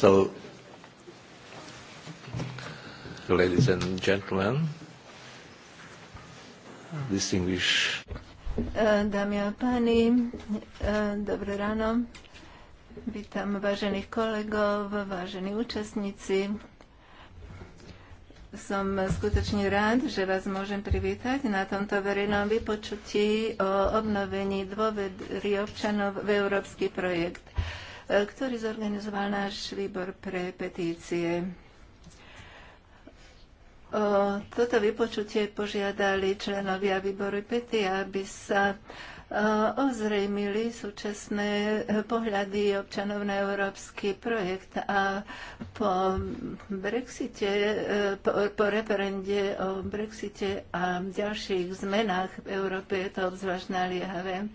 So, ladies and gentlemen, distinguished... E, dámy a páni, e, dobré ráno. Vítam vážených kolegov, vážení účastníci. Som skutočne rád, že vás môžem privítať na tomto verejnom vypočutí o obnovení dôvery občanov v európsky projekt ktorý zorganizoval náš výbor pre petície. O toto vypočutie požiadali členovia výboru PETI, aby sa ozrejmili súčasné e, pohľady občanov na európsky projekt a po Brexite, e, po, po referende o Brexite a ďalších zmenách v Európe je to obzvlášť naliehavé.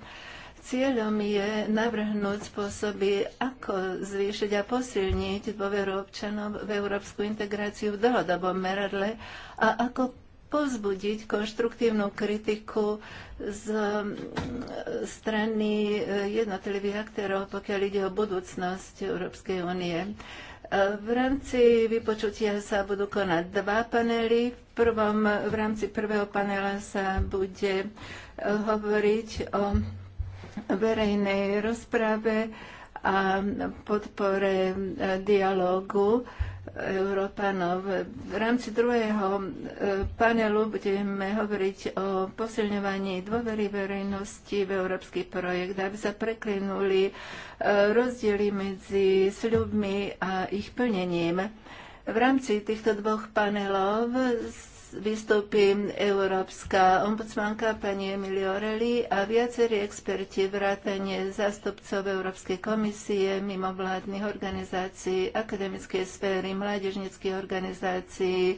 Cieľom je navrhnúť spôsoby, ako zvýšiť a posilniť dôveru občanov v európsku integráciu v dlhodobom meradle a ako povzbudiť konštruktívnu kritiku z mm, strany eh, jednotlivých aktérov, pokiaľ ide o budúcnosť Európskej únie. Eh, v rámci vypočutia sa budú konať dva panely. V, prvom, v rámci prvého panela sa bude eh, hovoriť o verejnej rozprave a podpore e, dialógu Európanov. V rámci druhého e, panelu budeme hovoriť o posilňovaní dôvery verejnosti v európsky projekt, aby sa preklinuli e, rozdiely medzi sľubmi a ich plnením. V rámci týchto dvoch panelov vystúpi európska ombudsmanka pani Orelli a viacerí experti vrátane zástupcov Európskej komisie, mimovládnych organizácií, akademickej sféry, mládežnických organizácií,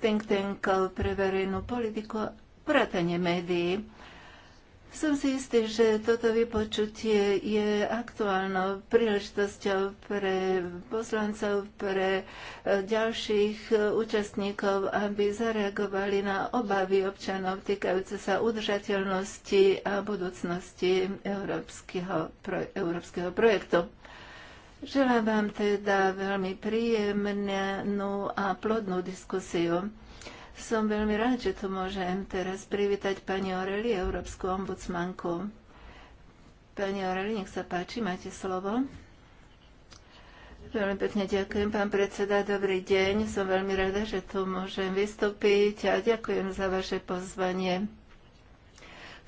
think tankov pre verejnú politiku, vrátane médií. Som si istý, že toto vypočutie je aktuálnou príležitosťou pre poslancov, pre e, ďalších e, účastníkov, aby zareagovali na obavy občanov týkajúce sa udržateľnosti a budúcnosti európskeho, pro, európskeho projektu. Želám vám teda veľmi príjemnú a plodnú diskusiu. Som veľmi rád, že tu môžem teraz privítať pani Oreli, Európsku ombudsmanku. Pani Oreli, nech sa páči, máte slovo. Veľmi pekne ďakujem, pán predseda. Dobrý deň. Som veľmi rada, že tu môžem vystúpiť a ďakujem za vaše pozvanie.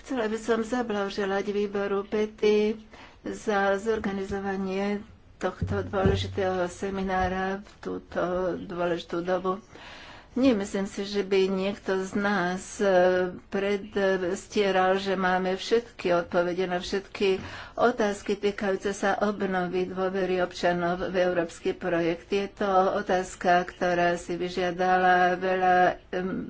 Chcela by som zablahoželať výboru PETI za zorganizovanie tohto dôležitého seminára v túto dôležitú dobu. Nemyslím si, že by niekto z nás eh, predstieral, že máme všetky odpovede na všetky otázky týkajúce sa obnovy dôvery občanov v európsky projekt. Je to otázka, ktorá si vyžiadala veľa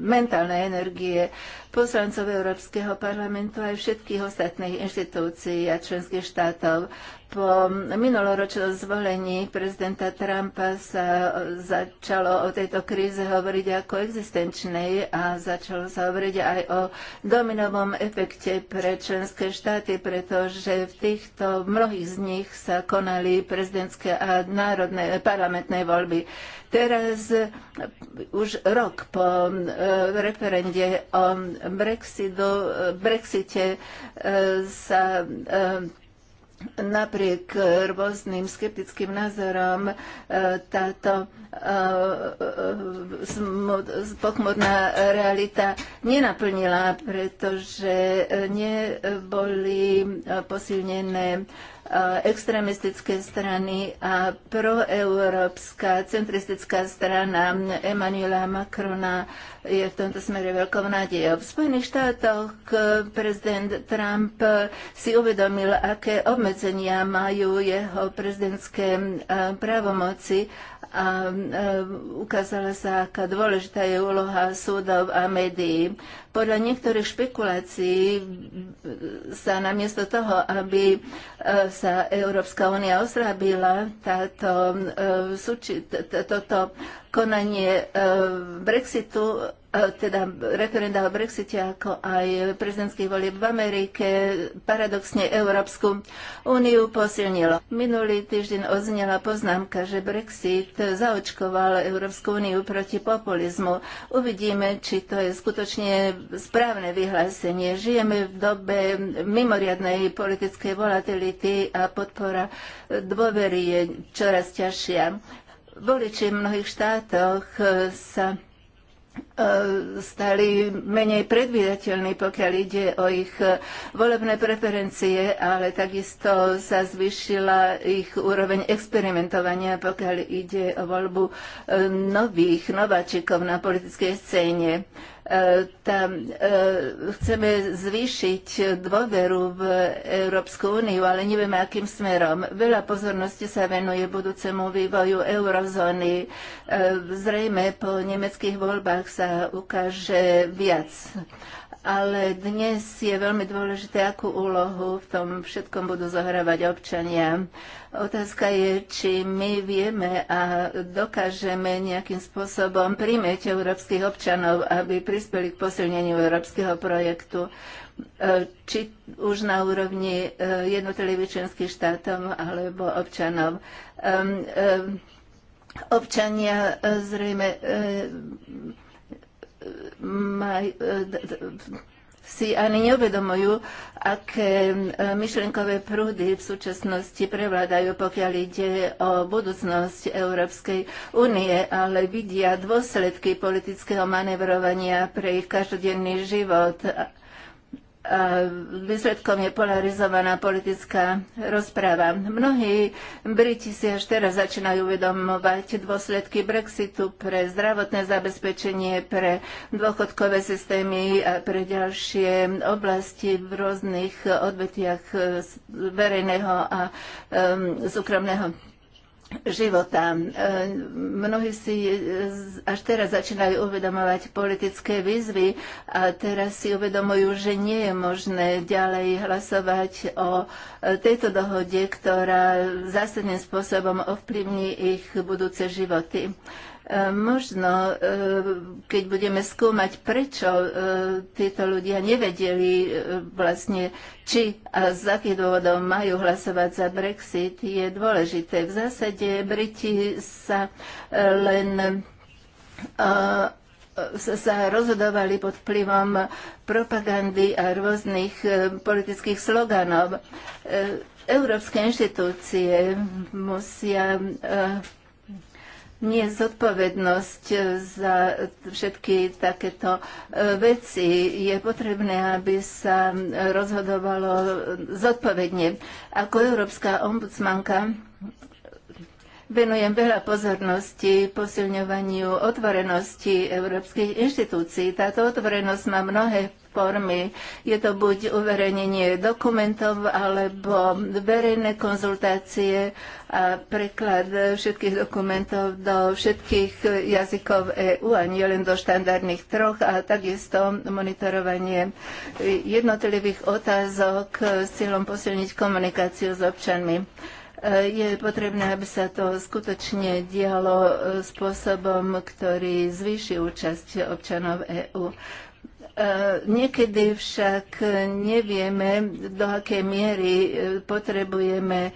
mentálnej energie poslancov Európskeho parlamentu aj všetkých ostatných inštitúcií a členských štátov. Po minuloročnom zvolení prezidenta Trumpa sa začalo o tejto kríze hovoriť ako existenčnej a začalo sa hovoriť aj o dominovom efekte pre členské štáty, pretože v tých týchto, mnohých z nich sa konali prezidentské a národné parlamentné voľby. Teraz e, už rok po e, referende o Brexitu, e, Brexite sa napriek eh, rôznym skeptickým názorom eh, táto eh, pochmurná realita nenaplnila, pretože neboli posilnené Eh, extrémistické strany a proeurópska centristická strana Emanuela Macrona je v tomto smere veľkou nádejou. V Spojených štátoch eh, prezident Trump si uvedomil, aké obmedzenia majú jeho prezidentské eh, právomoci a e, ukázala sa, aká dôležitá je úloha súdov a médií. Podľa niektorých špekulácií sa namiesto toho, aby e, sa Európska únia oslabila, táto, e, toto konanie Brexitu E, teda referenda o Brexite, ako aj prezidentských volieb v Amerike, paradoxne Európsku úniu posilnilo. Minulý týždeň oznela poznámka, že Brexit zaočkoval Európsku úniu proti populizmu. Uvidíme, či to je skutočne správne vyhlásenie. Žijeme v dobe mimoriadnej politickej volatility a podpora dôvery je čoraz ťažšia. Voliči v mnohých štátoch sa stali menej predvídateľní, pokiaľ ide o ich e, volebné preferencie, ale takisto sa zvyšila ich úroveň experimentovania, pokiaľ ide o voľbu e, nových nováčikov na politickej scéne. Tam e, chceme zvýšiť dôveru v Európsku úniu, ale nevieme, akým smerom. Veľa pozornosti sa venuje budúcemu vývoju eurozóny. E, zrejme po nemeckých voľbách sa ukáže viac ale dnes je veľmi dôležité, akú úlohu v tom všetkom budú zohrávať občania. Otázka je, či my vieme a dokážeme nejakým spôsobom príjmeť európskych občanov, aby prispeli k posilneniu európskeho projektu e, či už na úrovni e, jednotlivých členských štátov alebo občanov. Občania e, zrejme maj, e, si ani neuvedomujú, aké e, myšlenkové prúdy v súčasnosti prevládajú, pokiaľ ide o budúcnosť Európskej únie, ale vidia dôsledky politického manevrovania pre ich každodenný život výsledkom je polarizovaná politická rozpráva. Mnohí Briti si až teraz začínajú uvedomovať dôsledky Brexitu pre zdravotné zabezpečenie, pre dôchodkové systémy a pre ďalšie oblasti v rôznych odvetiach verejného a um, súkromného života. E, mnohí si e, až teraz začínajú uvedomovať politické výzvy a teraz si uvedomujú, že nie je možné ďalej hlasovať o e, tejto dohode, ktorá zásadným spôsobom ovplyvní ich budúce životy. E, možno, e, keď budeme skúmať, prečo e, títo ľudia nevedeli vlastne, či a z akých dôvodov majú hlasovať za Brexit, je dôležité. V zásade Briti sa len sa rozhodovali pod vplyvom propagandy a rôznych politických sloganov. Európske inštitúcie musia nie zodpovednosť e, za všetky takéto e, veci. Je potrebné, aby sa rozhodovalo zodpovedne. Ako európska ombudsmanka Venujem veľa pozornosti posilňovaniu otvorenosti európskych inštitúcií. Táto otvorenosť má mnohé formy. Je to buď uverejnenie dokumentov, alebo verejné konzultácie a preklad všetkých dokumentov do všetkých jazykov EÚ a nie len do štandardných troch a takisto monitorovanie jednotlivých otázok s cieľom posilniť komunikáciu s občanmi. Je potrebné, aby sa to skutočne dialo e, spôsobom, ktorý zvýši účasť občanov EÚ. E, niekedy však nevieme, do akej miery e, potrebujeme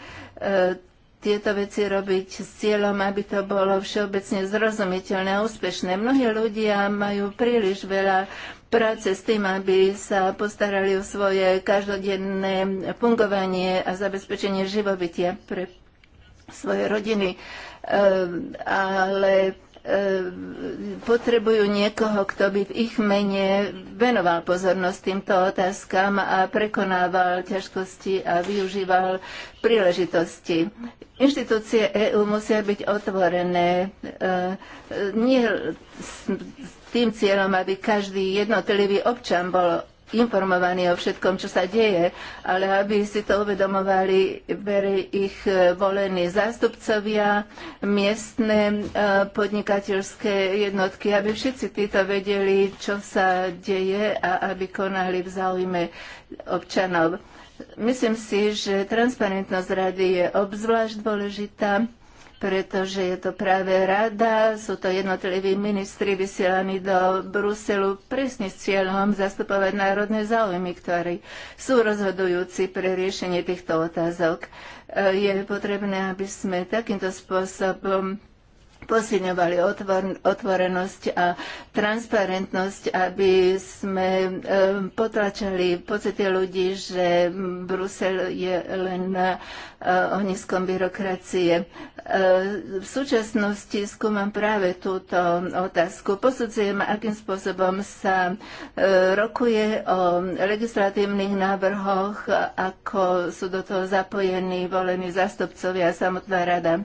tieto veci robiť s cieľom, aby to bolo všeobecne zrozumiteľné a úspešné. Mnohí ľudia majú príliš veľa práce s tým, aby sa postarali o svoje každodenné fungovanie a zabezpečenie živobytia pre svoje rodiny. Ehm, ale E, potrebujú niekoho, kto by v ich mene venoval pozornosť týmto otázkam a prekonával ťažkosti a využíval príležitosti. Inštitúcie EÚ musia byť otvorené e, nie s tým cieľom, aby každý jednotlivý občan bol informovaní o všetkom, čo sa deje, ale aby si to uvedomovali veri ich e, volení zástupcovia, miestne e, podnikateľské jednotky, aby všetci títo vedeli, čo sa deje a aby konali v záujme občanov. Myslím si, že transparentnosť rady je obzvlášť dôležitá pretože je to práve rada, sú to jednotliví ministri vysielaní do Bruselu presne s cieľom zastupovať národné záujmy, ktorí sú rozhodujúci pre riešenie týchto otázok. E, je potrebné, aby sme takýmto spôsobom posilňovali otvor, otvorenosť a transparentnosť, aby sme e, potlačali pocity ľudí, že Brusel je len Eh, ohniskom byrokracie. Eh, v súčasnosti skúmam práve túto otázku. Posudzujem, akým spôsobom sa eh, rokuje o legislatívnych návrhoch, ako sú do toho zapojení volení zástupcovia a samotná rada.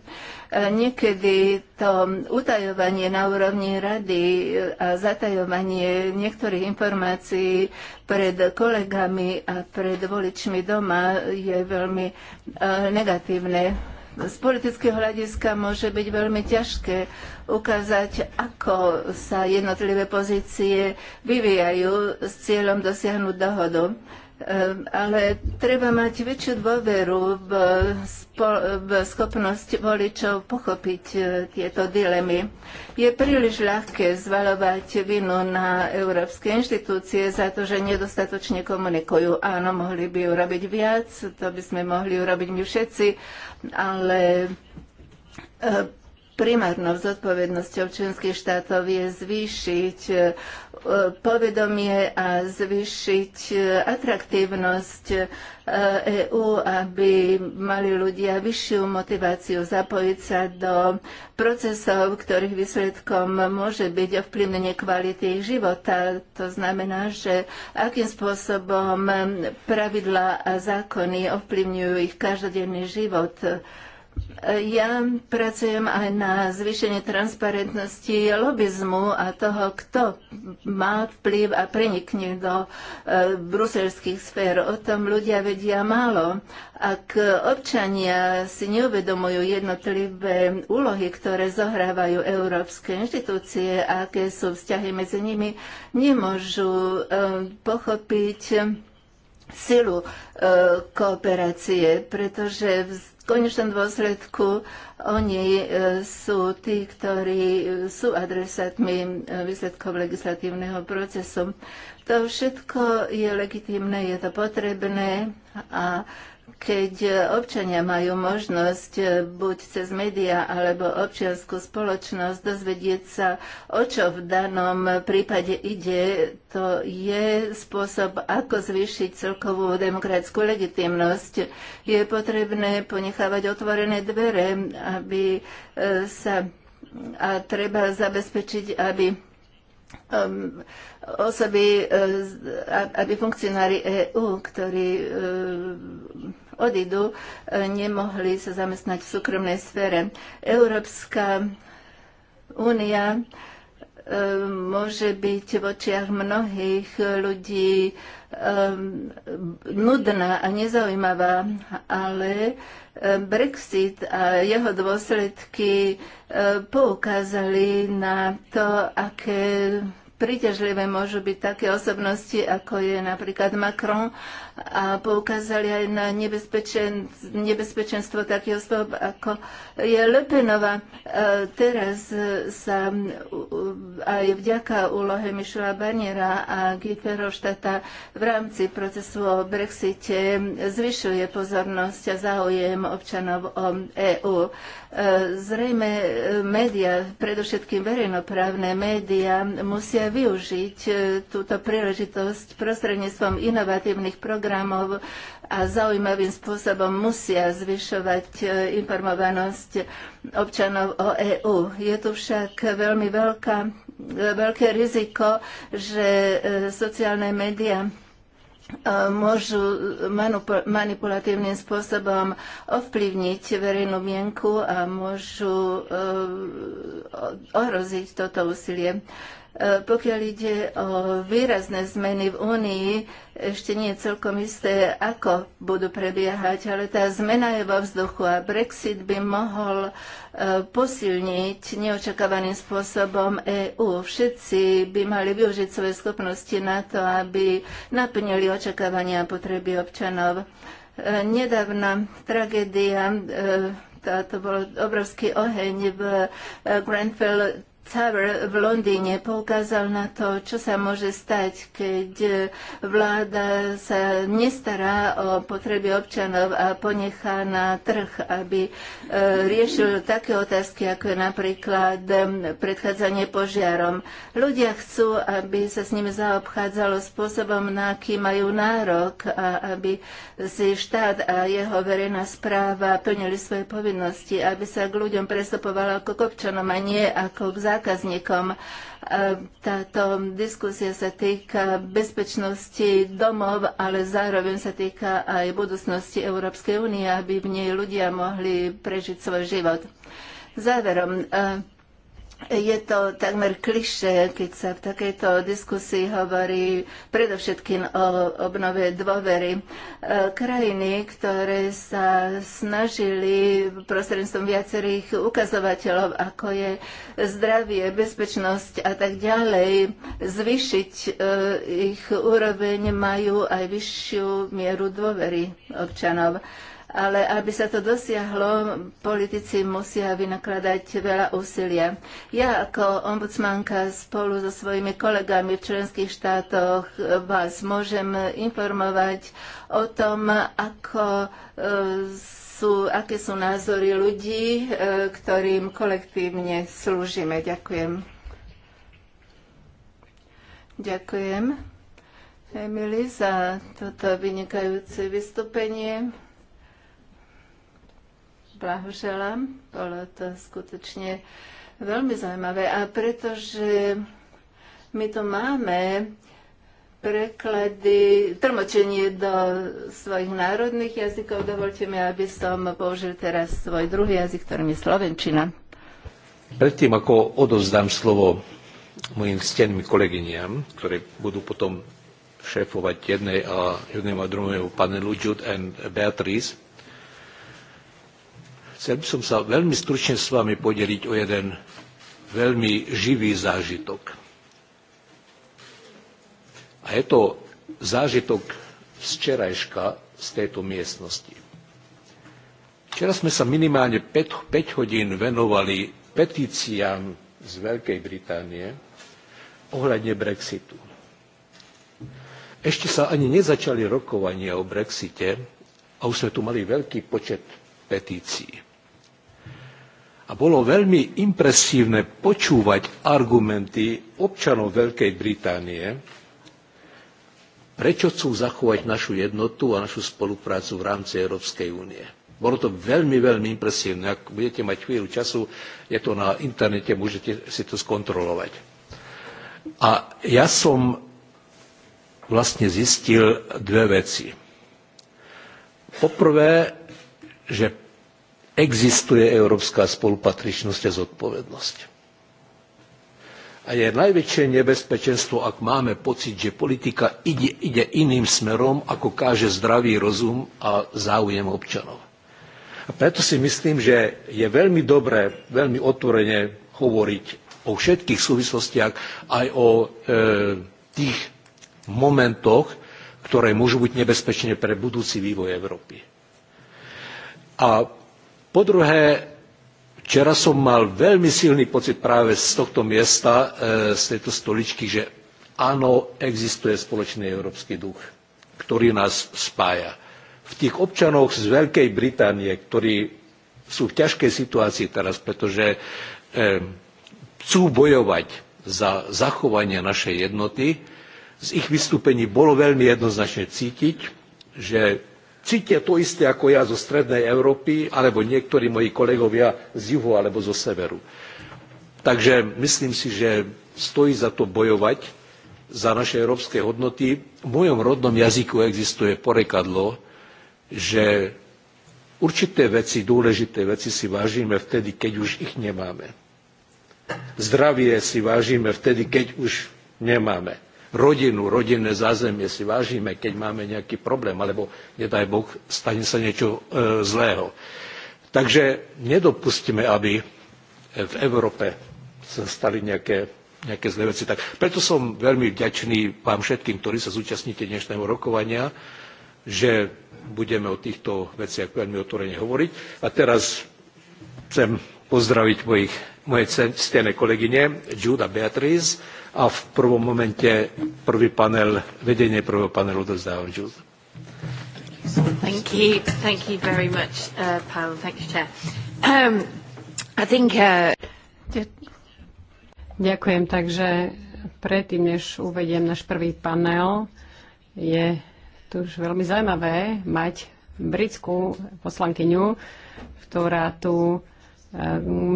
Niekedy to utajovanie na úrovni rady a zatajovanie niektorých informácií pred kolegami a pred voličmi doma je veľmi eh, negatívne. Z politického hľadiska môže byť veľmi ťažké ukázať, ako sa jednotlivé pozície vyvíjajú s cieľom dosiahnuť dohodu. Ehm, ale treba mať väčšiu dôveru v, v schopnosť voličov pochopiť e, tieto dilemy. Je príliš ľahké zvalovať vinu na európske inštitúcie za to, že nedostatočne komunikujú. Áno, mohli by urobiť viac, to by sme mohli urobiť my všetci, ale e, primárnou zodpovednosťou členských štátov je zvýšiť e, povedomie a zvýšiť e, atraktívnosť EÚ, e aby mali ľudia vyššiu motiváciu zapojiť sa do procesov, ktorých výsledkom môže byť ovplyvnenie kvality ich života. To znamená, že akým spôsobom pravidla a zákony ovplyvňujú ich každodenný život. Ja pracujem aj na zvýšenie transparentnosti lobizmu a toho, kto má vplyv a prenikne do e, bruselských sfér. O tom ľudia vedia málo. Ak občania si neuvedomujú jednotlivé úlohy, ktoré zohrávajú európske inštitúcie a aké sú vzťahy medzi nimi, nemôžu e, pochopiť silu e, kooperácie, pretože vz, v konečnom dôsledku oni e, sú tí, ktorí e, sú adresátmi e, výsledkov legislatívneho procesu. To všetko je legitimné, je to potrebné a keď občania majú možnosť eh, buď cez médiá alebo občianskú spoločnosť dozvedieť sa, o čo v danom prípade ide, to je spôsob, ako zvýšiť celkovú demokratickú legitimnosť. Je potrebné ponechávať otvorené dvere, aby eh, sa a treba zabezpečiť, aby um, osoby, eh, aby funkcionári EÚ, ktorí odídu, e, nemohli sa zamestnať v súkromnej sfére. Európska únia e, môže byť v očiach mnohých ľudí e, nudná a nezaujímavá, ale Brexit a jeho dôsledky poukázali na to, aké príťažlivé môžu byť také osobnosti, ako je napríklad Macron a poukázali aj na nebezpečen, nebezpečenstvo takých osob ako je Lepenová. E, teraz sa aj vďaka úlohe Michela Barniera a Guy Verhofstadta v rámci procesu o Brexite zvyšuje pozornosť a záujem občanov o EÚ. E, zrejme e, média, predovšetkým verejnoprávne média, musia využiť e, túto príležitosť prostredníctvom inovatívnych programov a zaujímavým spôsobom musia zvyšovať e, informovanosť občanov o EÚ. Je tu však veľmi veľká, e, veľké riziko, že sociálne médiá môžu manipulatívnym spôsobom ovplyvniť verejnú mienku a môžu ohroziť toto úsilie. E, pokiaľ ide o výrazné zmeny v Únii, ešte nie je celkom isté, ako budú prebiehať, ale tá zmena je vo vzduchu a Brexit by mohol e, posilniť neočakávaným spôsobom EÚ. Všetci by mali využiť svoje schopnosti na to, aby naplnili očakávania a potreby občanov. E, nedávna tragédia to bol obrovský oheň v Grenfell Tower v Londýne poukázal na to, čo sa môže stať, keď vláda sa nestará o potreby občanov a ponechá na trh, aby e, riešil také otázky, ako je napríklad e, predchádzanie požiarom. Ľudia chcú, aby sa s nimi zaobchádzalo spôsobom, na aký majú nárok a aby si štát a jeho verejná správa plnili svoje povinnosti, aby sa k ľuďom prestupovala ako k občanom a nie ako k zákonu zákazníkom. E, táto diskusia sa týka bezpečnosti domov, ale zároveň sa týka aj budúcnosti Európskej únie, aby v nej ľudia mohli prežiť svoj život. Záverom, e, je to takmer kliše, keď sa v takejto diskusii hovorí predovšetkým o obnove dôvery. E, krajiny, ktoré sa snažili prostredstvom viacerých ukazovateľov, ako je zdravie, bezpečnosť a tak ďalej, zvyšiť e, ich úroveň, majú aj vyššiu mieru dôvery občanov ale aby sa to dosiahlo, politici musia vynakladať veľa úsilia. Ja ako ombudsmanka spolu so svojimi kolegami v členských štátoch vás môžem informovať o tom, ako e, sú, aké sú názory ľudí, e, ktorým kolektívne slúžime. Ďakujem. Ďakujem, Emily, za toto vynikajúce vystúpenie blahoželám. Bolo to skutočne veľmi zaujímavé. A pretože my tu máme preklady, trmočenie do svojich národných jazykov. Dovolte mi, aby som použil teraz svoj druhý jazyk, ktorým je Slovenčina. Predtým, ako odovzdám slovo mojim steným kolegyniam, ktoré budú potom šéfovať jednej a jednému a druhému panelu Jude and Beatrice, Chcel by som sa veľmi stručne s vami podeliť o jeden veľmi živý zážitok. A je to zážitok z včerajška z tejto miestnosti. Včera sme sa minimálne 5, 5 hodín venovali petíciám z Veľkej Británie ohľadne Brexitu. Ešte sa ani nezačali rokovania o Brexite a už sme tu mali veľký počet petícií. A bolo veľmi impresívne počúvať argumenty občanov Veľkej Británie, prečo chcú zachovať našu jednotu a našu spoluprácu v rámci Európskej únie. Bolo to veľmi, veľmi impresívne. Ak budete mať chvíľu času, je to na internete, môžete si to skontrolovať. A ja som vlastne zistil dve veci. Poprvé, že existuje európska spolupatričnosť a zodpovednosť. A je najväčšie nebezpečenstvo, ak máme pocit, že politika ide, ide iným smerom, ako káže zdravý rozum a záujem občanov. A preto si myslím, že je veľmi dobré, veľmi otvorene hovoriť o všetkých súvislostiach, aj o e, tých momentoch, ktoré môžu byť nebezpečné pre budúci vývoj Európy. A po druhé, včera som mal veľmi silný pocit práve z tohto miesta, e, z tejto stoličky, že áno, existuje spoločný európsky duch, ktorý nás spája. V tých občanoch z Veľkej Británie, ktorí sú v ťažkej situácii teraz, pretože e, chcú bojovať za zachovanie našej jednoty, z ich vystúpení bolo veľmi jednoznačne cítiť, že Cítia to isté ako ja zo strednej Európy, alebo niektorí moji kolegovia z juhu alebo zo severu. Takže myslím si, že stojí za to bojovať za naše európske hodnoty. V mojom rodnom jazyku existuje porekadlo, že určité veci, dôležité veci si vážime vtedy, keď už ich nemáme. Zdravie si vážime vtedy, keď už nemáme rodinu, rodinné zázemie si vážime, keď máme nejaký problém, alebo nedaj Boh, stane sa niečo e, zlého. Takže nedopustíme, aby v Európe sa stali nejaké, nejaké zlé veci. Tak preto som veľmi vďačný vám všetkým, ktorí sa zúčastníte dnešného rokovania, že budeme o týchto veciach veľmi otvorene hovoriť. A teraz chcem pozdraviť mojich, moje ctené kolegyne Juda Beatriz a v prvom momente prvý panel, vedenie prvého panelu dozdávam Jude. Thank you. Thank you very much, uh, Paul. Thanks, Chair. Um, I think... Uh... Ďakujem. Takže predtým, než uvediem náš prvý panel, je tu už veľmi zaujímavé mať britskú poslankyňu, ktorá tu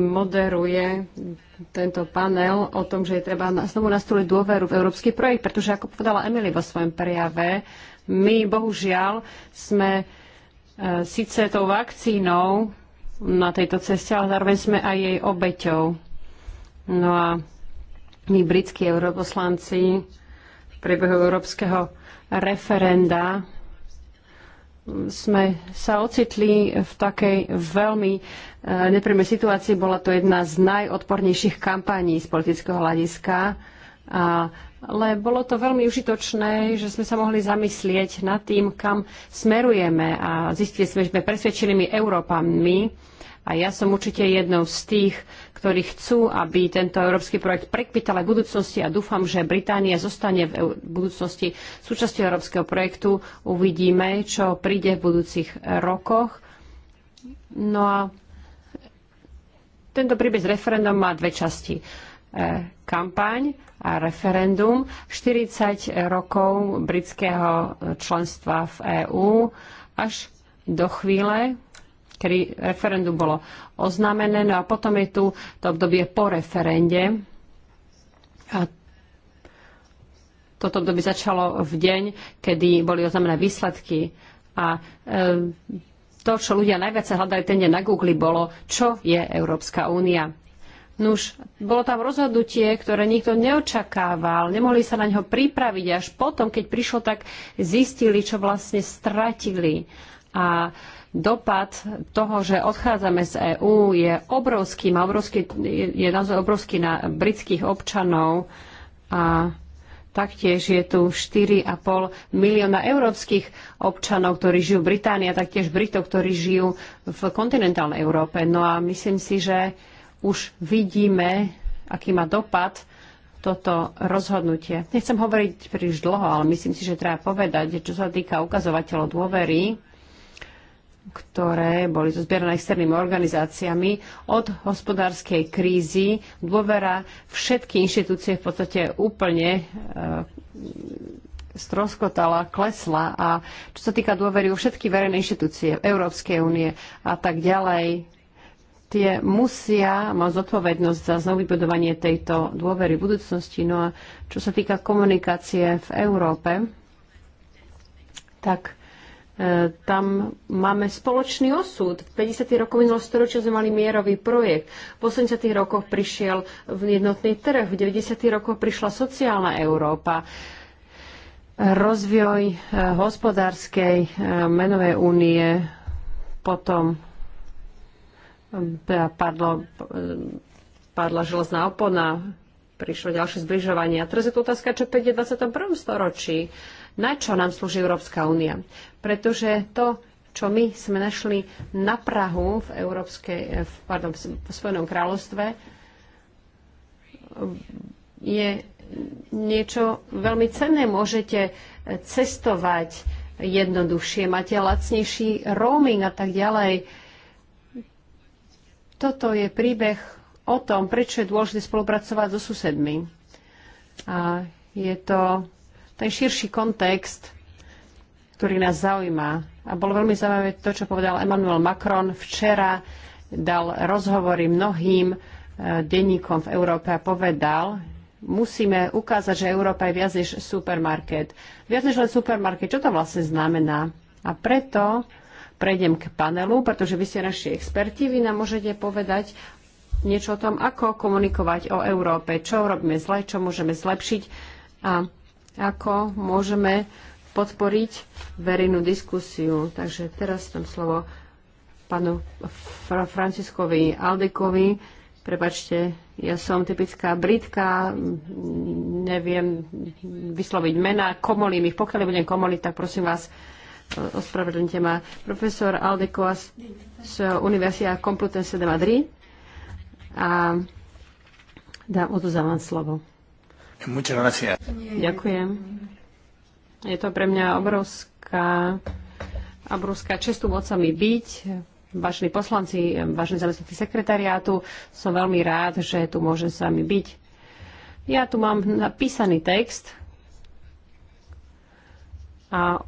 moderuje tento panel o tom, že je treba znovu nastúliť dôveru v európsky projekt, pretože ako povedala Emily vo svojom prejave, my bohužiaľ sme e, síce tou vakcínou na tejto ceste, ale zároveň sme aj jej obeťou. No a my, britskí europoslanci, v priebehu európskeho referenda sme sa ocitli v takej veľmi e, neprímej situácii. Bola to jedna z najodpornejších kampaní z politického hľadiska. A, ale bolo to veľmi užitočné, že sme sa mohli zamyslieť nad tým, kam smerujeme a zistili sme, že sme presvedčenými Európami a ja som určite jednou z tých, ktorí chcú, aby tento európsky projekt prekvital aj v budúcnosti a dúfam, že Británia zostane v budúcnosti súčasťou európskeho projektu. Uvidíme, čo príde v budúcich rokoch. No a tento príbeh s referendum má dve časti e, kampaň a referendum 40 rokov britského členstva v EÚ až do chvíle, kedy referendum bolo oznámené. No a potom je tu to obdobie po referende. A toto obdobie začalo v deň, kedy boli oznámené výsledky. A e, to, čo ľudia najviac hľadali ten deň na Google, bolo, čo je Európska únia. Nuž, bolo tam rozhodnutie, ktoré nikto neočakával, nemohli sa na neho pripraviť, až potom, keď prišlo, tak zistili, čo vlastne stratili. A e, dopad toho, že odchádzame z EÚ je obrovský, má obrovský, je, naozaj obrovský na britských občanov a taktiež je tu 4,5 milióna európskych občanov, ktorí žijú v Británii a taktiež Britov, ktorí žijú v kontinentálnej Európe. No a myslím si, že už vidíme, aký má dopad toto rozhodnutie. Nechcem hovoriť príliš dlho, ale myslím si, že treba povedať, že čo sa týka ukazovateľov dôvery, ktoré boli zozbierané externými organizáciami od hospodárskej krízy. Dôvera všetky inštitúcie v podstate úplne e, stroskotala, klesla a čo sa týka dôvery u všetky verejné inštitúcie Európskej únie a tak ďalej, tie musia mať zodpovednosť za znovybudovanie tejto dôvery v budúcnosti. No a čo sa týka komunikácie v Európe, tak E, tam máme spoločný osud. V 50. rokoch minulého storočia sme mali mierový projekt. V 80. rokoch prišiel v jednotný trh. V 90. rokoch prišla sociálna Európa. Rozvoj e, hospodárskej e, menovej únie potom padlo, padla železná opona, prišlo ďalšie zbližovanie. A teraz je tu otázka, čo 5. v 21. storočí. Na čo nám slúži Európska únia? pretože to, čo my sme našli na Prahu v, Európskej, v, pardon, v Spojenom kráľovstve, je niečo veľmi cenné. Môžete cestovať jednoduchšie, máte lacnejší roaming a tak ďalej. Toto je príbeh o tom, prečo je dôležité spolupracovať so susedmi. A je to ten širší kontext ktorý nás zaujíma. A bolo veľmi zaujímavé to, čo povedal Emmanuel Macron včera, dal rozhovory mnohým e, denníkom v Európe a povedal, musíme ukázať, že Európa je viac než supermarket. Viac než len supermarket, čo to vlastne znamená? A preto prejdem k panelu, pretože vy ste naši experti, vy nám môžete povedať niečo o tom, ako komunikovať o Európe, čo robíme zle, čo môžeme zlepšiť a ako môžeme podporiť verejnú diskusiu. Takže teraz dám slovo panu Fra Franciskovi Aldekovi. Prepačte, ja som typická Britka, neviem vysloviť mena, komolím ich. Pokiaľ budem komoliť, tak prosím vás, eh, ospravedlňte ma. Profesor Aldekoas z Univerzia Complutense de Madrid. A dám, o to za vám slovo. Ďakujem. Je to pre mňa obrovská, obrovská čest tu mi byť. Vážení poslanci, vážení zamestnanci sekretariátu, som veľmi rád, že tu môžem s vami byť. Ja tu mám napísaný text a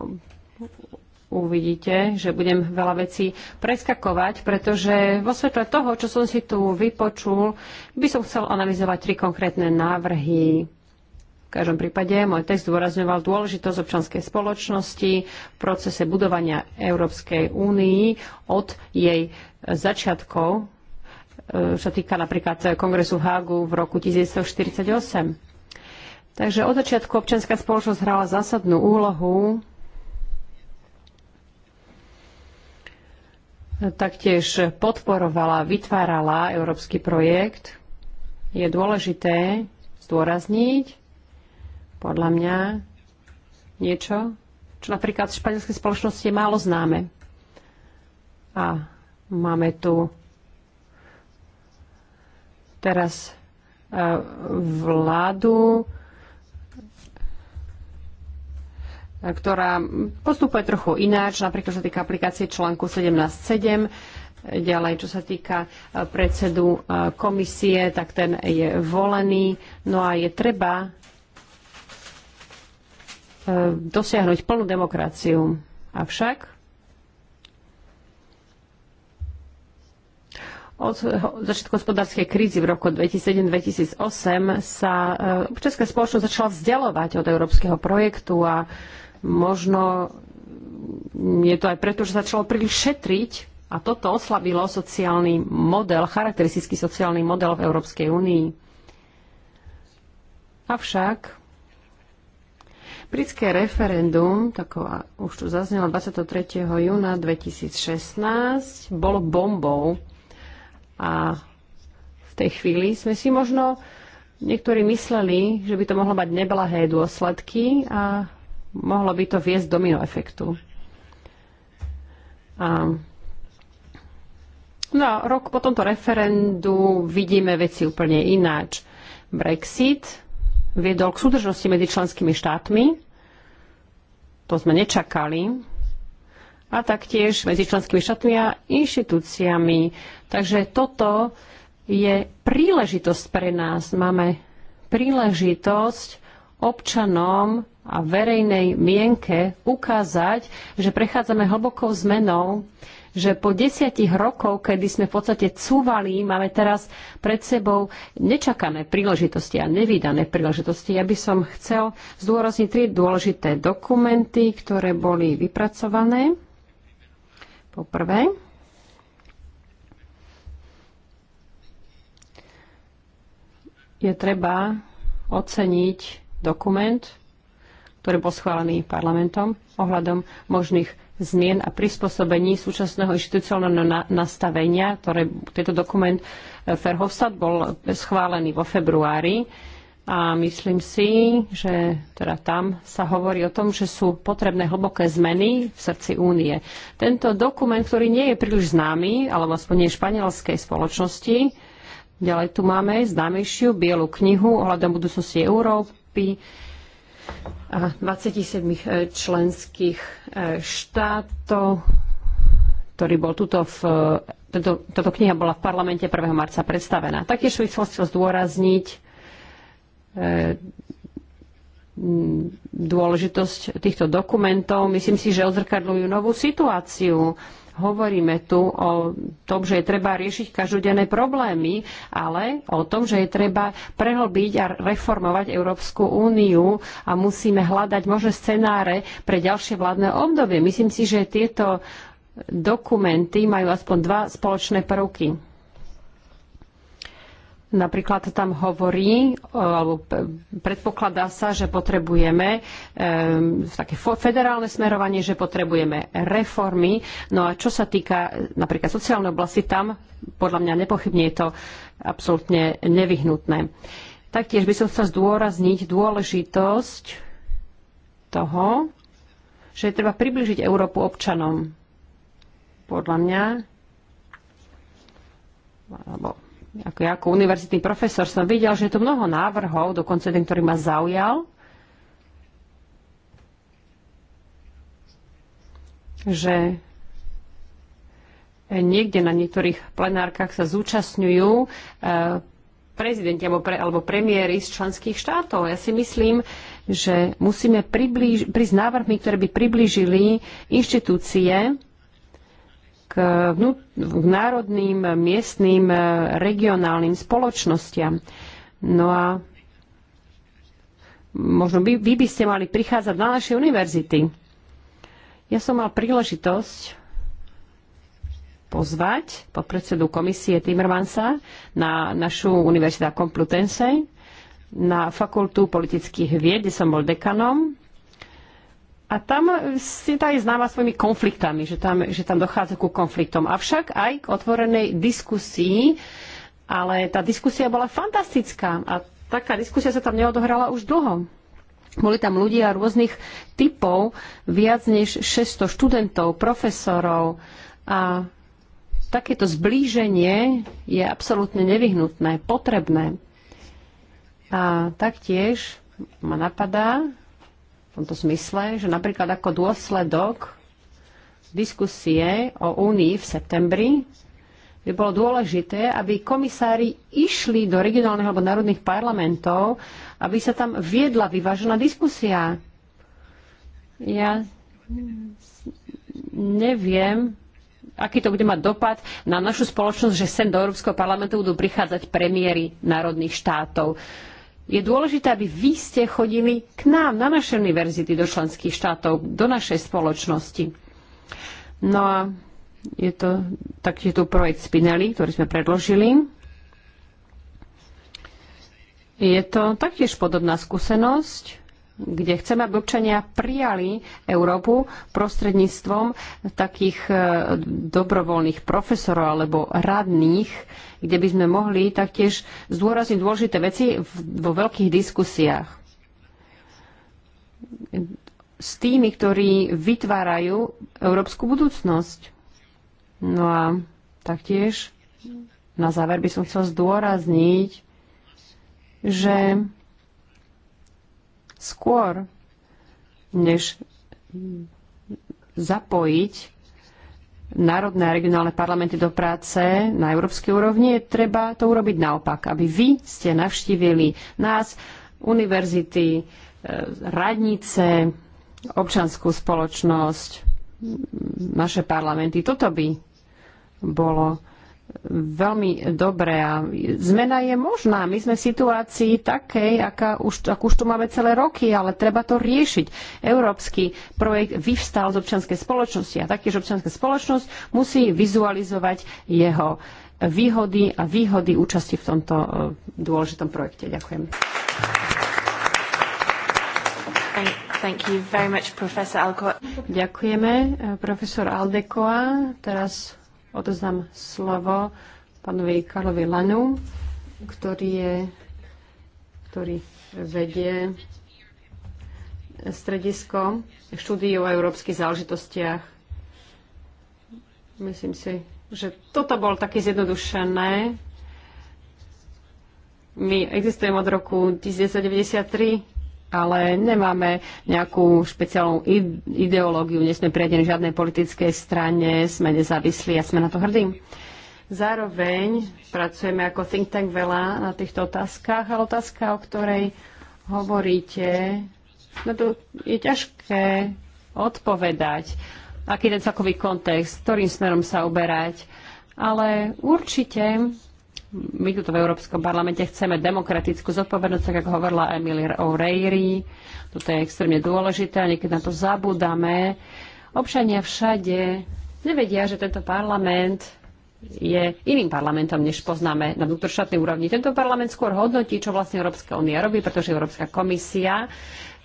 uvidíte, že budem veľa vecí preskakovať, pretože vo svetle toho, čo som si tu vypočul, by som chcel analyzovať tri konkrétne návrhy. V každom prípade môj text zdôrazňoval dôležitosť občanskej spoločnosti v procese budovania Európskej únii od jej začiatkov, e, čo týka napríklad kongresu v Hágu v roku 1948. Takže od začiatku občianská spoločnosť hrala zásadnú úlohu taktiež podporovala, vytvárala európsky projekt. Je dôležité zdôrazniť, podľa mňa niečo, čo napríklad v španielskej spoločnosti je málo známe. A máme tu teraz e, vládu, e, ktorá postupuje trochu ináč, napríklad čo sa týka aplikácie článku 17.7, ďalej čo sa týka e, predsedu komisie, tak ten je volený. No a je treba E, dosiahnuť plnú demokraciu. Avšak od začiatku hospodárskej krízy v roku 2007-2008 sa občianská e, spoločnosť začala vzdialovať od európskeho projektu a možno je to aj preto, že začalo príliš šetriť a toto oslabilo sociálny model, charakteristický sociálny model v Európskej únii. Avšak Britské referendum, taková už tu zaznelo 23. júna 2016, bolo bombou a v tej chvíli sme si možno niektorí mysleli, že by to mohlo mať neblahé dôsledky a mohlo by to viesť domino efektu. A No, rok po tomto referendu vidíme veci úplne ináč. Brexit viedol k súdržnosti medzi členskými štátmi. To sme nečakali. A taktiež medzi členskými štátmi a inštitúciami. Takže toto je príležitosť pre nás. Máme príležitosť občanom a verejnej mienke ukázať, že prechádzame hlbokou zmenou že po desiatich rokov, kedy sme v podstate cúvali, máme teraz pred sebou nečakané príležitosti a nevydané príležitosti. Ja by som chcel zdôrazniť tri dôležité dokumenty, ktoré boli vypracované. Poprvé, je treba oceniť dokument, ktorý bol schválený parlamentom ohľadom možných zmien a prispôsobení súčasného inštitucionálneho nastavenia, ktoré tento dokument Ferhofstadt eh, bol schválený vo februári. A myslím si, že teda tam sa hovorí o tom, že sú potrebné hlboké zmeny v srdci únie. Tento dokument, ktorý nie je príliš známy, alebo aspoň nie španielskej spoločnosti, ďalej tu máme známejšiu bielu knihu ohľadom budúcnosti Európy, 27 eh, členských eh, štátov, ktorý bol tuto v eh, tento, toto kniha bola v parlamente 1. marca predstavená. Taktiež by som chcel zdôrazniť e, dôležitosť týchto dokumentov. Myslím si, že odzrkadľujú novú situáciu. Hovoríme tu o tom, že je treba riešiť každodenné problémy, ale o tom, že je treba prehlbiť a reformovať Európsku úniu a musíme hľadať možné scenáre pre ďalšie vládne obdobie. Myslím si, že tieto dokumenty majú aspoň dva spoločné prvky. Napríklad tam hovorí, alebo predpokladá sa, že potrebujeme um, také federálne smerovanie, že potrebujeme reformy. No a čo sa týka napríklad sociálnej oblasti, tam podľa mňa nepochybne je to absolútne nevyhnutné. Taktiež by som chcel zdôrazniť dôležitosť toho, že treba približiť Európu občanom. Podľa mňa, alebo ako ja ako univerzitný profesor som videl, že je tu mnoho návrhov, dokonca ten, ktorý ma zaujal, že niekde na niektorých plenárkach sa zúčastňujú e, prezidenti alebo, pre, alebo premiéry z členských štátov. Ja si myslím, že musíme priblíž, prísť návrhmi, ktoré by priblížili inštitúcie k, národným, miestným, regionálnym spoločnostiam. No a možno vy, vy by ste mali prichádzať na naše univerzity. Ja som mal príležitosť pozvať podpredsedu komisie Timmermansa na našu univerzita Complutense, na fakultu politických vied, kde som bol dekanom a tam si tá je známa svojimi konfliktami, že tam, že tam dochádza ku konfliktom. Avšak aj k otvorenej diskusii, ale tá diskusia bola fantastická a taká diskusia sa tam neodohrala už dlho. Boli tam ľudia rôznych typov, viac než 600 študentov, profesorov a takéto zblíženie je absolútne nevyhnutné, potrebné. A taktiež ma napadá, v tomto smysle, že napríklad ako dôsledok diskusie o Únii v septembri by bolo dôležité, aby komisári išli do regionálnych alebo národných parlamentov, aby sa tam viedla vyvážená diskusia. Ja neviem, aký to bude mať dopad na našu spoločnosť, že sem do Európskeho parlamentu budú prichádzať premiéry národných štátov je dôležité, aby vy ste chodili k nám, na naše univerzity, do členských štátov, do našej spoločnosti. No a je to taktiež tu projekt Spinelli, ktorý sme predložili. Je to taktiež podobná skúsenosť kde chceme, aby občania prijali Európu prostredníctvom takých e, dobrovoľných profesorov alebo radných, kde by sme mohli taktiež zdôrazniť dôležité veci vo veľkých diskusiách. S tými, ktorí vytvárajú európsku budúcnosť. No a taktiež na záver by som chcel zdôrazniť, že skôr, než zapojiť národné a regionálne parlamenty do práce na európskej úrovni, je treba to urobiť naopak, aby vy ste navštívili nás, univerzity, e, radnice, občanskú spoločnosť, naše parlamenty. Toto by bolo veľmi dobré a zmena je možná. My sme v situácii takej, aká už, ak už tu máme celé roky, ale treba to riešiť. Európsky projekt vyvstal z občianskej spoločnosti a taktiež občianská spoločnosť musí vizualizovať jeho výhody a výhody účasti v tomto eh, dôležitom projekte. Ďakujem. Thank you very much, Professor Alcoa. Ďakujeme, eh, profesor Aldekoa. Teraz odozdám slovo pánovi Karlovi Lanu, ktorý, je, ktorý vedie stredisko štúdiu o európskych záležitostiach. Myslím si, že toto bol také zjednodušené. My existujeme od roku 1993 ale nemáme nejakú špeciálnu ideológiu, nie sme priadení žiadnej politickej strane, sme nezávislí a sme na to hrdí. Zároveň pracujeme ako think tank veľa na týchto otázkach, ale otázka, o ktorej hovoríte, no to je ťažké odpovedať, aký je ten celkový kontext, ktorým smerom sa uberať. Ale určite my tu v Európskom parlamente chceme demokratickú zodpovednosť, tak ako hovorila Emily O'Reilly. Toto je extrémne dôležité a niekedy na to zabudáme. Občania všade nevedia, že tento parlament je iným parlamentom, než poznáme na vnútroštátnej úrovni. Tento parlament skôr hodnotí, čo vlastne Európska únia robí, pretože Európska komisia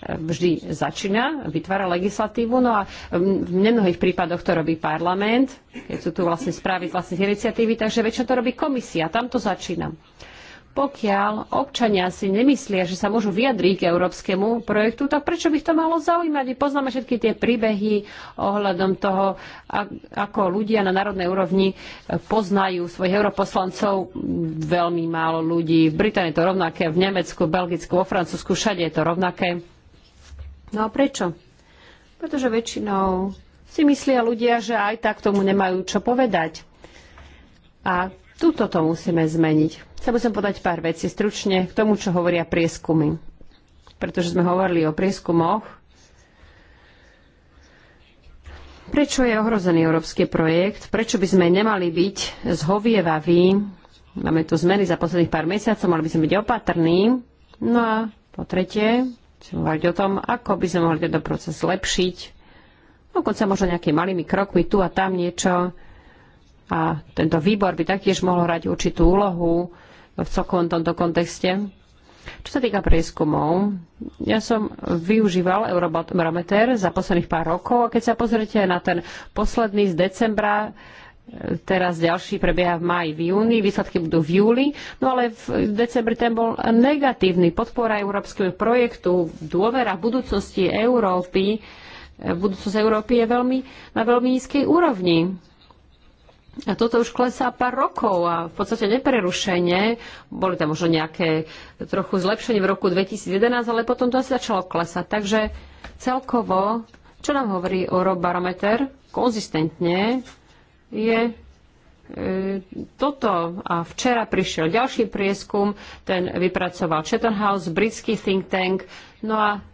vždy začína, vytvára legislatívu, no a v mnohých prípadoch to robí parlament, keď sú tu vlastne správy z vlastných iniciatívy, takže väčšinou to robí komisia, tam to začína. Pokiaľ občania si nemyslia, že sa môžu vyjadriť k európskemu projektu, tak prečo by to malo zaujímať? My poznáme všetky tie príbehy ohľadom toho, ako ľudia na národnej úrovni poznajú svojich europoslancov. Veľmi málo ľudí. V Británii je to rovnaké, v Nemecku, Belgicku, vo Francúzsku, všade je to rovnaké. No a prečo? Pretože väčšinou si myslia ľudia, že aj tak tomu nemajú čo povedať. A túto to musíme zmeniť. Chcem som podať pár vecí stručne k tomu, čo hovoria prieskumy. Pretože sme hovorili o prieskumoch. Prečo je ohrozený európsky projekt? Prečo by sme nemali byť zhovievaví? Máme tu zmeny za posledných pár mesiacov, mali by sme byť opatrní. No a po tretie, Chcem hovoriť o tom, ako by sme mohli tento proces zlepšiť. Dokonca možno nejakými malými krokmi tu a tam niečo. A tento výbor by taktiež mohol hrať určitú úlohu v celkovom tomto kontexte. Čo sa týka prieskumov, ja som využíval Eurobarometer za posledných pár rokov a keď sa pozrite na ten posledný z decembra teraz ďalší prebieha v maji, v júni, výsledky budú v júli, no ale v decembri ten bol negatívny. Podpora európskeho projektu, dôvera budúcnosti Európy, eh, budúcnosť Európy je veľmi, na veľmi nízkej úrovni. A toto už klesá pár rokov a v podstate neprerušenie. Boli tam možno nejaké trochu zlepšenie v roku 2011, ale potom to asi začalo klesať. Takže celkovo, čo nám hovorí Eurobarometer, konzistentne je e, toto a včera prišiel ďalší prieskum, ten vypracoval Chatham House, britský think tank, no a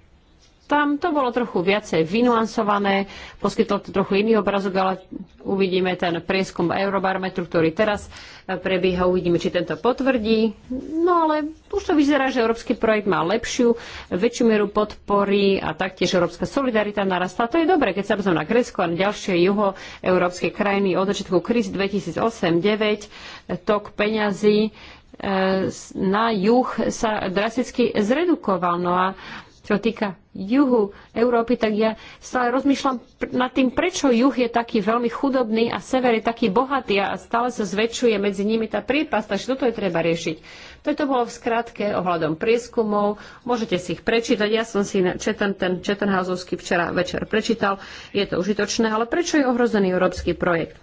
tam to bolo trochu viacej vynuansované, poskytlo to trochu iný obrazok, ale uvidíme ten prieskum Eurobarometru, ktorý teraz e, prebieha, uvidíme, či tento potvrdí. No ale už to vyzerá, že európsky projekt má lepšiu, väčšiu mieru podpory a taktiež európska solidarita narastá. To je dobré, keď sa pozrieme na Grécko a na ďalšie juhoeurópske krajiny od začiatku kríz 2008-2009, e, tok peňazí e, na juh sa drasticky zredukoval. No a čo týka juhu Európy, tak ja stále rozmýšľam nad tým, prečo juh je taký veľmi chudobný a sever je taký bohatý a stále sa zväčšuje medzi nimi tá priepasť, takže toto je treba riešiť. Toto bolo v skratke ohľadom prieskumov, môžete si ich prečítať, ja som si četan, ten Četenhausovský včera večer prečítal, je to užitočné, ale prečo je ohrozený európsky projekt?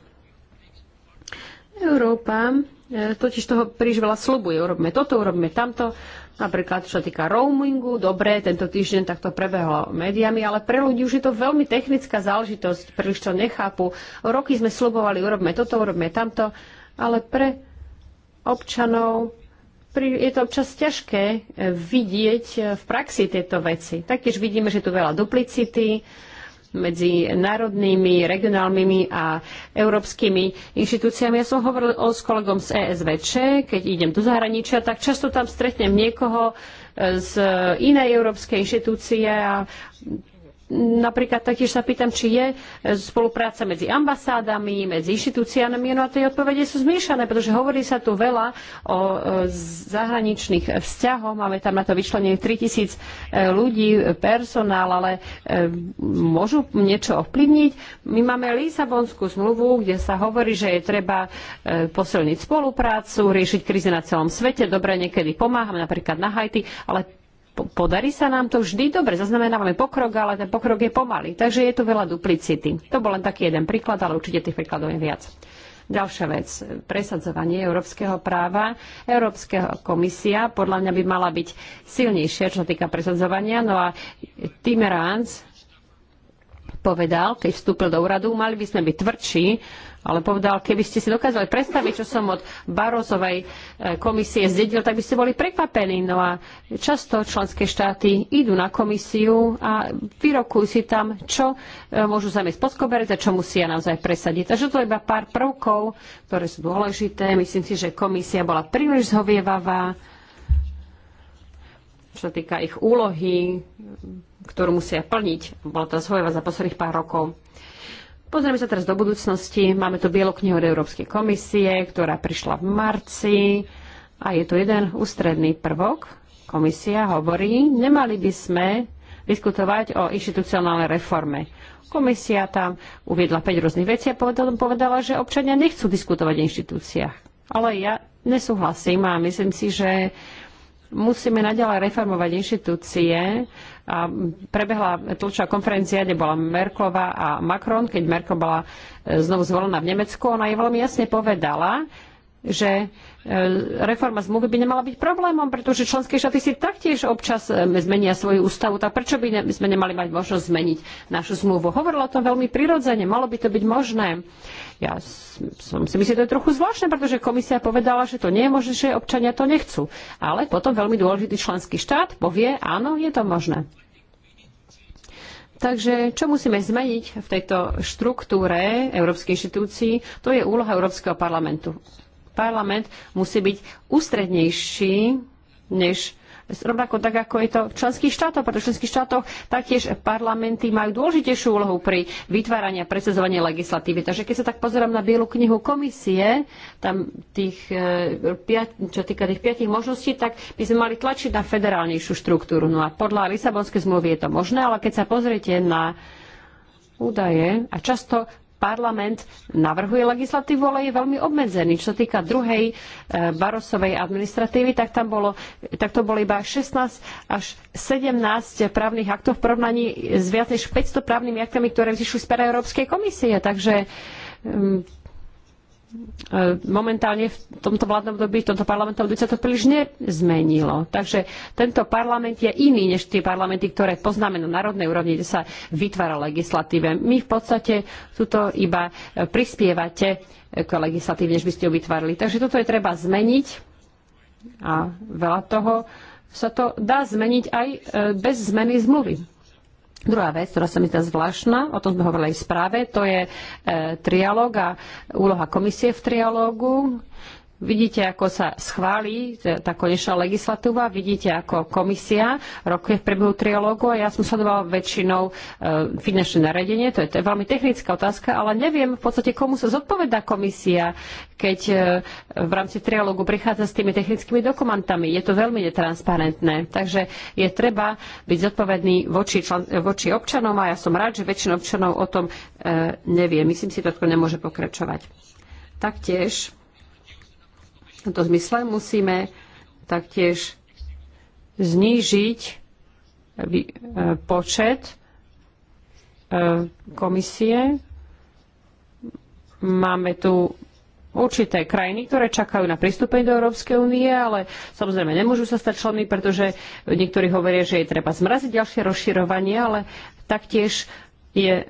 Európa e, totiž toho príliš veľa slubuje. Urobme toto, urobme tamto. Napríklad, čo sa týka roamingu, dobre, tento týždeň takto prebehlo médiami, ale pre ľudí už je to veľmi technická záležitosť, príliš to nechápu. Roky sme slubovali, urobme toto, urobme tamto, ale pre občanov je to občas ťažké eh, vidieť eh, v praxi tieto veci. Taktiež vidíme, že tu veľa duplicity, medzi národnými, regionálnymi a európskymi inštitúciami. Ja som hovoril o, s kolegom z ESVČ, keď idem do zahraničia, tak často tam stretnem niekoho e, z inej európskej inštitúcie a Napríklad taktiež sa pýtam, či je spolupráca medzi ambasádami, medzi inštitúciami. No a tie odpovede sú zmiešané, pretože hovorí sa tu veľa o e, zahraničných vzťahoch. Máme tam na to vyčlenených 3000 e, ľudí, personál, ale e, môžu niečo ovplyvniť. My máme Lisabonskú zmluvu, kde sa hovorí, že je treba posilniť spoluprácu, riešiť krízy na celom svete. Dobre, niekedy pomáham, napríklad na Haiti, ale podarí sa nám to vždy dobre, zaznamenávame pokrok, ale ten pokrok je pomalý. Takže je tu veľa duplicity. To bol len taký jeden príklad, ale určite tých príkladov je viac. Ďalšia vec, presadzovanie európskeho práva. Európska komisia podľa mňa by mala byť silnejšia, čo sa týka presadzovania. No a Timmermans povedal, keď vstúpil do úradu, mali by sme byť tvrdší ale povedal, keby ste si dokázali predstaviť, čo som od Barozovej e, komisie zdedil, tak by ste boli prekvapení. No a často členské štáty idú na komisiu a vyrokujú si tam, čo e, môžu zamiesť pod koberec a čo musia naozaj presadiť. Takže to je iba pár prvkov, ktoré sú dôležité. Myslím si, že komisia bola príliš zhovievavá, čo sa týka ich úlohy, ktorú musia plniť. Bola to zhovieva za posledných pár rokov. Pozrieme sa teraz do budúcnosti. Máme tu Bielu knihu od Európskej komisie, ktorá prišla v marci a je tu jeden ústredný prvok. Komisia hovorí, nemali by sme diskutovať o inštitucionálnej reforme. Komisia tam uviedla 5 rôznych vecí a povedala, že občania nechcú diskutovať o inštitúciách. Ale ja nesúhlasím a myslím si, že musíme naďalej reformovať inštitúcie. A prebehla tlčová konferencia, kde bola Merklova a Macron, keď Merkel bola e, znovu zvolená v Nemecku. Ona jej veľmi jasne povedala, že e, reforma zmluvy by nemala byť problémom, pretože členské štáty si taktiež občas e, zmenia svoju ústavu, tak prečo by sme nemali mať možnosť zmeniť našu zmluvu? Hovorila o tom veľmi prirodzene, malo by to byť možné. Ja som si myslím, že to je trochu zvláštne, pretože komisia povedala, že to nie je možné, že občania to nechcú. Ale potom veľmi dôležitý členský štát povie, áno, je to možné. Takže čo musíme zmeniť v tejto štruktúre európskej inštitúcii, to je úloha Európskeho parlamentu parlament musí byť ústrednejší než rovnako tak, ako je to v členských štátoch, pretože v členských štátoch taktiež parlamenty majú dôležitejšiu úlohu pri vytváraní a presadzovaní legislatívy. Takže keď sa tak pozerám na Bielu knihu komisie, tam tých, e, čo týka tých piatich možností, tak by sme mali tlačiť na federálnejšiu štruktúru. No a podľa Lisabonskej zmluvy je to možné, ale keď sa pozriete na údaje a často parlament navrhuje legislatívu, ale je veľmi obmedzený. Čo sa týka druhej e, Barosovej administratívy, tak, tam bolo, tak to bolo iba 16 až 17 právnych aktov v porovnaní s viac než 500 právnymi aktami, ktoré vzýšli z pera Európskej komisie. Takže mm, E, momentálne v tomto vládnom období, v tomto parlamentu období sa to príliš nezmenilo. Takže tento parlament je iný než tie parlamenty, ktoré poznáme na národnej úrovni, kde sa vytvára legislatíve. My v podstate tuto iba e, prispievate e, k legislatíve, než by ste ju vytvárali. Takže toto je treba zmeniť a veľa toho sa to dá zmeniť aj bez zmeny zmluvy. Druhá vec, ktorá sa mi zdá zvláštna, o tom sme hovorili aj v správe, to je e, trialóg a úloha komisie v trialógu. Vidíte, ako sa schváli tá konečná legislatíva, vidíte, ako komisia rokuje v priebehu trialógu a ja som sledoval väčšinou e, finančné naredenie, to je, to je veľmi technická otázka, ale neviem v podstate, komu sa zodpovedá komisia, keď e, v rámci trialógu prichádza s tými technickými dokumentami. Je to veľmi netransparentné, takže je treba byť zodpovedný voči, člen, voči občanom a ja som rád, že väčšina občanov o tom e, nevie. Myslím si, to nemôže pokračovať. Taktiež v tomto zmysle musíme taktiež znížiť eh, eh, počet eh, komisie. Máme tu určité krajiny, ktoré čakajú na pristúpenie do Európskej únie, ale samozrejme nemôžu sa stať členmi, pretože niektorí hovoria, že je treba zmraziť ďalšie rozširovanie, ale taktiež je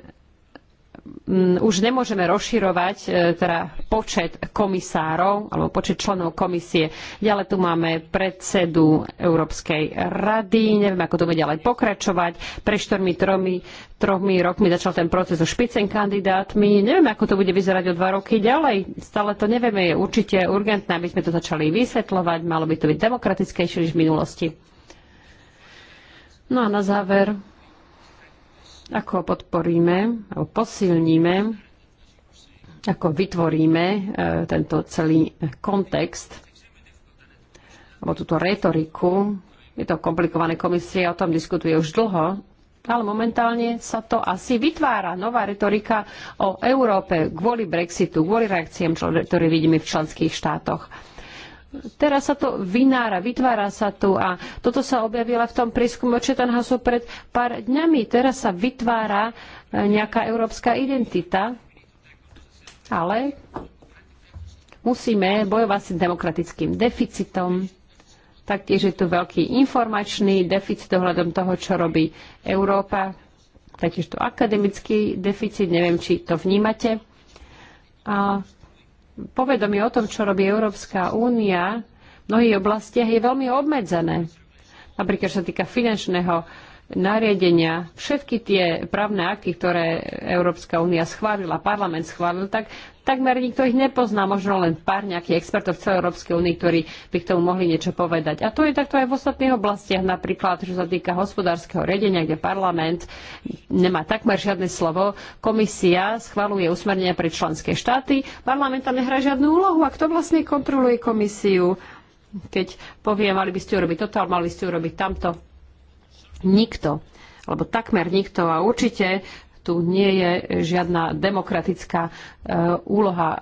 už nemôžeme rozširovať e, teda počet komisárov alebo počet členov komisie. Ďalej tu máme predsedu Európskej rady, neviem, ako to bude ďalej pokračovať. Pre štormi, tromi, tromi rokmi začal ten proces so špicen kandidátmi. Neviem, ako to bude vyzerať o dva roky ďalej. Stále to nevieme, je určite urgentné, aby sme to začali vysvetľovať. Malo by to byť demokratickejšie než v minulosti. No a na záver, ako podporíme, alebo posilníme, ako vytvoríme e, tento celý kontext, alebo túto retoriku. Je to komplikované, Komisie, o tom diskutuje už dlho, ale momentálne sa to asi vytvára. Nová retorika o Európe kvôli Brexitu, kvôli reakciám, ktoré vidíme v členských štátoch teraz sa to vynára, vytvára sa tu a toto sa objavila v tom prískume Četanhasu pred pár dňami. Teraz sa vytvára e, nejaká európska identita, ale musíme bojovať s demokratickým deficitom. Taktiež je tu veľký informačný deficit ohľadom toho, čo robí Európa. Taktiež tu akademický deficit, neviem, či to vnímate. A povedomie o tom, čo robí Európska únia v mnohých oblastiach je veľmi obmedzené. Napríklad, čo sa týka finančného nariadenia, všetky tie právne akty, ktoré Európska únia schválila, parlament schválil, tak takmer nikto ich nepozná, možno len pár nejakých expertov v celej Európskej únii, ktorí by k tomu mohli niečo povedať. A to je takto aj v ostatných oblastiach, napríklad, čo sa týka hospodárskeho riadenia, kde parlament nemá takmer žiadne slovo, komisia schvaluje usmernenia pre členské štáty, parlament tam nehrá žiadnu úlohu a kto vlastne kontroluje komisiu, keď povie, mali by ste urobiť toto, mali by ste urobiť tamto nikto, alebo takmer nikto a určite tu nie je žiadna demokratická e, úloha e,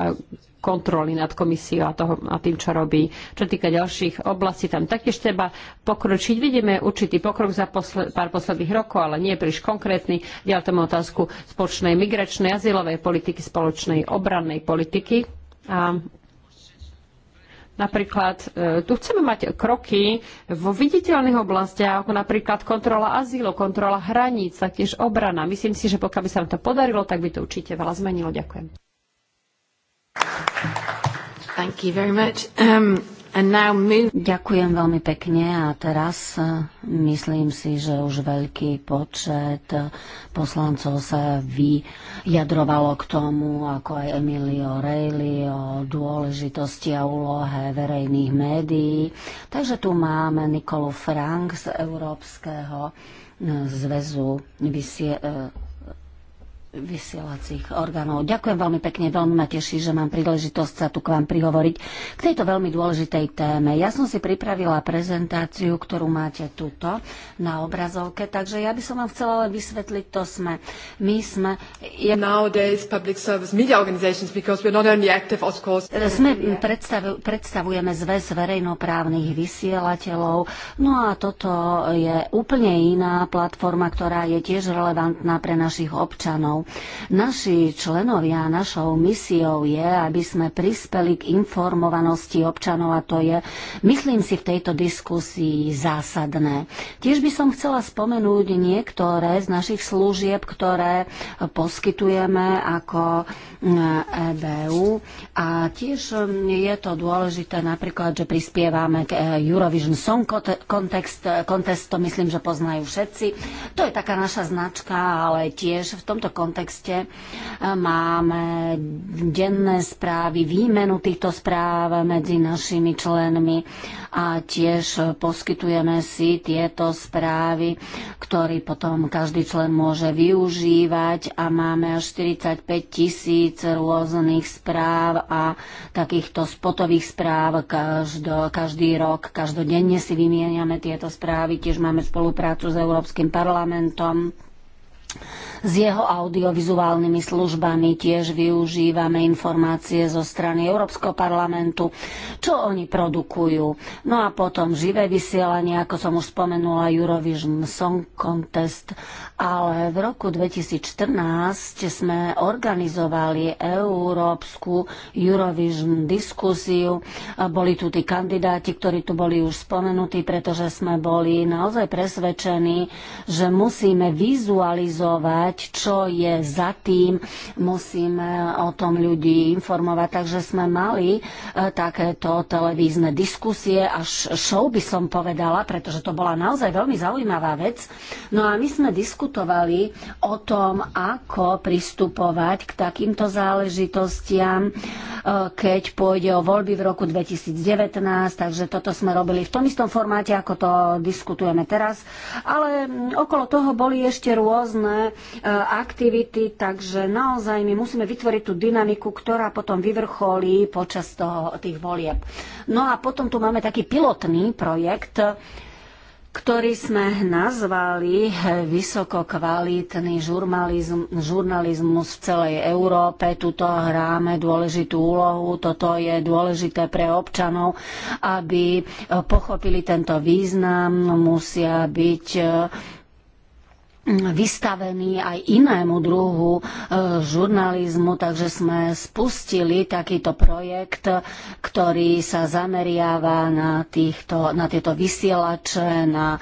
kontroly nad komisiou a, toho, a tým, čo robí. Čo týka ďalších oblastí, tam taktiež treba pokročiť. Vidíme určitý pokrok za posle, pár posledných rokov, ale nie príliš konkrétny. Ďal tomu otázku spoločnej migračnej, azylovej politiky, spoločnej obrannej politiky. A Napríklad e, tu chceme mať kroky vo viditeľných oblastiach, ako napríklad kontrola azylu, kontrola hraníc, taktiež obrana. Myslím si, že pokiaľ by sa vám to podarilo, tak by to určite veľa zmenilo. Ďakujem. Thank you very much. Um... Ďakujem veľmi pekne a teraz e, myslím si, že už veľký počet e, poslancov sa vyjadrovalo k tomu, ako aj Emilio Reilly o dôležitosti a úlohe verejných médií. Takže tu máme Nikolu Frank z Európskeho e, zväzu vysie, vysielacích orgánov. Ďakujem veľmi pekne, veľmi ma teší, že mám príležitosť sa tu k vám prihovoriť k tejto veľmi dôležitej téme. Ja som si pripravila prezentáciu, ktorú máte tuto na obrazovke, takže ja by som vám chcela len vysvetliť, to sme. My sme... Je... Nowadays public service media organizations, because we're not only active, of course... Sme predstav, predstavujeme zväz verejnoprávnych vysielateľov, no a toto je úplne iná platforma, ktorá je tiež relevantná pre našich občanov. Naši členovia, našou misiou je, aby sme prispeli k informovanosti občanov a to je, myslím si, v tejto diskusii zásadné. Tiež by som chcela spomenúť niektoré z našich služieb, ktoré poskytujeme ako EBU eh, e a tiež mm, je to dôležité napríklad, že prispievame k eh, Eurovision Song Contest, Contest to myslím, že poznajú všetci. To je taká naša značka, ale tiež v tomto kontextu kontexte. Máme denné správy, výmenu týchto správ medzi našimi členmi a tiež poskytujeme si tieto správy, ktorý potom každý člen môže využívať a máme až 45 tisíc rôznych správ a takýchto spotových správ každý, každý rok. Každodenne si vymieniame tieto správy, tiež máme spoluprácu s Európskym parlamentom s jeho audiovizuálnymi službami. Tiež využívame informácie zo strany Európskeho parlamentu, čo oni produkujú. No a potom živé vysielanie, ako som už spomenula, Eurovision Song Contest. Ale v roku 2014 sme organizovali Európsku Eurovision diskusiu. Boli tu tí kandidáti, ktorí tu boli už spomenutí, pretože sme boli naozaj presvedčení, že musíme vizualizovať vedieť, čo je za tým, musíme eh, o tom ľudí informovať. Takže sme mali eh, takéto televízne diskusie, až show by som povedala, pretože to bola naozaj veľmi zaujímavá vec. No a my sme diskutovali o tom, ako pristupovať k takýmto záležitostiam, eh, keď pôjde o voľby v roku 2019, takže toto sme robili v tom istom formáte, ako to diskutujeme teraz, ale mm, okolo toho boli ešte rôzne Eh, aktivity, takže naozaj my musíme vytvoriť tú dynamiku, ktorá potom vyvrcholí počas toho, tých volieb. No a potom tu máme taký pilotný projekt, ktorý sme nazvali eh, vysokokvalitný žurnalizm, žurnalizmus v celej Európe. Tuto hráme dôležitú úlohu, toto je dôležité pre občanov, aby eh, pochopili tento význam, musia byť vystavení aj inému druhu e, žurnalizmu, takže sme spustili takýto projekt, ktorý sa zameriava na, týchto, na tieto vysielače, na e,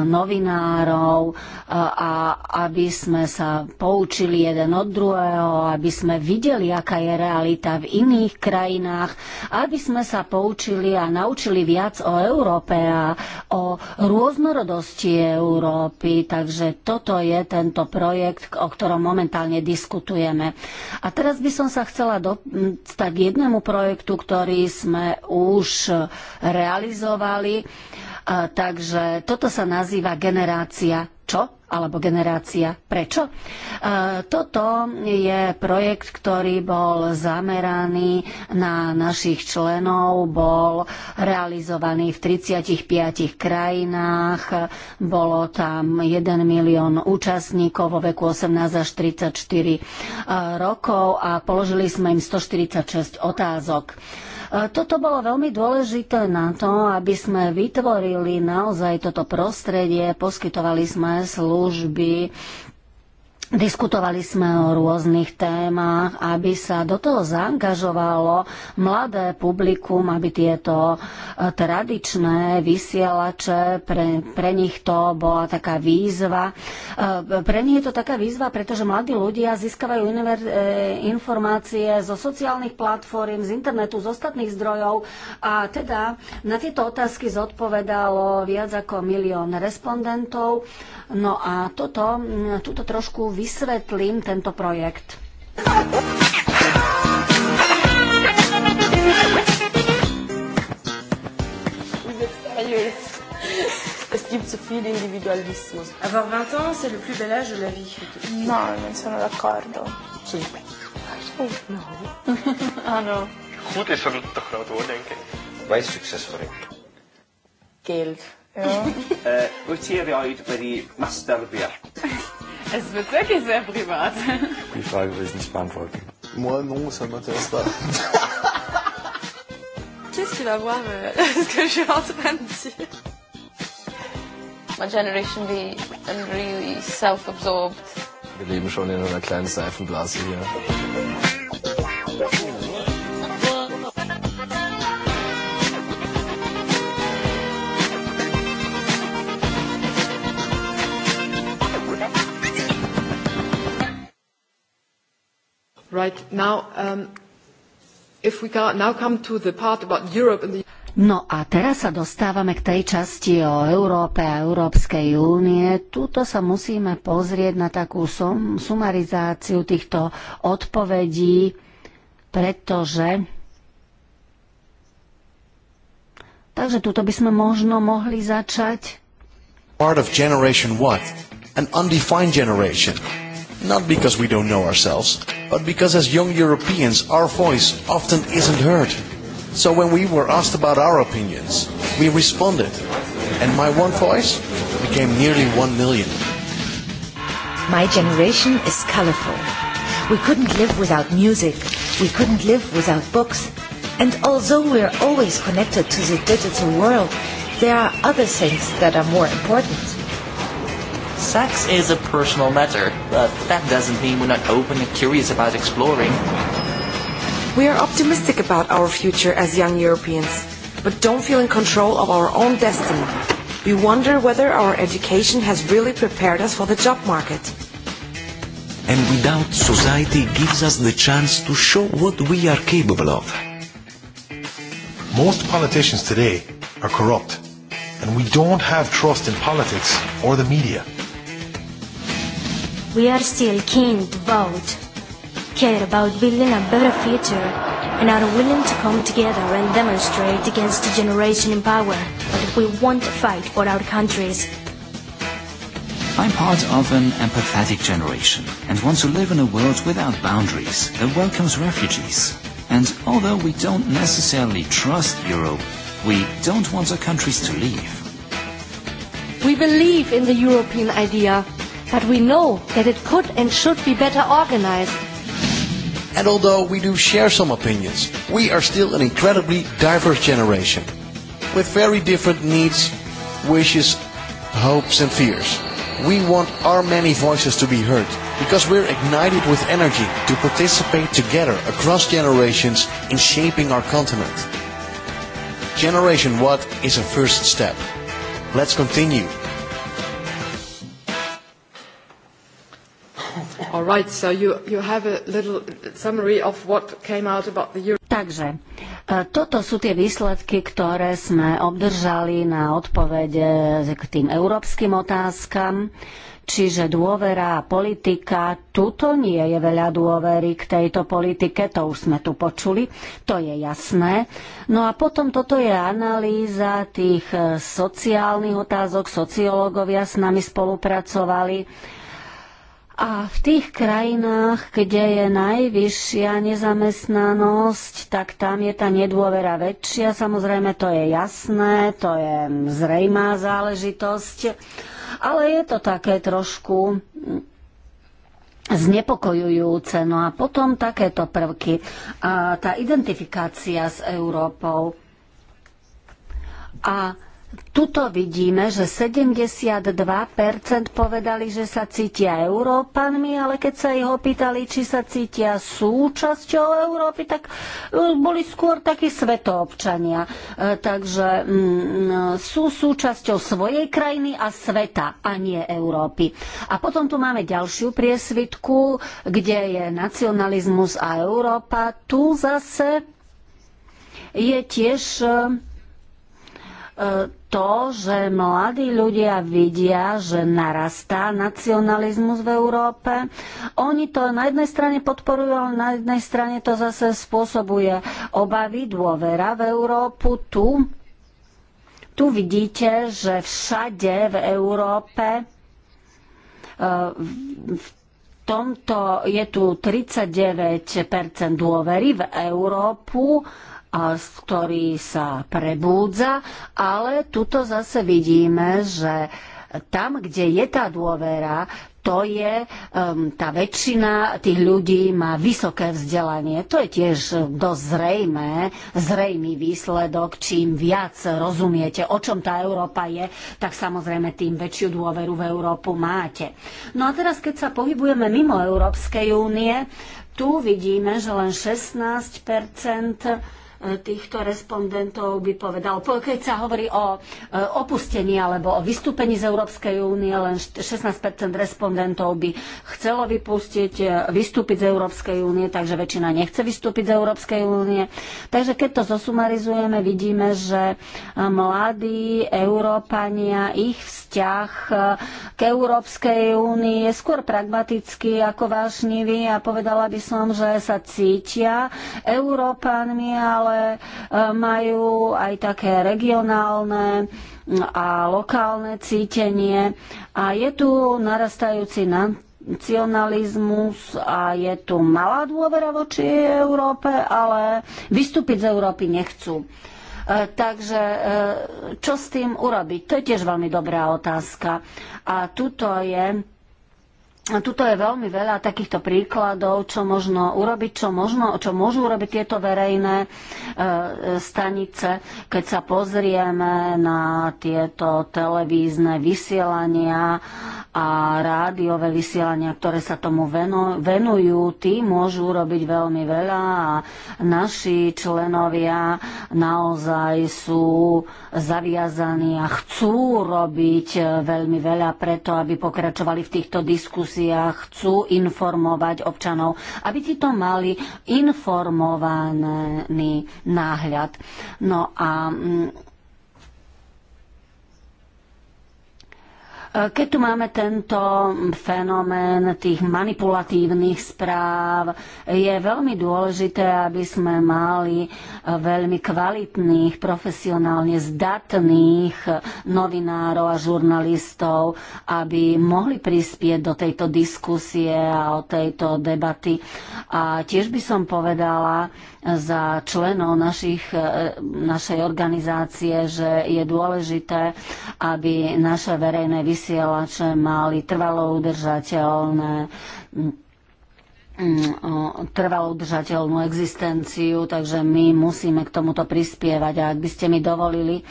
novinárov e, a aby sme sa poučili jeden od druhého, aby sme videli, aká je realita v iných krajinách, aby sme sa poučili a naučili viac o Európe a o rôznorodosti Európy. Takže to toto je tento projekt, o ktorom momentálne diskutujeme. A teraz by som sa chcela dostať k jednému projektu, ktorý sme už realizovali. Takže toto sa nazýva generácia čo? alebo generácia. Prečo? Toto je projekt, ktorý bol zameraný na našich členov, bol realizovaný v 35 krajinách, bolo tam 1 milión účastníkov vo veku 18 až 34 rokov a položili sme im 146 otázok. E, toto bolo veľmi dôležité na to, aby sme vytvorili naozaj toto prostredie, poskytovali sme služby Diskutovali sme o rôznych témach, aby sa do toho zaangažovalo mladé publikum, aby tieto e, tradičné vysielače, pre, pre nich to bola taká výzva. E, pre nich je to taká výzva, pretože mladí ľudia získavajú e, informácie zo sociálnych platform, z internetu, z ostatných zdrojov a teda na tieto otázky zodpovedalo viac ako milión respondentov. No a toto, túto trošku vysvetlím tento projekt. Avoir 20 ans, c'est le plus bel âge de la vie. No, non sono d'accordo. Oh, no. ah, Geld. Ja. äh, eh, wyt ti erioed wedi masturbio? Es wird wirklich sehr privat. Die Frage will ich nicht beantworten. Moi non, ça m'intéresse pas. Qu'est-ce qu'il va voir euh, ce que je suis en train de dire My generation be really self-absorbed. Wir leben schon in einer kleinen Seifenblase hier. Right. Now, um, if we can now come to the part about Europe and the No a teraz sa dostávame k tej časti o Európe a Európskej únie. Tuto sa musíme pozrieť na takú sum, sumarizáciu týchto odpovedí, pretože Takže tuto by sme možno mohli začať. Part of generation what? An undefined generation not because we don't know ourselves, but because as young Europeans, our voice often isn't heard. So when we were asked about our opinions, we responded. And my one voice became nearly one million. My generation is colorful. We couldn't live without music. We couldn't live without books. And although we're always connected to the digital world, there are other things that are more important. Sex is a personal matter, but that doesn't mean we're not open and curious about exploring. We are optimistic about our future as young Europeans, but don't feel in control of our own destiny. We wonder whether our education has really prepared us for the job market. And we doubt society gives us the chance to show what we are capable of. Most politicians today are corrupt, and we don't have trust in politics or the media we are still keen to vote, care about building a better future, and are willing to come together and demonstrate against the generation in power that we want to fight for our countries. I'm part of an empathetic generation and want to live in a world without boundaries that welcomes refugees. And although we don't necessarily trust Europe, we don't want our countries to leave. We believe in the European idea but we know that it could and should be better organized. And although we do share some opinions, we are still an incredibly diverse generation with very different needs, wishes, hopes, and fears. We want our many voices to be heard because we're ignited with energy to participate together across generations in shaping our continent. Generation What is a first step. Let's continue right, so you, you have a little summary of what came out about the Euro Takže e, toto sú tie výsledky, ktoré sme obdržali na odpovede e, k tým európskym otázkam. Čiže dôvera a politika, tuto nie je veľa dôvery k tejto politike, to už sme tu počuli, to je jasné. No a potom toto je analýza tých e, sociálnych otázok, sociológovia s nami spolupracovali a v tých krajinách, kde je najvyššia nezamestnanosť, tak tam je tá nedôvera väčšia. Samozrejme, to je jasné, to je zrejmá záležitosť, ale je to také trošku znepokojujúce. No a potom takéto prvky. A tá identifikácia s Európou. A tuto vidíme, že 72% povedali, že sa cítia Európanmi, ale keď sa ich opýtali, či sa cítia súčasťou Európy, tak e, boli skôr takí svetoobčania. E, takže mm, sú súčasťou svojej krajiny a sveta, a nie Európy. A potom tu máme ďalšiu priesvitku, kde je nacionalizmus a Európa. Tu zase je tiež e, to, že mladí ľudia vidia, že narastá nacionalizmus v Európe. Oni to na jednej strane podporujú, ale na jednej strane to zase spôsobuje obavy, dôvera v Európu tu. Tu vidíte, že všade v Európe e, v tomto je tu 39% dôvery v Európu ktorý sa prebúdza, ale tuto zase vidíme, že tam, kde je tá dôvera, to je, um, tá väčšina tých ľudí má vysoké vzdelanie. To je tiež dosť zrejmé, zrejmý výsledok. Čím viac rozumiete, o čom tá Európa je, tak samozrejme tým väčšiu dôveru v Európu máte. No a teraz, keď sa pohybujeme mimo Európskej únie, tu vidíme, že len 16 týchto respondentov by povedal, keď sa hovorí o e, opustení alebo o vystúpení z Európskej únie, len 16 respondentov by chcelo vypustiť, e, vystúpiť z Európskej únie, takže väčšina nechce vystúpiť z Európskej únie. Takže keď to zosumarizujeme, vidíme, že e, mladí Európania, ich vzťah k Európskej únii je skôr pragmatický ako vášnivý a povedala by som, že sa cítia Európanmi, ale ale e, majú aj také regionálne a lokálne cítenie. A je tu narastajúci nacionalizmus a je tu malá dôvera voči Európe, ale vystúpiť z Európy nechcú. E, takže e, čo s tým urobiť? To je tiež veľmi dobrá otázka. A tuto je Tuto je veľmi veľa takýchto príkladov, čo možno urobiť, čo, možno, čo môžu urobiť tieto verejné e, stanice. Keď sa pozrieme na tieto televízne vysielania a rádiové vysielania, ktoré sa tomu venujú, tí môžu urobiť veľmi veľa a naši členovia naozaj sú zaviazaní a chcú robiť e, veľmi veľa preto, aby pokračovali v týchto diskusiách diskusia chcú informovať občanov, aby to mali informovaný náhľad. No a mm, Keď tu máme tento fenomén tých manipulatívnych správ, je veľmi dôležité, aby sme mali e, veľmi kvalitných, profesionálne zdatných e, novinárov a žurnalistov, aby mohli prispieť do tejto diskusie a o tejto debaty. A tiež by som povedala, za členov našich, e, našej organizácie, že je dôležité, aby naše verejné vysielače mali trvalo udržateľné trvalo udržateľnú existenciu, takže my musíme k tomuto prispievať. A ak by ste mi dovolili,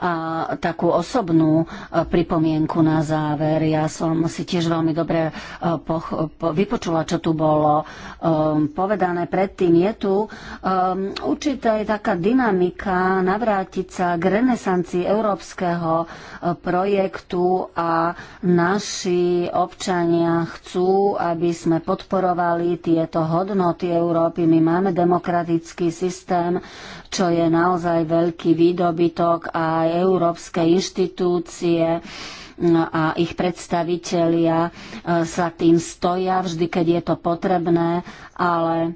a takú osobnú e, pripomienku na záver. Ja som si tiež veľmi dobre e, vypočula, čo tu bolo e, povedané predtým. Je tu určitá je taká dynamika navrátiť sa k renesancii európskeho projektu a naši občania chcú, aby sme podporovali tieto hodnoty Európy. My máme demokratický systém, čo je naozaj veľký výdobytok a aj európske inštitúcie no a ich predstavitelia e, sa tým stoja vždy, keď je to potrebné, ale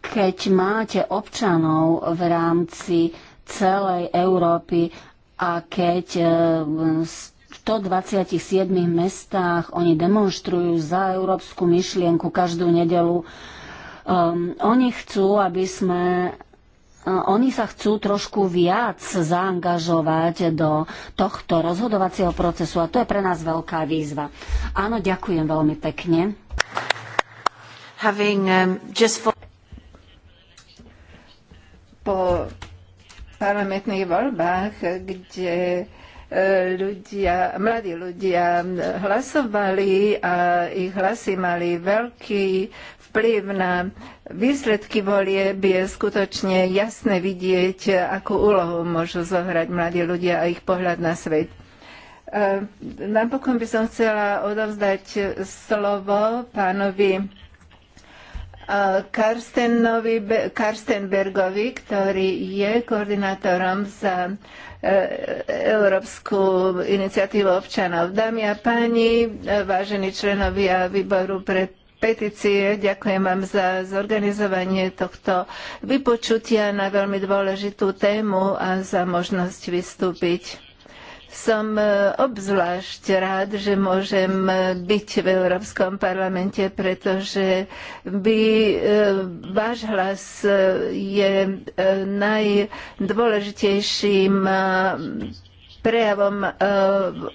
keď máte občanov v rámci celej Európy a keď e, v 127 mestách oni demonstrujú za európsku myšlienku každú nedelu, Um, oni chcú, aby sme uh, oni sa chcú trošku viac zaangažovať do tohto rozhodovacieho procesu a to je pre nás veľká výzva. Áno, ďakujem veľmi pekne. Having, um, just for... Po parlamentných voľbách, kde e, ľudia, mladí ľudia hlasovali a ich hlasy mali veľký vplyv na výsledky volieb, je skutočne jasné vidieť, akú úlohu môžu zohrať mladí ľudia a ich pohľad na svet. E, napokon by som chcela odovzdať slovo pánovi e, Karstenovi, Karstenbergovi, ktorý je koordinátorom za e, Európsku iniciatívu občanov. Dámy a páni, vážení členovia výboru pre petície. Ďakujem vám za zorganizovanie tohto vypočutia na veľmi dôležitú tému a za možnosť vystúpiť. Som e, obzvlášť rád, že môžem e, byť v Európskom parlamente, pretože by e, váš hlas je najdôležitejším prejavom e,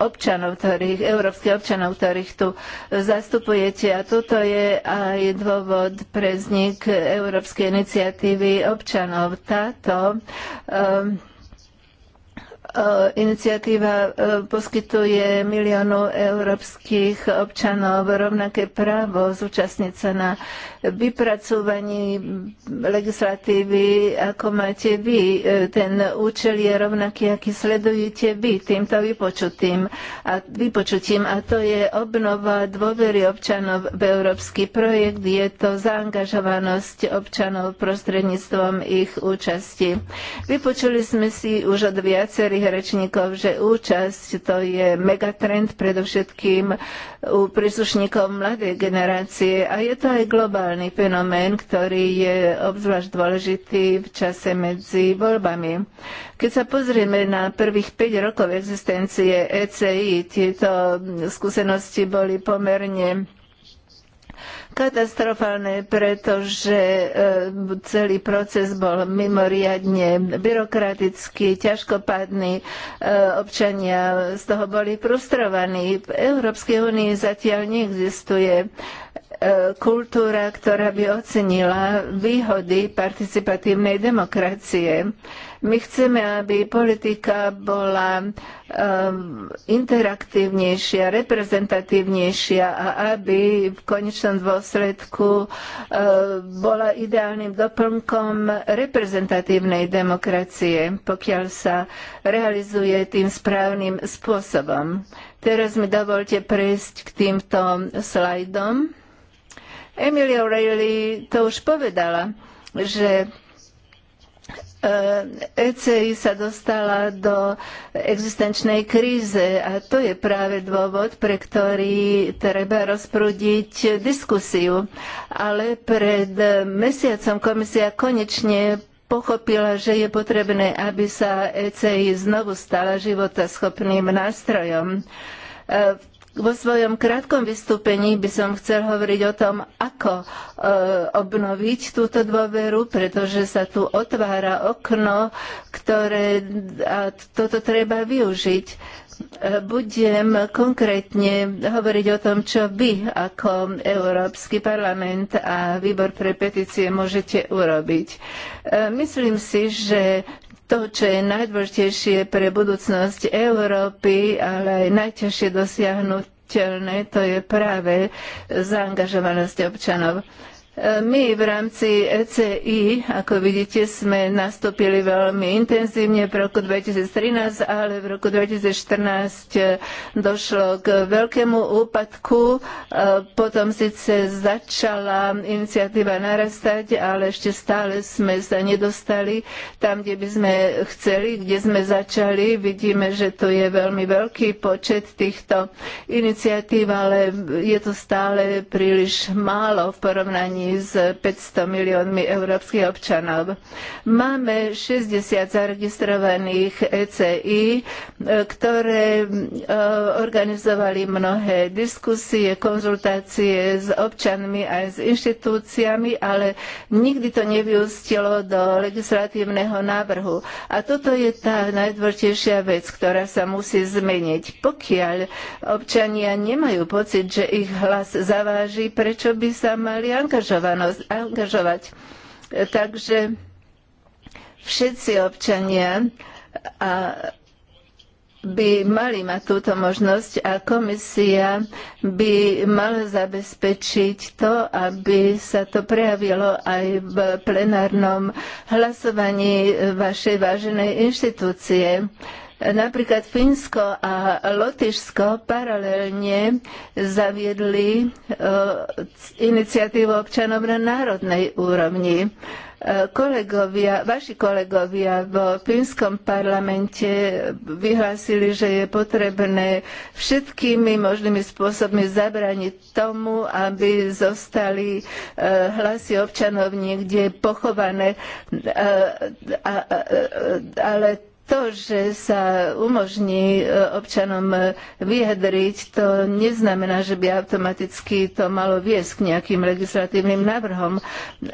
občanov, ktorých, európskych občanov, ktorých tu zastupujete. A toto je aj dôvod pre vznik Európskej iniciatívy občanov. Táto um, E, iniciatíva e, poskytuje miliónov európskych občanov rovnaké právo zúčastniť sa na vypracovaní legislatívy, ako máte vy. E, ten účel je rovnaký, aký sledujete vy týmto vypočutím a, vypočutím. a to je obnova dôvery občanov v európsky projekt. Je to zaangažovanosť občanov prostredníctvom ich účasti. Vypočuli sme si už od viacerých ostatných rečníkov, že účasť to je megatrend predovšetkým u príslušníkov mladej generácie a je to aj globálny fenomén, ktorý je obzvlášť dôležitý v čase medzi voľbami. Keď sa pozrieme na prvých 5 rokov existencie ECI, tieto skúsenosti boli pomerne katastrofálne, pretože e, celý proces bol mimoriadne byrokratický, ťažkopádny. E, občania z toho boli frustrovaní. V Európskej únii zatiaľ neexistuje e, kultúra, ktorá by ocenila výhody participatívnej demokracie. My chceme, aby politika bola um, ehm, interaktívnejšia, reprezentatívnejšia a aby v konečnom dôsledku uh, bola ideálnym doplnkom reprezentatívnej demokracie, pokiaľ sa realizuje tým správnym spôsobom. Teraz mi dovolte prejsť k týmto slajdom. Emilia O'Reilly to už povedala, že E, ECI sa dostala do existenčnej kríze a to je práve dôvod, pre ktorý treba rozprúdiť diskusiu. Ale pred mesiacom komisia konečne pochopila, že je potrebné, aby sa ECI znovu stala životaschopným nástrojom. V e, vo svojom krátkom vystúpení by som chcel hovoriť o tom, ako e, obnoviť túto dôveru, pretože sa tu otvára okno, ktoré a toto treba využiť. E, budem konkrétne hovoriť o tom, čo vy ako Európsky parlament a výbor pre petície môžete urobiť. E, myslím si, že to, čo je najdôležitejšie pre budúcnosť Európy, ale aj najťažšie dosiahnuť to je práve zaangažovanosť občanov. My v rámci ECI, ako vidíte, sme nastúpili veľmi intenzívne v roku 2013, ale v roku 2014 e, došlo k veľkému úpadku. E, potom síce začala iniciatíva narastať, ale ešte stále sme sa nedostali tam, kde by sme chceli, kde sme začali. Vidíme, že to je veľmi veľký počet týchto iniciatív, ale je to stále príliš málo v porovnaní rokovaní s 500 miliónmi európskych občanov. Máme 60 zaregistrovaných ECI, e, ktoré e, organizovali mnohé diskusie, konzultácie s občanmi aj s inštitúciami, ale nikdy to nevyústilo do legislatívneho návrhu. A toto je tá najdôležitejšia vec, ktorá sa musí zmeniť. Pokiaľ občania nemajú pocit, že ich hlas zaváži, prečo by sa mali angažovať? angažovať. Takže všetci občania a by mali mať túto možnosť a komisia by mala zabezpečiť to, aby sa to prejavilo aj v plenárnom hlasovaní vašej váženej inštitúcie. Napríklad Fínsko a Lotyšsko paralelne zaviedli e, iniciatívu občanov na národnej úrovni e, kolegovia, vaši kolegovia v fínskom parlamente vyhlásili, že je potrebné všetkými možnými spôsobmi zabrániť tomu, aby zostali e, hlasy občanov niekde pochované. Ale to, že sa umožní e, občanom e, vyjadriť, to neznamená, že by automaticky to malo viesť k nejakým legislatívnym návrhom,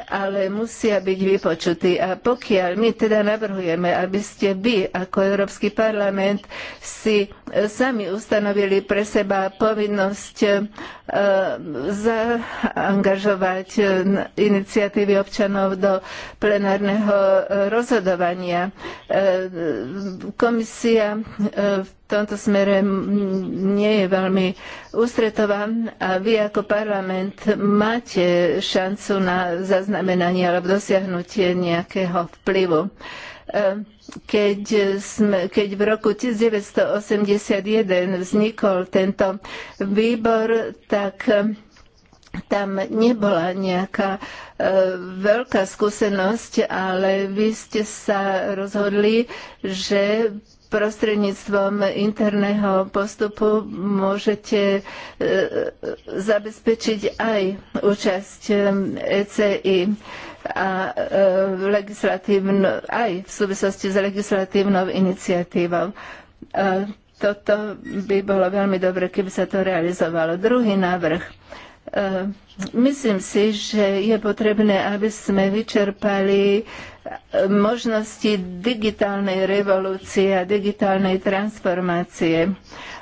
ale musia byť vypočutí. A pokiaľ my teda navrhujeme, aby ste vy ako Európsky parlament si e, sami ustanovili pre seba povinnosť zaangažovať iniciatívy občanov do plenárneho rozhodovania, Komisia e, v tomto smere nie je veľmi ústretová a vy ako parlament máte šancu na zaznamenanie alebo dosiahnutie nejakého vplyvu e, keď, sme, keď v roku 1981 vznikol tento výbor, tak tam nebola nejaká e, veľká skúsenosť, ale vy ste sa rozhodli, že prostredníctvom interného postupu môžete e, zabezpečiť aj účasť ECI e a e, aj v súvislosti s legislatívnou iniciatívou. Toto by bolo veľmi dobre, keby sa to realizovalo. Druhý návrh Ehm, myslím si, že je potrebné, aby sme vyčerpali ehm, možnosti digitálnej revolúcie a digitálnej transformácie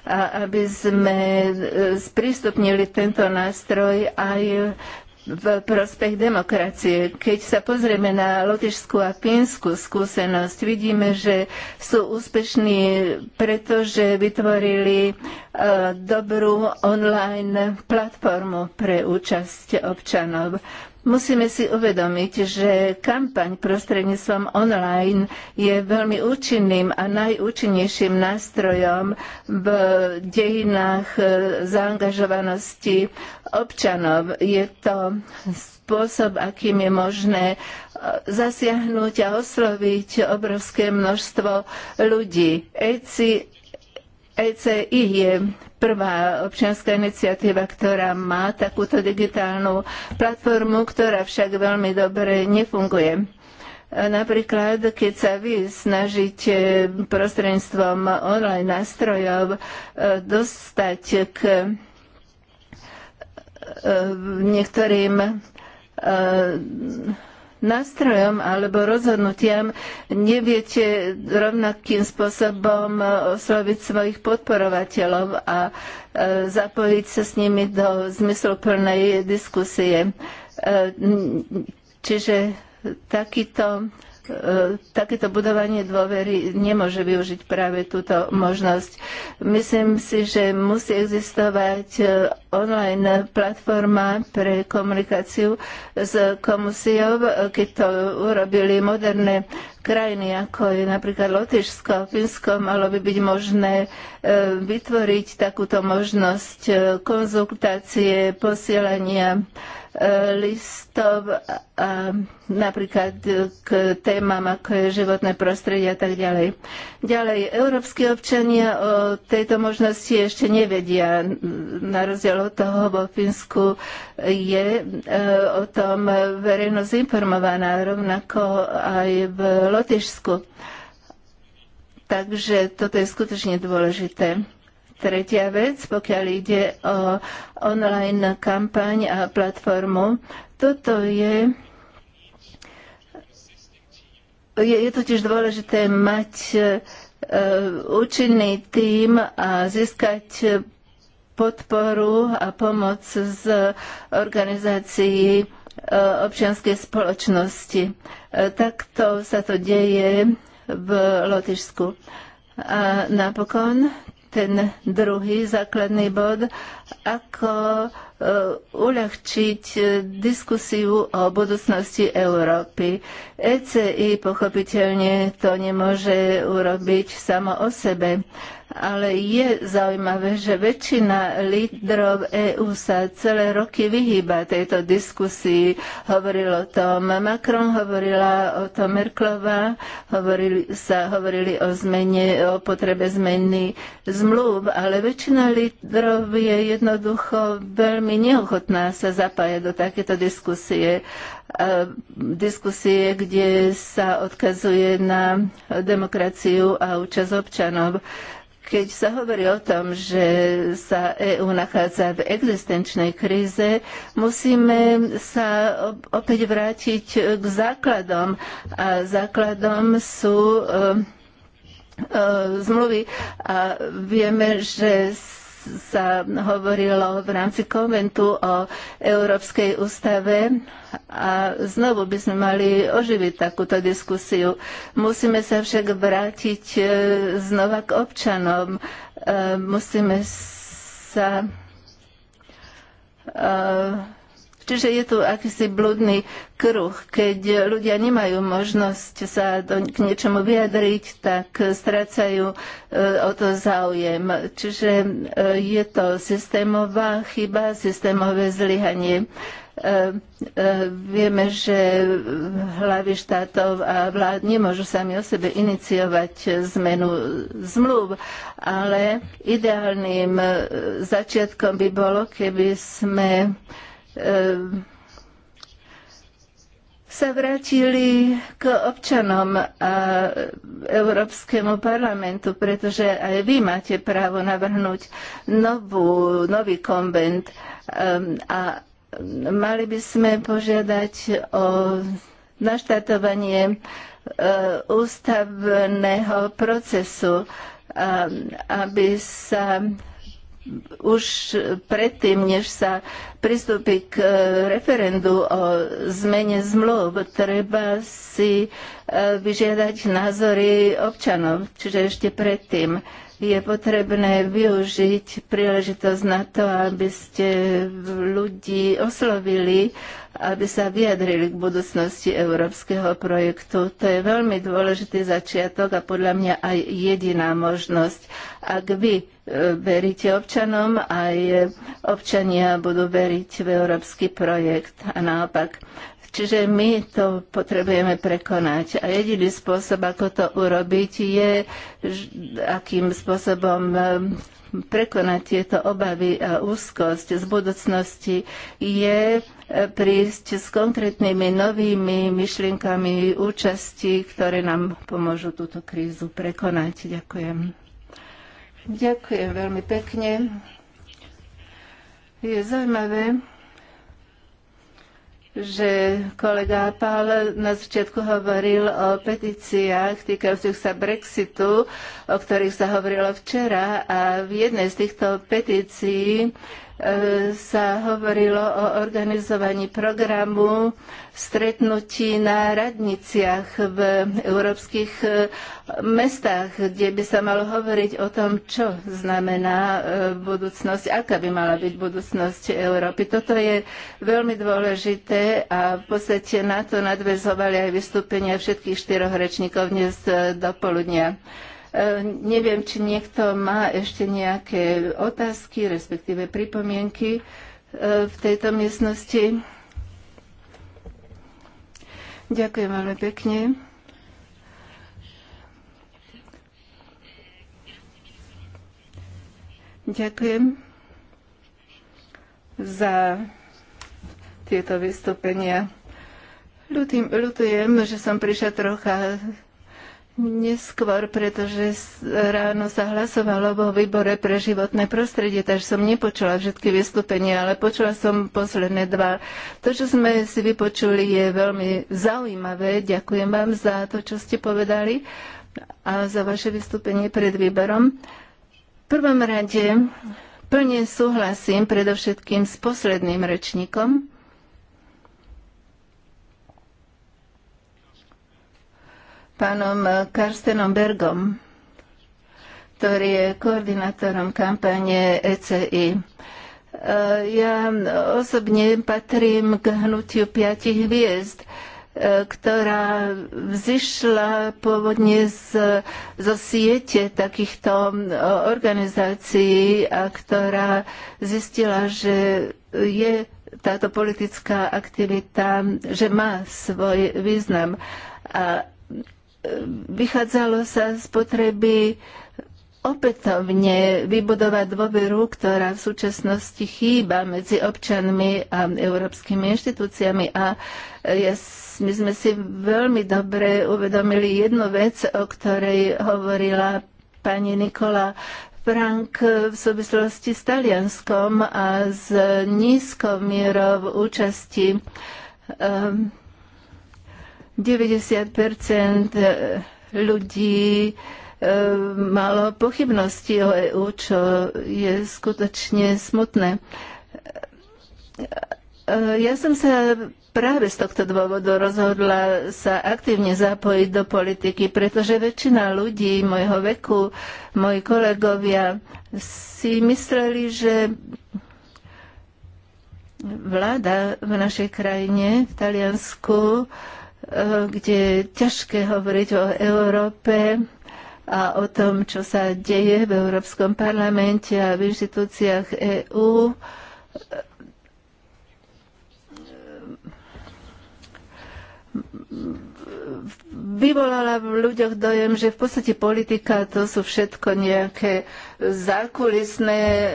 a aby sme ehm, sprístupnili tento nástroj aj v prospech demokracie. Keď sa pozrieme na Lotyšskú a Pínsku skúsenosť, vidíme, že sú úspešní, pretože vytvorili e, dobrú online platformu pre účasť občanov. Musíme si uvedomiť, že kampaň prostredníctvom online je veľmi účinným a najúčinnejším nástrojom v dejinách e, zaangažovanosti občanov. Je to spôsob, akým je možné e, zasiahnuť a osloviť obrovské množstvo ľudí. ECI, ECI je prvá občianská iniciatíva, ktorá má takúto digitálnu platformu, ktorá však veľmi dobre nefunguje. Napríklad, keď sa vy snažíte prostredníctvom online nástrojov e, dostať k e, niektorým e, nástrojom alebo rozhodnutiam neviete rovnakým spôsobom osloviť svojich podporovateľov a e, zapojiť sa s nimi do zmysluplnej diskusie. E, čiže takýto E, takéto budovanie dôvery nemôže využiť práve túto možnosť. Myslím si, že musí existovať e, online platforma pre komunikáciu s komisiou, e, keď to urobili moderné krajiny, ako je napríklad Lotyšsko, Finsko, malo by byť možné vytvoriť takúto možnosť konzultácie, posielania listov a napríklad k témam ako je životné prostredie a tak ďalej. Ďalej, európsky občania o tejto možnosti ešte nevedia. Na rozdiel od toho vo Fínsku je e, o tom verejnosť informovaná, rovnako aj v Lotyšsku. Takže toto je skutočne dôležité. Tretia vec, pokiaľ ide o online kampaň a platformu, toto je je, je totiž dôležité mať uh, účinný tím a získať podporu a pomoc z organizácií e, občianskej spoločnosti. E, takto sa to deje v Lotyšsku. A napokon ten druhý základný bod, ako E, uľahčiť e, diskusiu o budúcnosti Európy. ECI pochopiteľne to nemôže urobiť samo o sebe, ale je zaujímavé, že väčšina lídrov EÚ sa celé roky vyhýba tejto diskusii. Hovoril o tom Macron, hovorila o tom Merklova, hovorili, sa hovorili o zmene, o potrebe zmeny zmluv, ale väčšina lídrov je jednoducho veľmi veľmi neochotná sa zapájať do takéto diskusie. Diskusie, kde sa odkazuje na demokraciu a účasť občanov keď sa hovorí o tom, že sa EÚ nachádza v existenčnej kríze, musíme sa opäť vrátiť k základom. A základom sú e, e, zmluvy a vieme, že sa hovorilo v rámci konventu o Európskej ústave a znovu by sme mali oživiť takúto diskusiu. Musíme sa však vrátiť e, znova k občanom. E, musíme sa e, Čiže je tu akýsi blúdny kruh. Keď ľudia nemajú možnosť sa do, k niečomu vyjadriť, tak strácajú e, o to záujem. Čiže e, je to systémová chyba, systémové zlyhanie e, e, vieme, že hlavy štátov a vlád nemôžu sami o sebe iniciovať zmenu zmluv, ale ideálnym e, začiatkom by bolo, keby sme Ehm, sa vrátili k občanom a Európskemu parlamentu, pretože aj vy máte právo navrhnúť novú, nový konvent ehm, a mali by sme požiadať o naštatovanie ehm, ústavného procesu, aby sa už predtým, než sa pristúpi k referendu o zmene zmluv, treba si vyžiadať názory občanov, čiže ešte predtým je potrebné využiť príležitosť na to, aby ste ľudí oslovili, aby sa vyjadrili k budúcnosti európskeho projektu. To je veľmi dôležitý začiatok a podľa mňa aj jediná možnosť. Ak vy e, veríte občanom, aj občania budú veriť v európsky projekt a naopak. Čiže my to potrebujeme prekonať. A jediný spôsob, ako to urobiť, je, akým spôsobom e, prekonať tieto obavy a úzkosť z budúcnosti, je e, prísť s konkrétnymi novými myšlienkami účasti, ktoré nám pomôžu túto krízu prekonať. Ďakujem. Ďakujem veľmi pekne. Je zaujímavé, že kolega Pál na začiatku hovoril o petíciách týkajúcich sa Brexitu, o ktorých sa hovorilo včera a v jednej z týchto petícií E, sa hovorilo o organizovaní programu stretnutí na radniciach v európskych e, mestách, kde by sa malo hovoriť o tom, čo znamená e, budúcnosť, aká by mala byť budúcnosť Európy. Toto je veľmi dôležité a v podstate na to nadvezovali aj vystúpenia všetkých štyroch rečníkov dnes do poludnia. E, neviem, či niekto má ešte nejaké otázky, respektíve pripomienky e, v tejto miestnosti. Ďakujem veľmi pekne. Ďakujem za tieto vystúpenia. Ľutujem, že som prišla trocha neskôr, pretože ráno sa hlasovalo vo výbore pre životné prostredie, takže som nepočula všetky vystúpenia, ale počula som posledné dva. To, čo sme si vypočuli, je veľmi zaujímavé. Ďakujem vám za to, čo ste povedali a za vaše vystúpenie pred výberom. V prvom rade plne súhlasím predovšetkým s posledným rečníkom, pánom Karstenom Bergom, ktorý je koordinátorom kampane ECI. E, ja osobne patrím k hnutiu piatich hviezd, e, ktorá vzýšla pôvodne z, zo siete takýchto e, organizácií a ktorá zistila, že je táto politická aktivita, že má svoj význam. A vychádzalo sa z potreby opätovne vybudovať dôveru, ktorá v súčasnosti chýba medzi občanmi a európskymi inštitúciami. A e, ja, my sme si veľmi dobre uvedomili jednu vec, o ktorej hovorila pani Nikola Frank v súvislosti s Talianskom a s nízkou mierou účasti um, 90 e, ľudí e, malo pochybnosti o EU, čo je skutočne smutné. E, ja som sa práve z tohto dôvodu rozhodla sa aktívne zapojiť do politiky, pretože väčšina ľudí môjho veku, moji kolegovia si mysleli, že vláda v našej krajine, v Taliansku, Eh, kde je ťažké hovoriť o Európe a o tom, čo sa deje v Európskom parlamente a v inštitúciách EÚ vyvolala v ľuďoch dojem, že v podstate politika to sú všetko nejaké zákulisné e,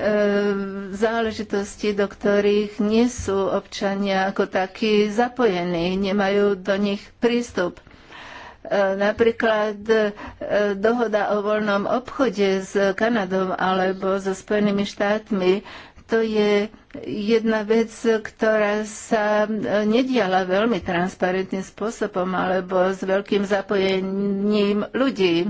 záležitosti, do ktorých nie sú občania ako takí zapojení, nemajú do nich prístup. E, napríklad e, dohoda o voľnom obchode s Kanadou alebo so Spojenými štátmi to je jedna vec, ktorá sa e, nediala veľmi transparentným spôsobom alebo s veľkým zapojením ľudí. E,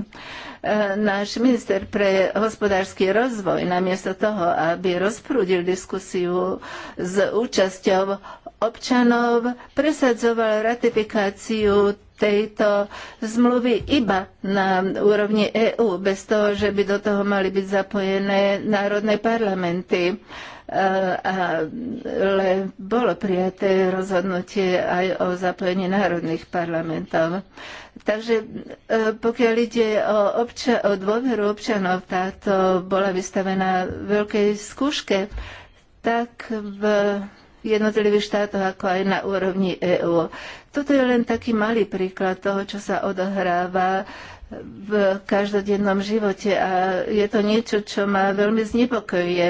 náš minister pre hospodársky rozvoj namiesto toho, aby rozprúdil diskusiu s účasťou občanov, presadzoval ratifikáciu tejto zmluvy iba na úrovni EÚ, bez toho, že by do toho mali byť zapojené národné parlamenty. A ale bolo prijaté rozhodnutie aj o zapojení národných parlamentov. Takže e, pokiaľ ide o, obča- o dôveru občanov, táto bola vystavená veľkej skúške, tak v jednotlivých štátoch, ako aj na úrovni EÚ. Toto je len taký malý príklad toho, čo sa odohráva v každodennom živote a je to niečo, čo ma veľmi znepokojuje.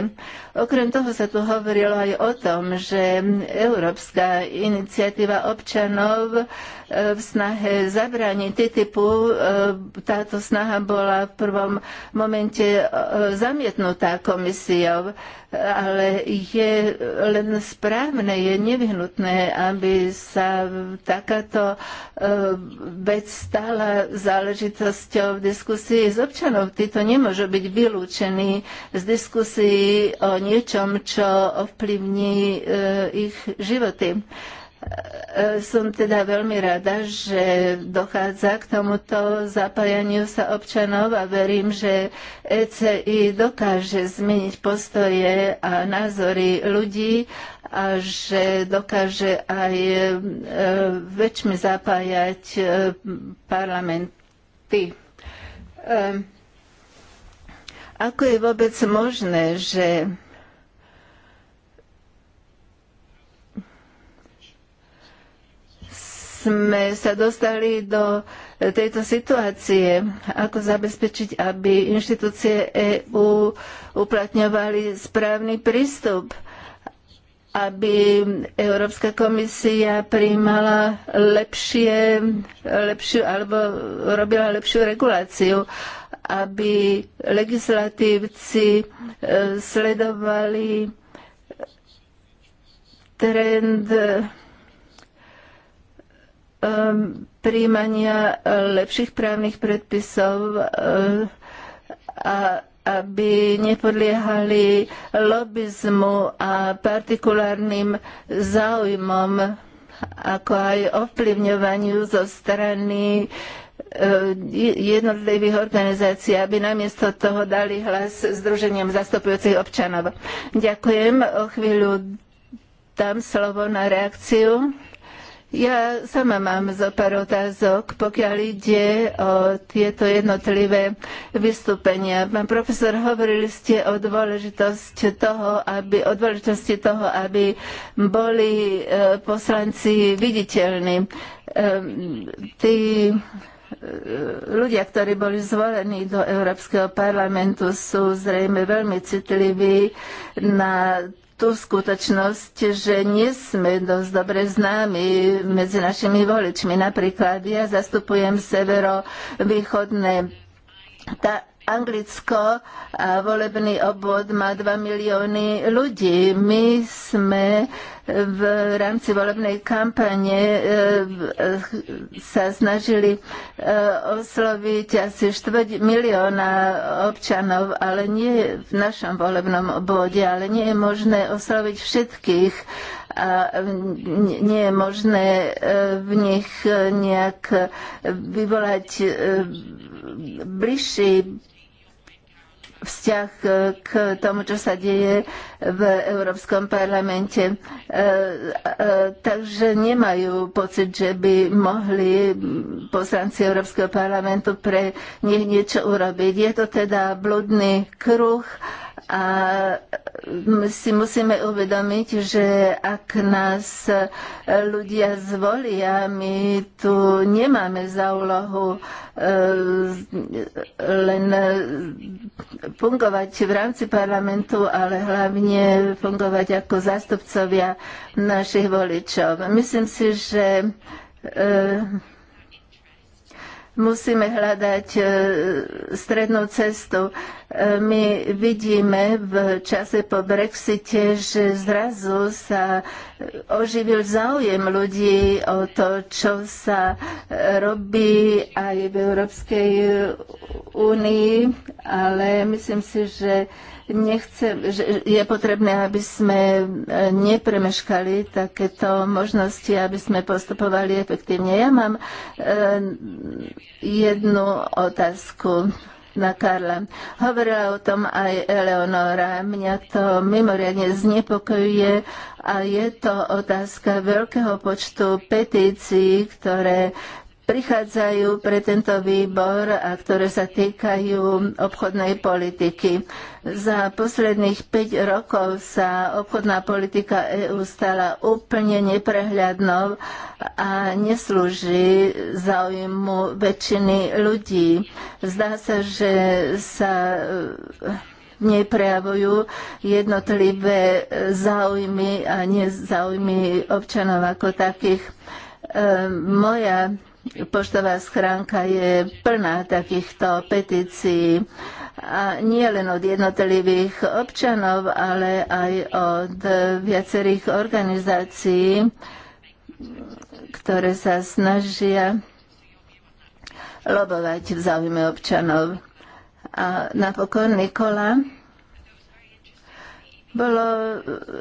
Okrem toho sa tu hovorilo aj o tom, že Európska iniciatíva občanov v snahe zabrániť TTIPu. E, táto snaha bola v prvom momente e, zamietnutá komisiou, ale je len správne, je nevyhnutné, aby sa takáto e, vec stala záležitosťou diskusii s občanov. Títo nemôžu byť vylúčení z diskusii o niečom, čo ovplyvní ich životy. E, som teda veľmi rada, že dochádza k tomuto zapájaniu sa občanov a verím, že ECI dokáže zmeniť postoje a názory ľudí a že dokáže aj e, väčšmi zapájať e, parlamenty. Ako je vôbec možné, že sme sa dostali do tejto situácie, ako zabezpečiť, aby inštitúcie EÚ uplatňovali správny prístup aby Európska komisia príjmala lepšie, lepšiu, alebo robila lepšiu reguláciu, aby legislatívci e, sledovali trend Ehm, príjmania eh, lepších právnych predpisov eh, a aby nepodliehali lobizmu a partikulárnym záujmom, ako aj ovplyvňovaniu zo strany eh, jednotlivých organizácií, aby namiesto toho dali hlas Združeniem zastupujúcich občanov. Ďakujem. O chvíľu dám slovo na reakciu. Ja sama mám zo pár otázok, pokiaľ ide o tieto jednotlivé vystúpenia. Pán profesor, hovorili ste o dôležitosti toho, aby, o dôležitosti toho, aby boli e, poslanci viditeľní. Ehm, tí e, ľudia, ktorí boli zvolení do Európskeho parlamentu, sú zrejme veľmi citliví na tú skutočnosť, že nie sme dosť dobre známi medzi našimi voličmi. Napríklad ja zastupujem severovýchodné tá Anglicko a volebný obvod má 2 milióny ľudí. My sme v rámci volebnej kampane e, e, sa snažili e, osloviť asi štvrť milióna občanov, ale nie v našom volebnom obvode, ale nie je možné osloviť všetkých a nie je možné v nich nejak vyvolať bližší vzťah e, k tomu, čo sa deje v Európskom parlamente. E, e, takže nemajú pocit, že by mohli poslanci Európskeho parlamentu pre nich niečo urobiť. Je to teda blúdny kruh a mm, si musíme uvedomiť, že ak nás e, ľudia zvolia, my tu nemáme za úlohu e, len fungovať v rámci parlamentu, ale hlavne fungovať ako zástupcovia našich voličov. Myslím si, že e, Musíme hľadať e, strednú cestu. E, my vidíme v čase po Brexite, že zrazu sa e, oživil záujem ľudí o to, čo sa robí aj v Európskej únii, ale myslím si, že nechcem, že je potrebné, aby sme e, nepremeškali takéto možnosti, aby sme postupovali efektívne. Ja mám e, jednu otázku na Karla. Hovorila o tom aj Eleonora. Mňa to mimoriadne znepokojuje a je to otázka veľkého počtu petícií, ktoré prichádzajú pre tento výbor a ktoré sa týkajú obchodnej politiky. Za posledných 5 rokov sa obchodná politika EÚ stala úplne neprehľadnou a neslúži záujmu väčšiny ľudí. Zdá sa, že sa e, neprejavujú jednotlivé záujmy a nezáujmy občanov ako takých. E, moja poštová schránka je plná takýchto petícií a nie len od jednotlivých občanov, ale aj od viacerých organizácií, ktoré sa snažia lobovať v záujme občanov. A napokon Nikola bolo,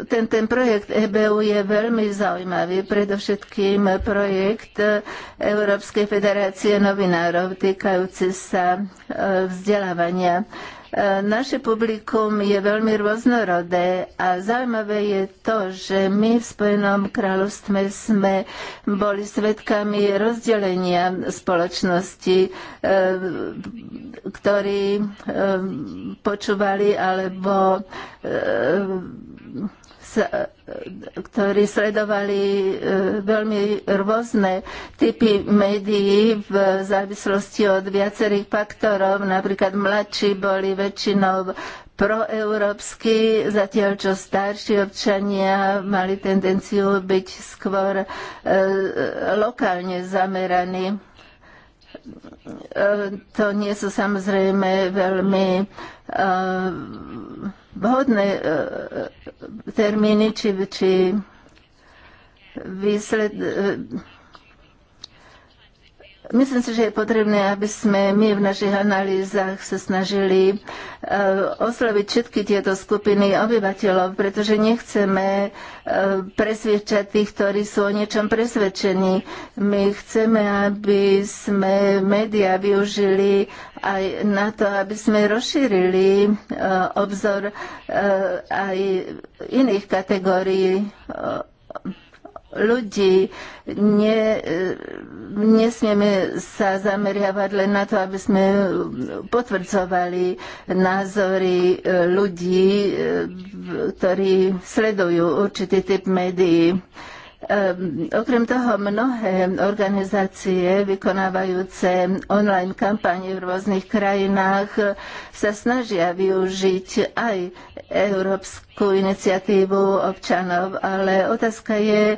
ten, ten projekt EBU je veľmi zaujímavý, predovšetkým projekt Európskej federácie novinárov týkajúci sa e, vzdelávania. E, naše publikum je veľmi rôznorodé a zaujímavé je to, že my v Spojenom kráľovstve sme boli svedkami rozdelenia spoločnosti, e, ktorí e, počúvali alebo E, ktorí sledovali e, veľmi rôzne typy médií v závislosti od viacerých faktorov. Napríklad mladší boli väčšinou proeurópsky, zatiaľ čo starší občania mali tendenciu byť skôr e, lokálne zameraní to nie sú samozrejme veľmi eh, vhodné eh, termíny či, či Myslím si, že je potrebné, aby sme my v našich analýzach sa snažili e, osloviť všetky tieto skupiny obyvateľov, pretože nechceme e, presvedčať tých, ktorí sú o niečom presvedčení. My chceme, aby sme médiá využili aj na to, aby sme rozšírili e, obzor aj iných kategórií ľudí. Nie, e, nesmieme sa zameriavať len na to, aby sme potvrdzovali názory e, ľudí, e, ktorí sledujú určitý typ médií Ehm, okrem toho mnohé organizácie vykonávajúce online kampanie v rôznych krajinách sa snažia využiť aj európsku iniciatívu občanov, ale otázka je, e,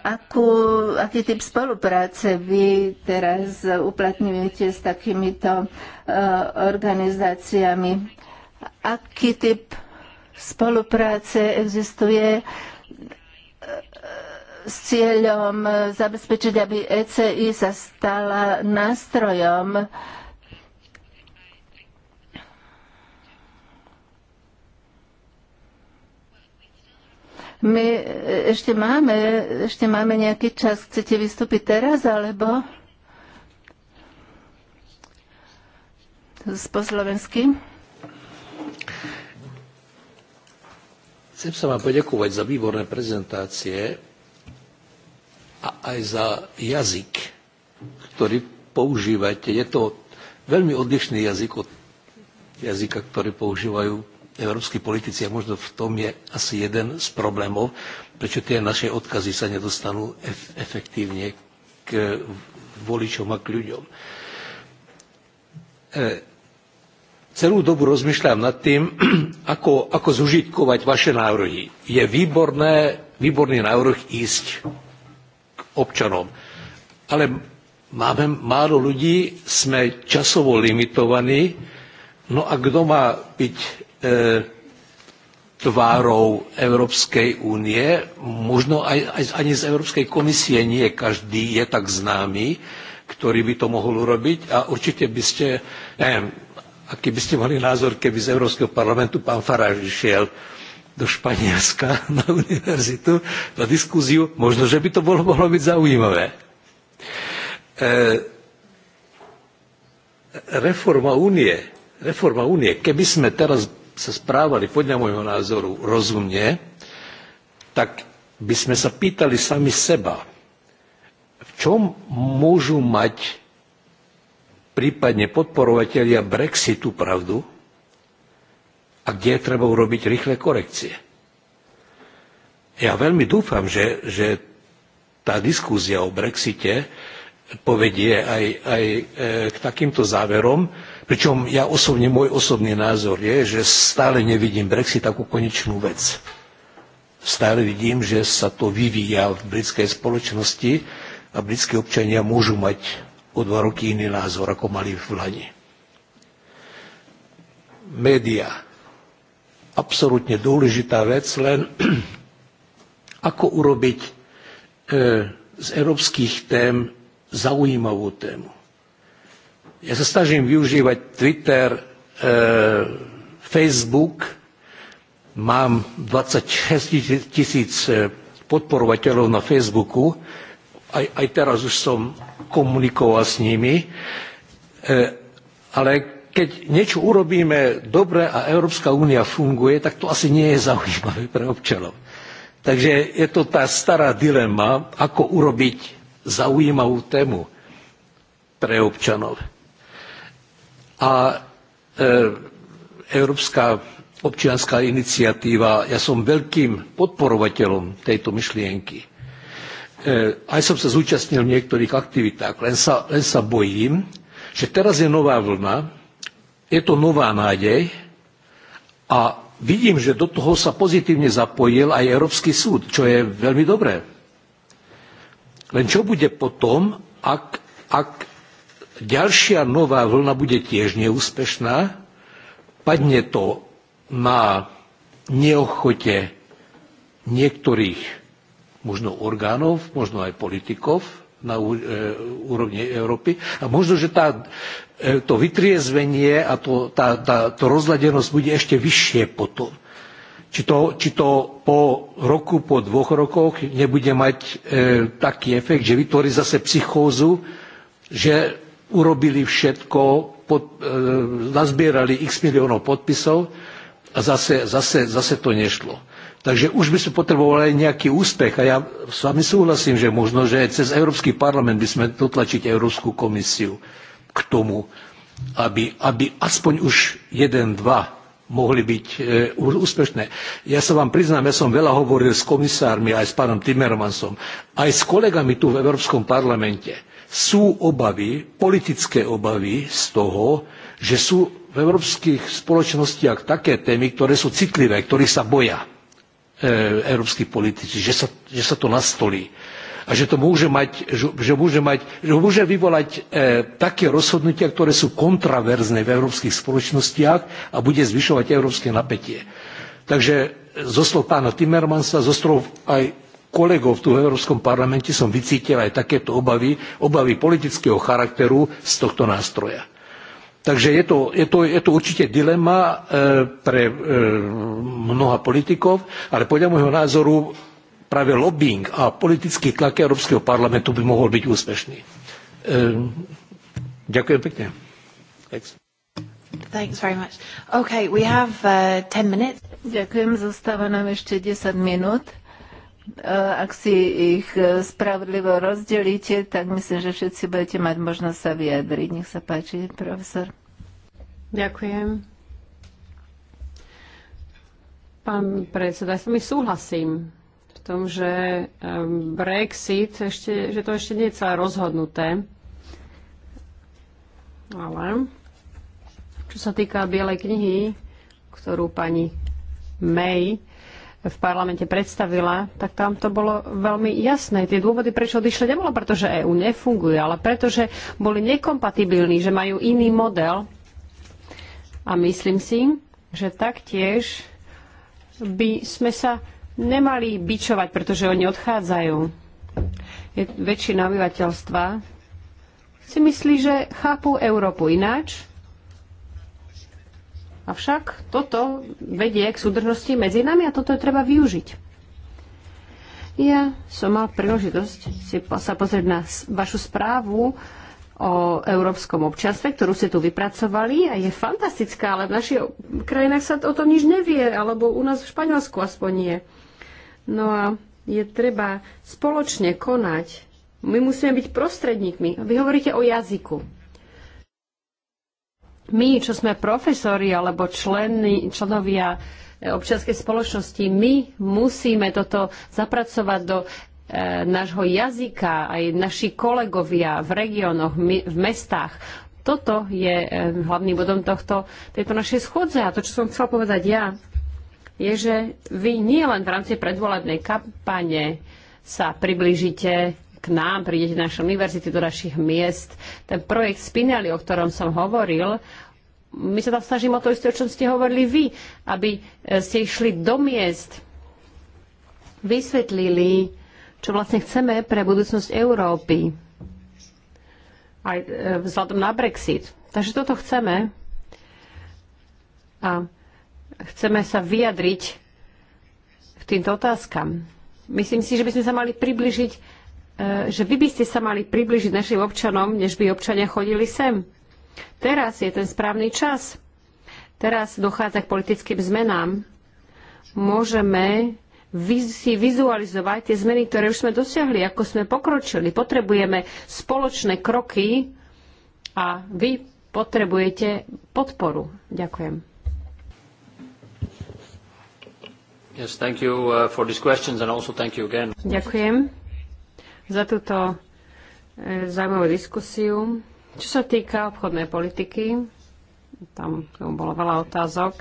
akú, aký typ spolupráce vy teraz uplatňujete s takýmito e, organizáciami. Aký typ spolupráce existuje s cieľom e, zabezpečiť, aby ECI sa stala nástrojom My e, ešte máme, ešte máme nejaký čas. Chcete vystúpiť teraz, alebo po slovensky? Chcem sa vám poďakovať za výborné prezentácie a aj za jazyk, ktorý používate. Je to veľmi odlišný jazyk od jazyka, ktorý používajú európsky politici a možno v tom je asi jeden z problémov, prečo tie naše odkazy sa nedostanú efektívne k voličom a k ľuďom. E Celú dobu rozmýšľam nad tým, ako, ako zužitkovať vaše návrhy. Je výborné, výborný návrh ísť občanom. Ale máme málo ľudí, sme časovo limitovaní, no a kto má byť e, tvárou Európskej únie, možno aj, aj, ani z Európskej komisie nie každý je tak známy, ktorý by to mohol urobiť a určite by ste, neviem, aký by ste mali názor, keby z Európskeho parlamentu pán Faráž šiel do Španielska na univerzitu na diskúziu. Možno, že by to bolo, mohlo byť zaujímavé. E, reforma únie, reforma únie, keby sme teraz sa správali podľa môjho názoru rozumne, tak by sme sa pýtali sami seba, v čom môžu mať prípadne podporovatelia Brexitu pravdu a kde treba urobiť rýchle korekcie. Ja veľmi dúfam, že, že tá diskúzia o Brexite povedie aj, aj e, k takýmto záverom, pričom ja osobne, môj osobný názor je, že stále nevidím Brexit ako konečnú vec. Stále vidím, že sa to vyvíja v britskej spoločnosti a britskí občania môžu mať o dva roky iný názor, ako mali v Lani. Média absolútne dôležitá vec, len ako urobiť e, z európskych tém zaujímavú tému. Ja sa snažím využívať Twitter, e, Facebook, mám 26 tisíc e, podporovateľov na Facebooku, aj, aj teraz už som komunikoval s nimi, ale keď niečo urobíme dobre a Európska únia funguje, tak to asi nie je zaujímavé pre občanov. Takže je to tá stará dilema, ako urobiť zaujímavú tému pre občanov. A e, Európska občianská iniciatíva, ja som veľkým podporovateľom tejto myšlienky. E, aj som sa zúčastnil v niektorých aktivitách, len sa, len sa bojím, že teraz je nová vlna, je to nová nádej a vidím, že do toho sa pozitívne zapojil aj Európsky súd, čo je veľmi dobré. Len čo bude potom, ak, ak ďalšia nová vlna bude tiež neúspešná, padne to na neochote niektorých možno orgánov, možno aj politikov na e, úrovni Európy. A možno, že tá E, to vytriezvenie a to, tá, tá, to rozladenosť bude ešte vyššie potom. Či to, či to po roku, po dvoch rokoch nebude mať e, taký efekt, že vytvorí zase psychózu, že urobili všetko, pod, e, nazbierali x miliónov podpisov a zase, zase, zase to nešlo. Takže už by sme potrebovali nejaký úspech a ja s vami súhlasím, že možno, že cez Európsky parlament by sme dotlačiť Európsku komisiu k tomu, aby, aby aspoň už jeden, dva mohli byť e, úspešné. Ja sa vám priznám, ja som veľa hovoril s komisármi, aj s pánom Timmermansom, aj s kolegami tu v Európskom parlamente. Sú obavy, politické obavy z toho, že sú v európskych spoločnostiach také témy, ktoré sú citlivé, ktorých sa boja e, európsky politici, že sa, že sa to nastolí a že to môže mať, že, môže, mať, že môže vyvolať e, také rozhodnutia, ktoré sú kontraverzné v európskych spoločnostiach a bude zvyšovať európske napätie. Takže zo slov pána Timmermansa, zo slov aj kolegov tu v Európskom parlamente som vycítil aj takéto obavy, obavy politického charakteru z tohto nástroja. Takže je to, je to, je to určite dilema e, pre e, mnoha politikov, ale podľa môjho názoru práve lobbying a politický tlak Európskeho parlamentu by mohol byť úspešný. Ehm, ďakujem pekne. Thanks. Thanks very much. Okay, we have uh, minutes. Ďakujem, zostáva nám ešte 10 minút. Uh, ak si ich uh, spravodlivo rozdelíte, tak myslím, že všetci budete mať možnosť sa vyjadriť. Nech sa páči, profesor. Ďakujem. Pán predseda, ja s vami súhlasím tom, že Brexit, ešte, že to ešte nie je celé rozhodnuté. Ale čo sa týka Bielej knihy, ktorú pani May v parlamente predstavila, tak tam to bolo veľmi jasné. Tie dôvody, prečo odišli, nebolo preto, že EÚ nefunguje, ale preto, že boli nekompatibilní, že majú iný model. A myslím si, že taktiež by sme sa nemali bičovať, pretože oni odchádzajú. Je väčšina obyvateľstva si myslí, že chápu Európu ináč. Avšak toto vedie k súdržnosti medzi nami a toto je treba využiť. Ja som mal príležitosť si sa pozrieť na vašu správu o európskom občanstve, ktorú ste tu vypracovali a je fantastická, ale v našich krajinách sa o tom nič nevie, alebo u nás v Španielsku aspoň nie. No a je treba spoločne konať. My musíme byť prostredníkmi. Vy hovoríte o jazyku. My, čo sme profesori alebo členy, členovia e, občianskej spoločnosti, my musíme toto zapracovať do e, nášho jazyka, aj naši kolegovia v regiónoch, v mestách. Toto je e, hlavným bodom tohto, tejto našej schôdze. A to, čo som chcela povedať ja, je, že vy nie len v rámci predvolebnej kampane sa priblížite k nám, prídete na našu univerzity, do našich miest. Ten projekt Spinelli, o ktorom som hovoril, my sa tam snažíme o to isté, o čom ste hovorili vy, aby e, ste išli do miest, vysvetlili, čo vlastne chceme pre budúcnosť Európy. Aj e, vzhľadom na Brexit. Takže toto chceme. A chceme sa vyjadriť k týmto otázkam. Myslím si, že by sme sa mali približiť, e, že vy by ste sa mali približiť našim občanom, než by občania chodili sem. Teraz je ten správny čas. Teraz dochádza k politickým zmenám. Môžeme si vizualizovať tie zmeny, ktoré už sme dosiahli, ako sme pokročili. Potrebujeme spoločné kroky a vy potrebujete podporu. Ďakujem. Yes, thank you uh, for these questions and also thank you again. Ďakujem za túto e, zaujímavú diskusiu. Čo sa týka obchodnej politiky, tam bolo veľa otázok,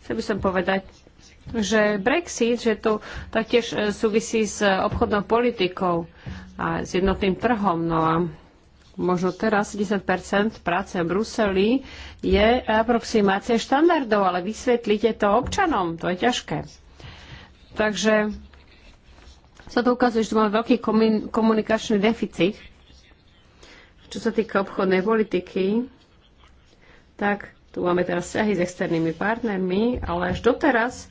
chcel by som povedať, že Brexit, že to taktiež e, súvisí s obchodnou politikou a s jednotným trhom. No a možno teraz 10 práce v Bruseli je aproximácia štandardov, ale vysvetlite to občanom, to je ťažké. Takže sa to ukazuje, že tu máme veľký komunikačný deficit, čo sa týka obchodnej politiky, tak tu máme teraz vzťahy s externými partnermi, ale až doteraz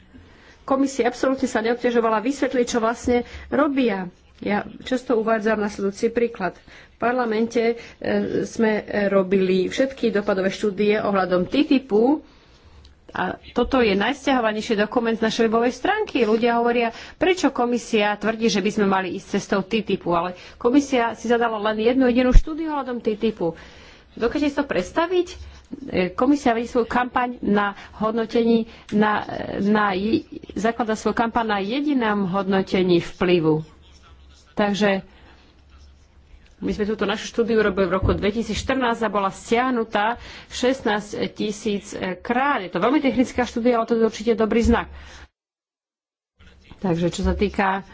komisia absolútne sa neobťažovala vysvetliť, čo vlastne robia. Ja často uvádzam nasledujúci príklad. V parlamente e, sme e, robili všetky dopadové štúdie ohľadom TTIP-u, a toto je najsťahovanejší dokument z našej webovej stránky. Ľudia hovoria, prečo komisia tvrdí, že by sme mali ísť cestou TTIPu, ale komisia si zadala len jednu jedinú štúdiu hľadom TTIPu. Dokážete si to predstaviť? E, komisia vedie svoju kampaň na hodnotení, na, na, zaklada svoju kampaň na jedinom hodnotení vplyvu. Takže my sme túto našu štúdiu robili v roku 2014 a bola stiahnutá 16 tisíc krát. Je to veľmi technická štúdia, ale to je určite dobrý znak. Takže čo sa týka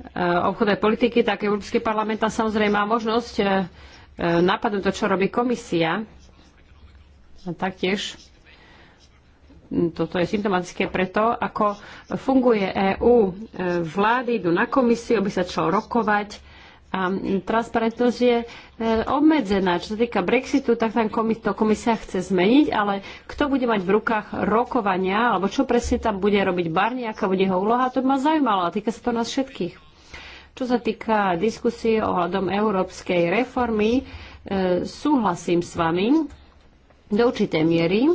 e, obchodnej politiky, tak Európsky parlament tam samozrejme má možnosť e, e, napadnúť to, čo robí komisia. A taktiež toto je symptomatické preto, ako funguje EÚ. Vlády idú na komisiu, aby sa čo rokovať a transparentnosť je e, obmedzená. Čo sa týka Brexitu, tak tam to komisia chce zmeniť, ale kto bude mať v rukách rokovania, alebo čo presne tam bude robiť Barni, aká bude jeho úloha, to by ma zaujímalo a týka sa to nás všetkých. Čo sa týka diskusie ohľadom európskej reformy, e, súhlasím s vami do určitej miery. E,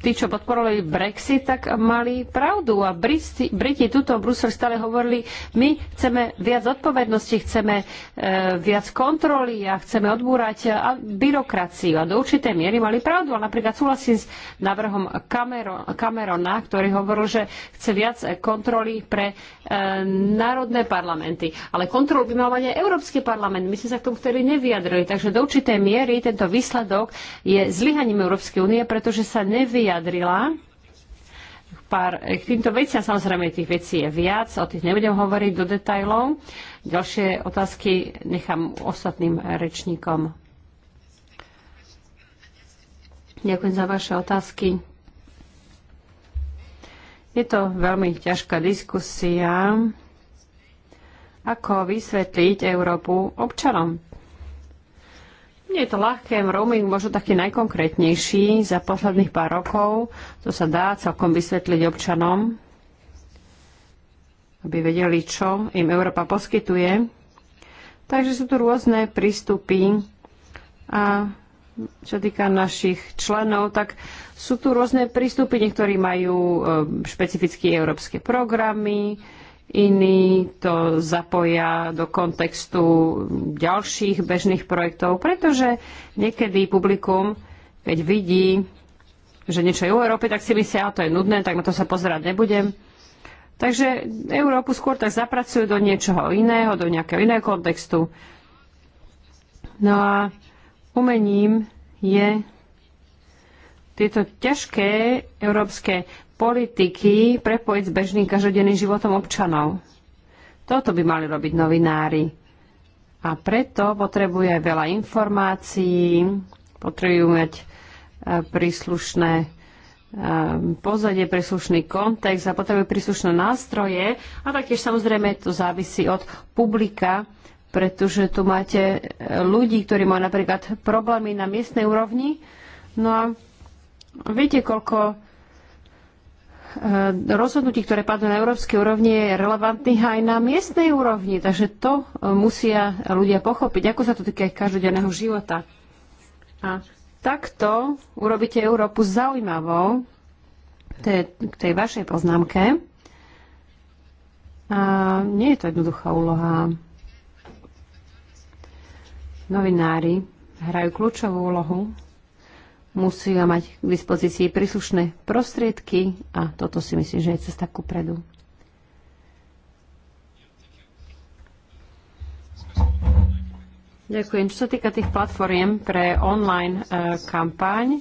tí, čo podporovali Brexit, tak mali pravdu. A Briti, Briti tuto v Brusel stále hovorili, my chceme viac odpovednosti, chceme e, viac kontroly a chceme odbúrať e, a, byrokraciu. A do určitej miery mali pravdu. A napríklad súhlasím s návrhom Camerona, ktorý hovoril, že chce viac e, kontroly pre e, národné parlamenty. Ale kontrolu by mal mať aj Európsky parlament. My sme sa k tomu vtedy nevyjadrili. Takže do určitej miery tento výsledok je zlyhaním Európskej únie, pretože sa nevyjadrili vyjadrila pár, eh, k týmto veciam samozrejme tých vecí je viac, o tých nebudem hovoriť do detajlov. Ďalšie otázky nechám ostatným rečníkom. Ďakujem za vaše otázky. Je to veľmi ťažká diskusia, ako vysvetliť Európu občanom. Nie je to ľahké, roaming možno taký najkonkrétnejší za posledných pár rokov. To sa dá celkom vysvetliť občanom, aby vedeli, čo im Európa poskytuje. Takže sú tu rôzne prístupy a čo týka našich členov, tak sú tu rôzne prístupy. Niektorí majú e, špecifické európske programy, iní to zapoja do kontextu ďalších bežných projektov, pretože niekedy publikum, keď vidí, že niečo je u Európy, tak si myslia, a to je nudné, tak na to sa pozerať nebudem. Takže Európu skôr tak zapracujú do niečoho iného, do nejakého iného kontextu. No a umením je tieto ťažké európske politiky prepojiť s bežným každodenným životom občanov. Toto by mali robiť novinári. A preto potrebuje veľa informácií, potrebujú mať e, príslušné e, pozadie, príslušný kontext a potrebujú príslušné nástroje. A taktiež samozrejme to závisí od publika, pretože tu máte e, ľudí, ktorí majú napríklad problémy na miestnej úrovni. No a viete, koľko E, rozhodnutí, ktoré padnú na európskej úrovni, je relevantných aj na miestnej úrovni. Takže to e, musia ľudia pochopiť, ako sa to týka ich každodenného života. A takto urobíte Európu zaujímavou, to k tej vašej poznámke. A nie je to jednoduchá úloha. Novinári hrajú kľúčovú úlohu musia mať k dispozícii príslušné prostriedky a toto si myslím, že je cesta ku predu. Ďakujem. Čo sa týka tých platformiem pre online e, kampaň,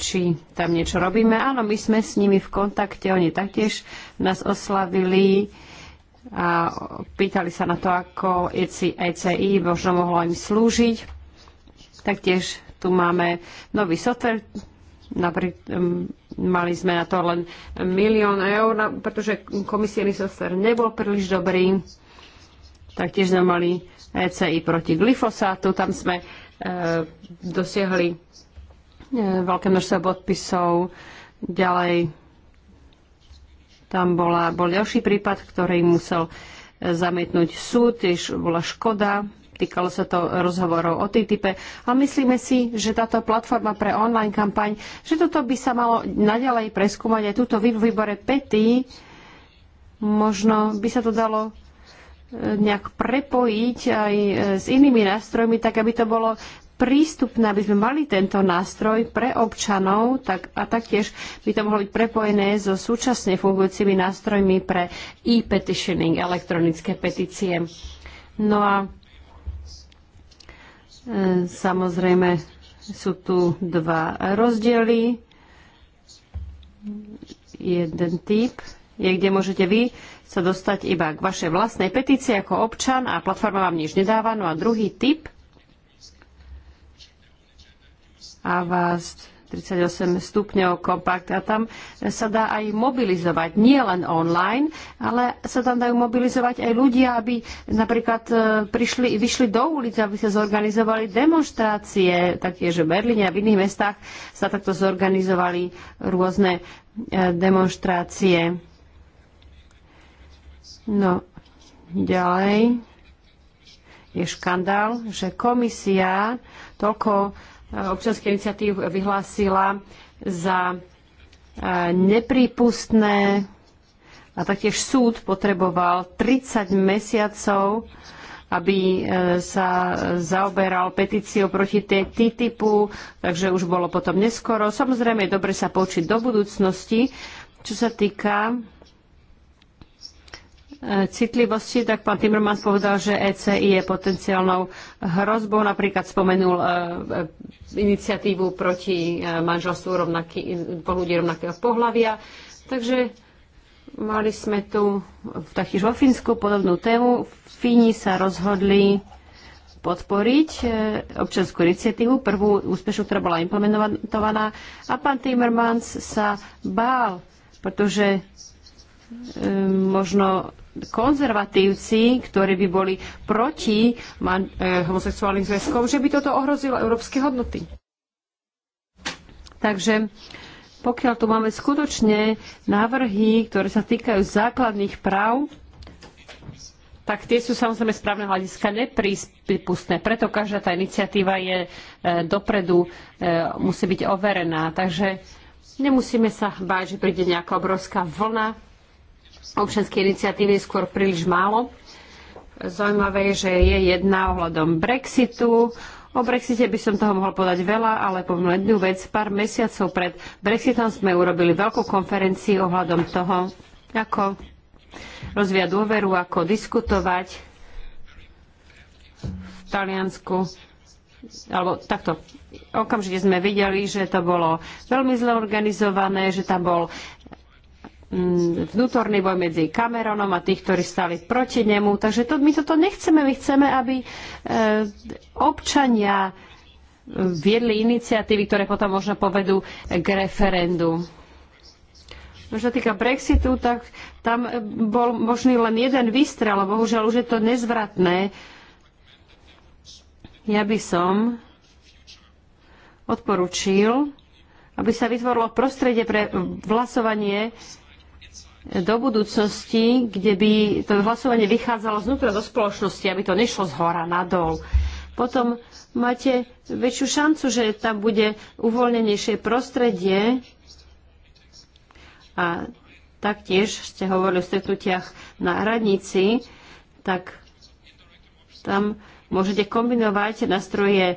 či tam niečo robíme, áno, my sme s nimi v kontakte, oni taktiež nás oslavili a pýtali sa na to, ako ECI možno mohlo im slúžiť. Taktiež tu máme nový software, mali sme na to len milión eur, pretože komisijný software nebol príliš dobrý. Taktiež sme mali ECI proti glyfosátu, tam sme e, dosiahli e, veľké množstvo podpisov. Ďalej tam bola, bol ďalší prípad, ktorý musel e, zamietnúť súd, tiež bola škoda týkalo sa to rozhovorov o TTIP. A myslíme si, že táto platforma pre online kampaň, že toto by sa malo naďalej preskúmať aj túto v výbore PETI. Možno by sa to dalo e, nejak prepojiť aj e, s inými nástrojmi, tak aby to bolo prístupné, aby sme mali tento nástroj pre občanov tak, a taktiež by to mohlo byť prepojené so súčasne fungujúcimi nástrojmi pre e-petitioning, elektronické petície. No a Samozrejme sú tu dva rozdiely. Jeden typ je, kde môžete vy sa dostať iba k vašej vlastnej petícii ako občan a platforma vám nič nedáva. No a druhý typ a vás 38 stupňov kompakt a tam sa dá aj mobilizovať, nie len online, ale sa tam dajú mobilizovať aj ľudia, aby napríklad e, prišli, vyšli do ulic, aby sa zorganizovali demonstrácie, taktiež v Berlíne a v iných mestách sa takto zorganizovali rôzne e, demonstrácie. No, ďalej je škandál, že komisia toľko občianských iniciatív vyhlásila za e, neprípustné a taktiež súd potreboval 30 mesiacov, aby e, sa zaoberal petíciou proti tej TTIPu, takže už bolo potom neskoro. Samozrejme, je dobre sa poučiť do budúcnosti. Čo sa týka citlivosti, tak pán Timmermans povedal, že ECI je potenciálnou hrozbou. Napríklad spomenul e, e, iniciatívu proti e, manželstvu rovnaký, ľudí rovnakého pohľavia. Takže mali sme tu taktiež vo Fínsku podobnú tému. Fíni sa rozhodli podporiť občanskú iniciatívu, prvú úspešnú, ktorá bola implementovaná. A pán Timmermans sa bál, pretože možno konzervatívci, ktorí by boli proti e, homosexuálnym zväzkom, že by toto ohrozilo európske hodnoty. Takže pokiaľ tu máme skutočne návrhy, ktoré sa týkajú základných práv, tak tie sú samozrejme správne hľadiska nepripustné. Preto každá tá iniciatíva je e, dopredu, e, musí byť overená. Takže nemusíme sa báť, že príde nejaká obrovská vlna občanskej iniciatívy je skôr príliš málo. Zaujímavé je, že je jedna ohľadom Brexitu. O Brexite by som toho mohol podať veľa, ale poviem jednu vec. Pár mesiacov pred Brexitom sme urobili veľkú konferenciu ohľadom toho, ako rozvíjať dôveru, ako diskutovať v Taliansku alebo takto, okamžite sme videli, že to bolo veľmi zle organizované, že tam bol Mm, vnútorný boj medzi Cameronom a tých, ktorí stali proti nemu. Takže to, my toto nechceme. My chceme, aby e, občania e, viedli iniciatívy, ktoré potom možno povedú k referendu. Čo sa týka Brexitu, tak tam bol možný len jeden výstrel, ale bohužiaľ už je to nezvratné. Ja by som odporučil, aby sa vytvorilo prostredie pre hlasovanie do budúcnosti, kde by to hlasovanie vychádzalo znútra do spoločnosti, aby to nešlo z hora nadol. Potom máte väčšiu šancu, že tam bude uvoľnenejšie prostredie a taktiež ste hovorili o stretnutiach na radnici, tak tam môžete kombinovať nástroje eh,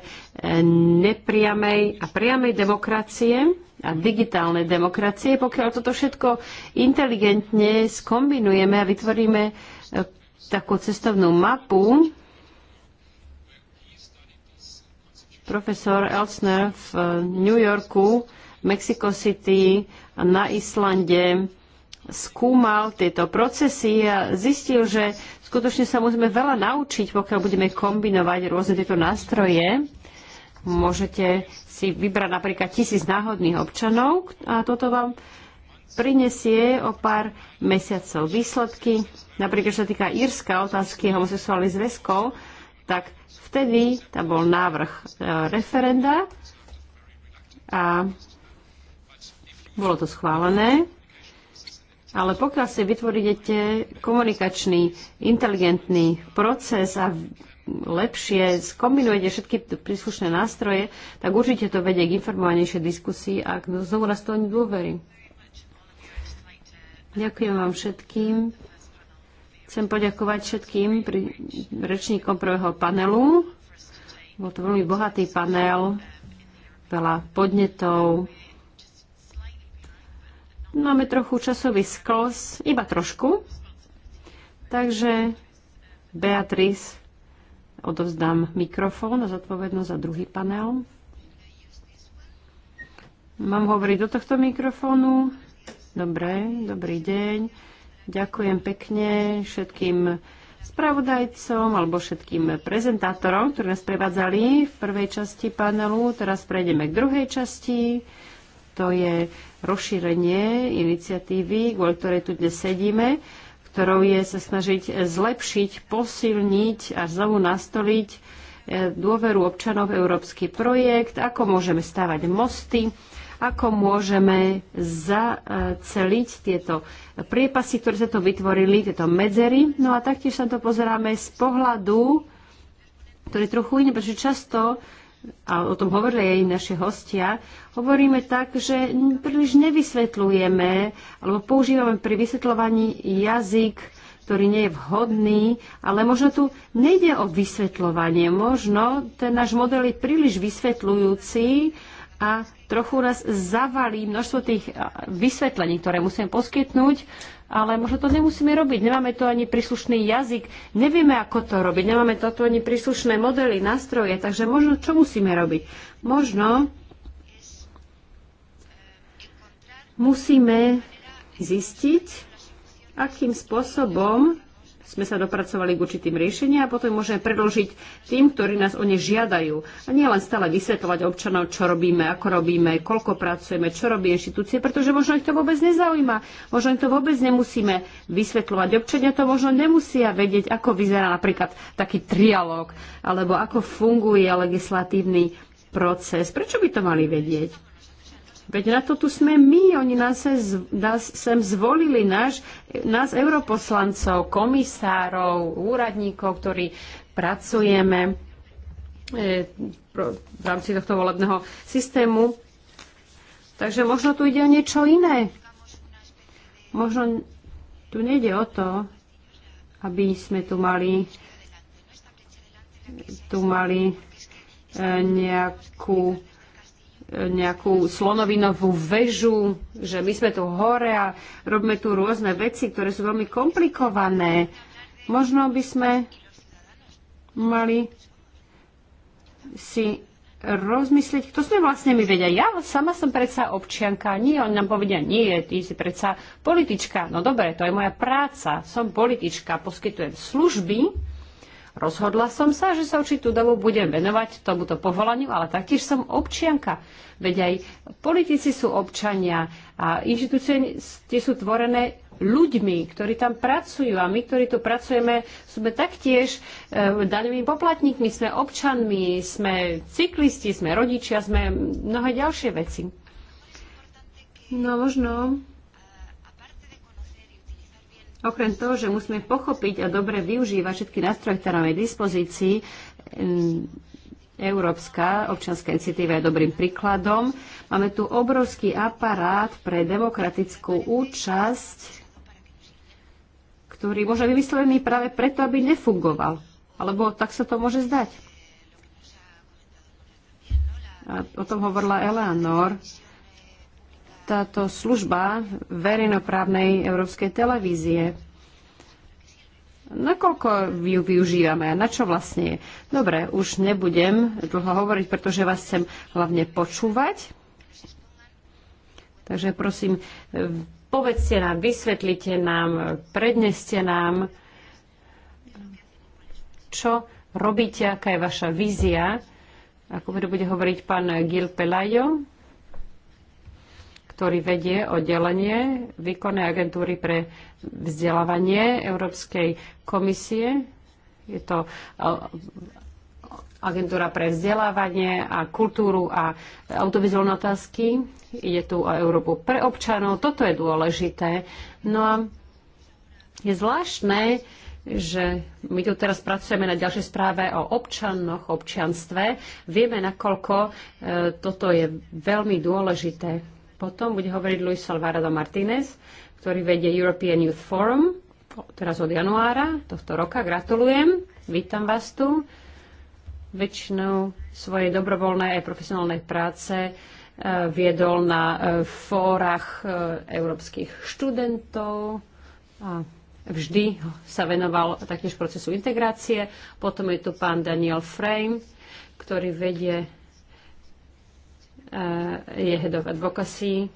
nepriamej a priamej demokracie a digitálnej demokracie. Pokiaľ toto všetko inteligentne skombinujeme a vytvoríme e, takú cestovnú mapu, profesor Elsner v e, New Yorku, Mexico City a na Islande skúmal tieto procesy a zistil, že skutočne sa musíme veľa naučiť, pokiaľ budeme kombinovať rôzne tieto nástroje. Môžete si vybrať napríklad tisíc náhodných občanov a toto vám prinesie o pár mesiacov výsledky. Napríklad, čo sa týka írska otázky homosexuálnych zväzkov, tak vtedy tam bol návrh e, referenda a bolo to schválené. Ale pokiaľ si vytvoríte komunikačný, inteligentný proces a lepšie skombinujete všetky príslušné nástroje, tak určite to vedie k informovanejšej diskusii a k znovu to dôvery. Ďakujem vám všetkým. Chcem poďakovať všetkým pri rečníkom prvého panelu. Bol to veľmi bohatý panel, veľa podnetov. Máme trochu časový sklos, iba trošku. Takže Beatrice, odovzdám mikrofón a zodpovednosť za druhý panel. Mám hovoriť do tohto mikrofónu? Dobre, dobrý deň. Ďakujem pekne všetkým spravodajcom alebo všetkým prezentátorom, ktorí nás prevádzali v prvej časti panelu. Teraz prejdeme k druhej časti. To je rozšírenie iniciatívy, kvôli ktorej tu dnes sedíme ktorou je sa snažiť zlepšiť, posilniť a znovu nastoliť e, dôveru občanov európsky projekt, ako môžeme stavať mosty, ako môžeme zaceliť tieto priepasy, ktoré sa tu vytvorili, tieto medzery. No a taktiež sa to pozeráme z pohľadu, ktorý je trochu iný, pretože často a o tom hovorili aj naši hostia, hovoríme tak, že príliš nevysvetľujeme alebo používame pri vysvetľovaní jazyk, ktorý nie je vhodný, ale možno tu nejde o vysvetľovanie. Možno ten náš model je príliš vysvetľujúci a trochu nás zavalí množstvo tých vysvetlení, ktoré musíme poskytnúť ale možno to nemusíme robiť. Nemáme to ani príslušný jazyk, nevieme, ako to robiť, nemáme to ani príslušné modely, nástroje, takže možno čo musíme robiť? Možno musíme zistiť, akým spôsobom sme sa dopracovali k určitým riešeniam a potom môžeme predložiť tým, ktorí nás o ne žiadajú. A nie len stále vysvetľovať občanov, čo robíme, ako robíme, koľko pracujeme, čo robí inštitúcie, pretože možno ich to vôbec nezaujíma. Možno im to vôbec nemusíme vysvetľovať. Občania to možno nemusia vedieť, ako vyzerá napríklad taký trialóg, alebo ako funguje legislatívny proces. Prečo by to mali vedieť? Veď na to tu sme my, oni nás, nás sem zvolili, náš, nás europoslancov, komisárov, úradníkov, ktorí pracujeme e, v rámci tohto volebného systému. Takže možno tu ide o niečo iné. Možno tu nejde o to, aby sme tu mali tu mali e, nejakú nejakú slonovinovú väžu, že my sme tu hore a robíme tu rôzne veci, ktoré sú veľmi komplikované. Možno by sme mali si rozmyslieť, kto sme vlastne my vedia. Ja sama som predsa občianka, nie, on nám povedia, nie, ty si predsa politička. No dobre, to je moja práca, som politička, poskytujem služby, Rozhodla som sa, že sa určitú dobu budem venovať tomuto povolaniu, ale taktiež som občianka. Veď aj politici sú občania a inštitúcie tie sú tvorené ľuďmi, ktorí tam pracujú a my, ktorí tu pracujeme, sme taktiež e, daňovými poplatníkmi, sme občanmi, sme cyklisti, sme rodičia, sme mnohé ďalšie veci. No možno Okrem toho, že musíme pochopiť a dobre využívať všetky nástroje, ktoré máme v dispozícii, Európska občianská iniciatíva je dobrým príkladom. Máme tu obrovský aparát pre demokratickú účasť, ktorý môže vyslovený práve preto, aby nefungoval. Alebo tak sa to môže zdať. A o tom hovorila Eleanor táto služba verejnoprávnej európskej televízie. Nakoľko ju využívame a na čo vlastne je? Dobre, už nebudem dlho hovoriť, pretože vás chcem hlavne počúvať. Takže prosím, povedzte nám, vysvetlite nám, predneste nám, čo robíte, aká je vaša vízia, ako bude hovoriť pán Gil Pelajo, ktorý vedie oddelenie výkonnej agentúry pre vzdelávanie Európskej komisie. Je to e, agentúra pre vzdelávanie a kultúru a autovizuálne otázky. Ide tu o Európu pre občanov. Toto je dôležité. No a je zvláštne, že my tu teraz pracujeme na ďalšej správe o občanoch, občianstve. Vieme, nakoľko e, toto je veľmi dôležité. Potom bude hovoriť Luis Salvarado Martínez, ktorý vedie European Youth Forum, teraz od januára tohto roka. Gratulujem, vítam vás tu. Väčšinou svojej dobrovoľnej aj profesionálnej práce e, viedol na e, fórach e, európskych študentov a vždy sa venoval taktiež procesu integrácie. Potom je tu pán Daniel Frame, ktorý vedie je head of advocacy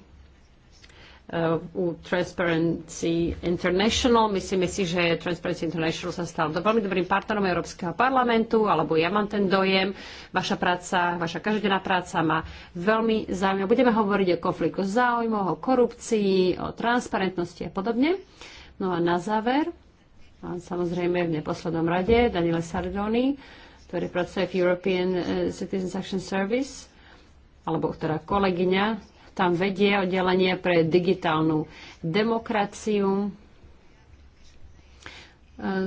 uh, u Transparency International. Myslíme si, že Transparency International sa stal do veľmi dobrým partnerom Európskeho parlamentu, alebo ja mám ten dojem. Vaša práca, vaša každodenná práca má veľmi zaujímavé. Budeme hovoriť o konfliktu záujmov, o korupcii, o transparentnosti a podobne. No a na záver, a samozrejme v neposlednom rade, Daniele Sardoni, ktorý pracuje v European eh, Citizens Action Service alebo ktorá kolegyňa tam vedie oddelenie pre digitálnu demokraciu.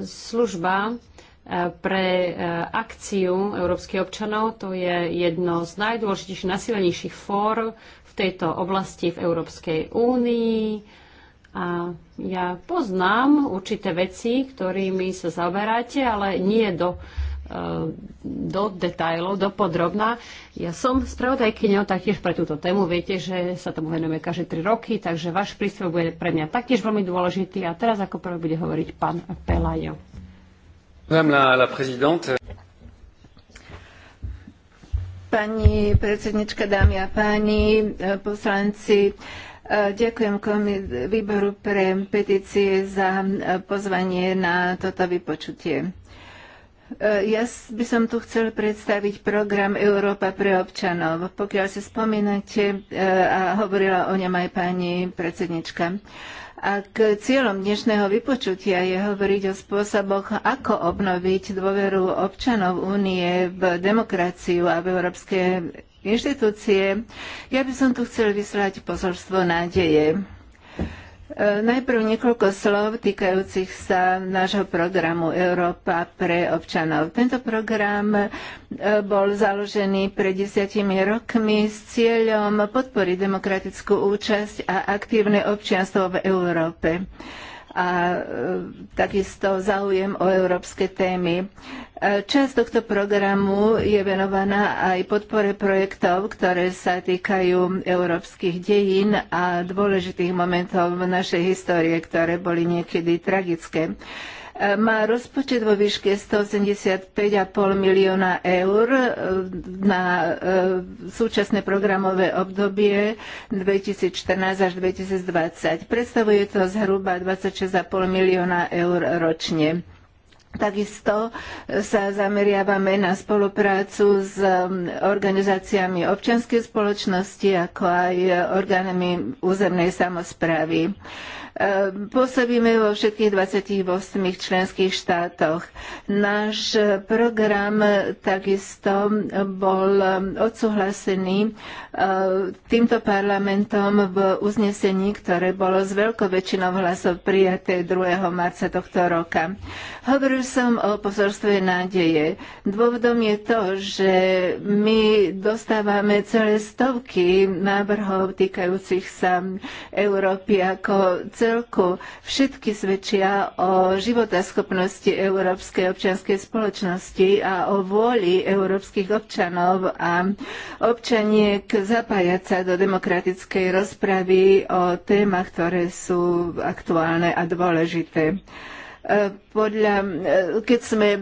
Služba e, pre e, akciu európskych občanov, to je jedno z najdôležitejších, nasilnejších fór v tejto oblasti v Európskej únii. A ja poznám určité veci, ktorými sa zaoberáte, ale nie do do detajlov, do podrobná. Ja som spravodajkyňa taktiež pre túto tému. Viete, že sa tomu venujeme každé tri roky, takže váš príspevok bude pre mňa taktiež veľmi dôležitý. A teraz ako prvý bude hovoriť pán Pelajo. Madame la, la présidente. Pani predsednička, dámy a páni, poslanci, Ďakujem výboru pre petície za pozvanie na toto vypočutie. E, ja by som tu chcel predstaviť program Európa pre občanov. Pokiaľ si spomínate, e, a hovorila o ňom aj pani predsednička, ak cieľom dnešného vypočutia je hovoriť o spôsoboch, ako obnoviť dôveru občanov únie v demokraciu a v európske inštitúcie, ja by som tu chcel vyslať posolstvo nádeje. E, najprv niekoľko slov týkajúcich sa nášho programu Európa pre občanov. Tento program e, bol založený pred desiatimi rokmi s cieľom podporiť demokratickú účasť a aktívne občianstvo v Európe a e, takisto záujem o európske témy. E, časť tohto programu je venovaná aj podpore projektov, ktoré sa týkajú európskych dejín a dôležitých momentov v našej histórie, ktoré boli niekedy tragické. Má rozpočet vo výške 185,5 milióna eur e, na e, súčasné programové obdobie 2014 až 2020. Predstavuje to zhruba 26,5 milióna eur ročne. Takisto e, sa zameriavame na spoluprácu s organizáciami občianskej spoločnosti, ako aj orgánami územnej samozprávy. Pôsobíme vo všetkých 28 členských štátoch. Náš program takisto bol odsúhlasený e, týmto parlamentom v uznesení, ktoré bolo s veľkou väčšinou hlasov prijaté 2. marca tohto roka. Hovoril som o pozorstve nádeje. Dôvodom je to, že my dostávame celé stovky návrhov týkajúcich sa Európy ako celku všetky svedčia o životaschopnosti európskej občianskej spoločnosti a o vôli európskych občanov a občaniek zapájať sa do demokratickej rozpravy o témach, ktoré sú aktuálne a dôležité. E, podľa, e, keď sme e,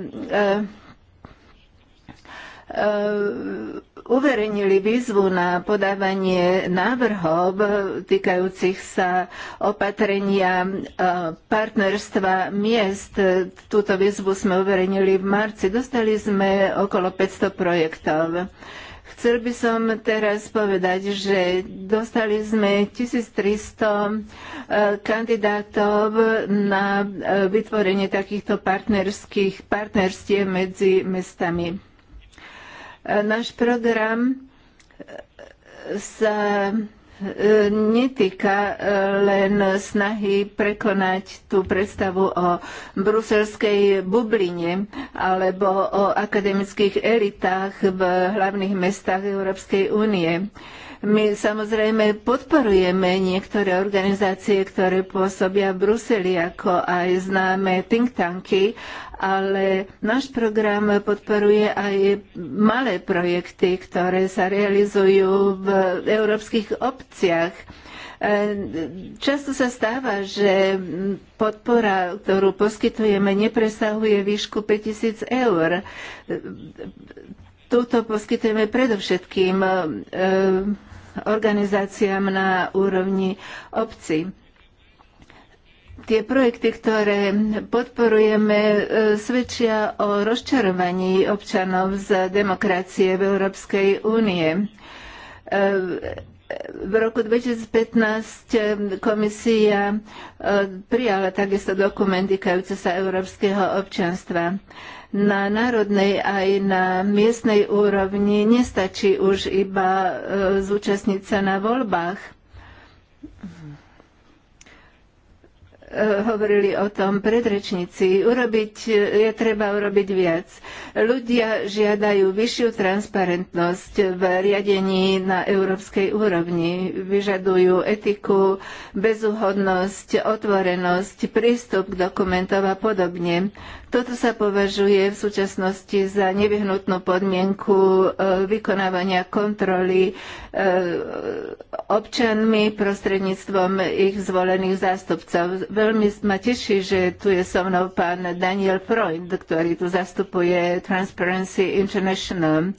uverejnili výzvu na podávanie návrhov týkajúcich sa opatrenia e, partnerstva miest. Túto výzvu sme uverejnili v marci. Dostali sme okolo 500 projektov. Chcel by som teraz povedať, že dostali sme 1300 e, kandidátov na e, vytvorenie takýchto partnerských partnerstiev medzi mestami. Náš program sa e, netýka e, len snahy prekonať tú predstavu o bruselskej bubline alebo o akademických elitách v hlavných mestách Európskej únie. My samozrejme podporujeme niektoré organizácie, ktoré pôsobia v Bruseli, ako aj známe think tanky, ale náš program podporuje aj malé projekty, ktoré sa realizujú v európskych obciach. E, často sa stáva, že podpora, ktorú poskytujeme, nepresahuje výšku 5000 eur. Túto poskytujeme predovšetkým e, organizáciám na úrovni obci. Tie projekty, ktoré podporujeme, e, svedčia o rozčarovaní občanov z demokracie v Európskej únie. E, v roku 2015 e, komisia prijala takisto dokument týkajúce sa európskeho občanstva. Na národnej aj na miestnej úrovni nestačí už iba zúčastniť sa na voľbách hovorili o tom predrečníci. Urobiť, je treba urobiť viac. Ľudia žiadajú vyššiu transparentnosť v riadení na európskej úrovni. Vyžadujú etiku, bezúhodnosť, otvorenosť, prístup k dokumentov a podobne. Toto sa považuje v súčasnosti za nevyhnutnú podmienku e, vykonávania kontroly e, občanmi prostredníctvom ich zvolených zástupcov veľmi ma teší, že tu je so mnou pán Daniel Freund, ktorý tu zastupuje Transparency International.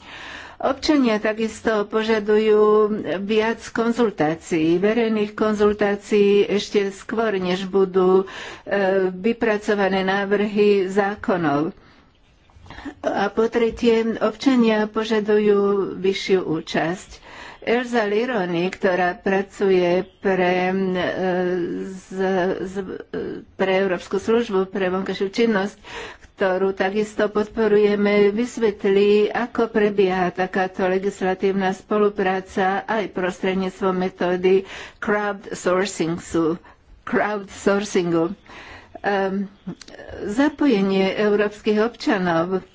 Občania takisto požadujú viac konzultácií, verejných konzultácií ešte skôr, než budú e, vypracované návrhy zákonov. A po tretie, občania požadujú vyššiu účasť. Elza Lironi, ktorá pracuje pre, e, z, z, e, pre Európsku službu pre vonkajšiu činnosť, ktorú takisto podporujeme, vysvetlí, ako prebieha takáto legislatívna spolupráca aj prostredníctvom metódy crowdsourcingu. crowdsourcingu. Um, ehm, zapojenie európskych občanov,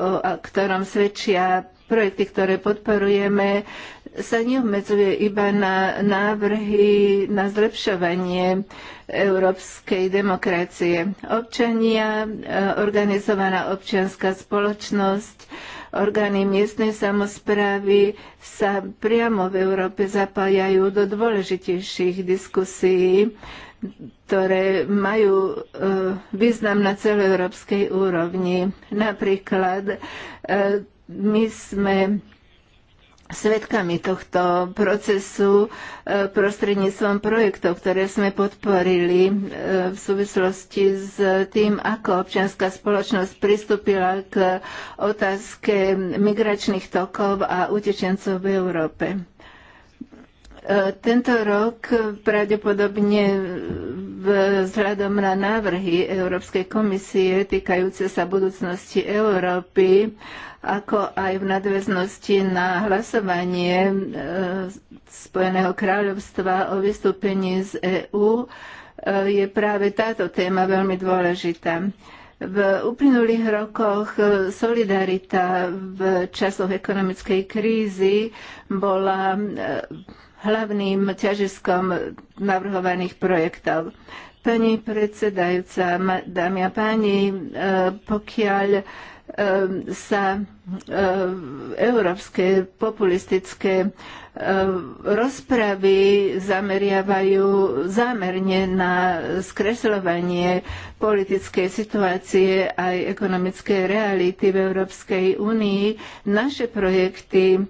o ktorom svedčia projekty, ktoré podporujeme, sa neobmedzuje iba na návrhy na zlepšovanie európskej demokracie. Občania, e, organizovaná občianská spoločnosť, orgány miestnej samozprávy sa priamo v Európe zapájajú do dôležitejších diskusí, ktoré majú e, význam na celoeurópskej úrovni. Napríklad e, my sme svetkami tohto procesu e, prostredníctvom projektov, ktoré sme podporili e, v súvislosti s tým, ako občianská spoločnosť pristúpila k otázke migračných tokov a utečencov v Európe. E, tento rok pravdepodobne vzhľadom na návrhy Európskej komisie týkajúce sa budúcnosti Európy, ako aj v nadväznosti na hlasovanie e, Spojeného kráľovstva o vystúpení z EÚ, e, je práve táto téma veľmi dôležitá. V uplynulých rokoch solidarita v časoch ekonomickej krízy bola hlavným ťažiskom navrhovaných projektov. Pani predsedajúca, dámy a páni, e, pokiaľ e, sa e, európske populistické Ehm, rozpravy zameriavajú zámerne na skresľovanie politickej situácie aj ekonomickej reality v Európskej únii. Naše projekty ehm,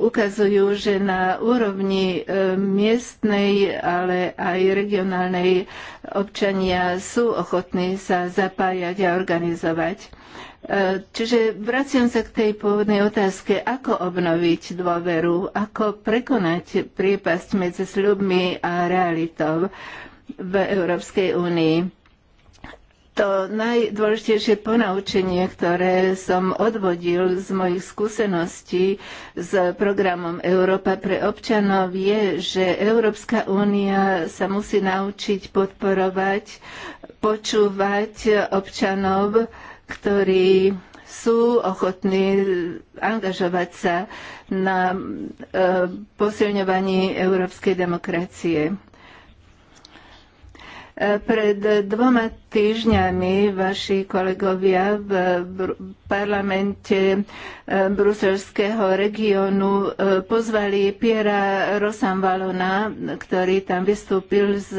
ukazujú, že na úrovni ehm, miestnej, ale aj regionálnej občania sú ochotní sa zapájať a organizovať. Čiže vraciam sa k tej pôvodnej otázke, ako obnoviť dôveru, ako prekonať priepasť medzi sľubmi a realitou v Európskej únii. To najdôležitejšie ponaučenie, ktoré som odvodil z mojich skúseností s programom Európa pre občanov, je, že Európska únia sa musí naučiť podporovať, počúvať občanov, ktorí sú ochotní angažovať sa na e, posilňovaní európskej demokracie. E, pred dvoma týždňami vaši kolegovia v parlamente e, bruselského regiónu pozvali Piera Rosanvalona, ktorý tam vystúpil s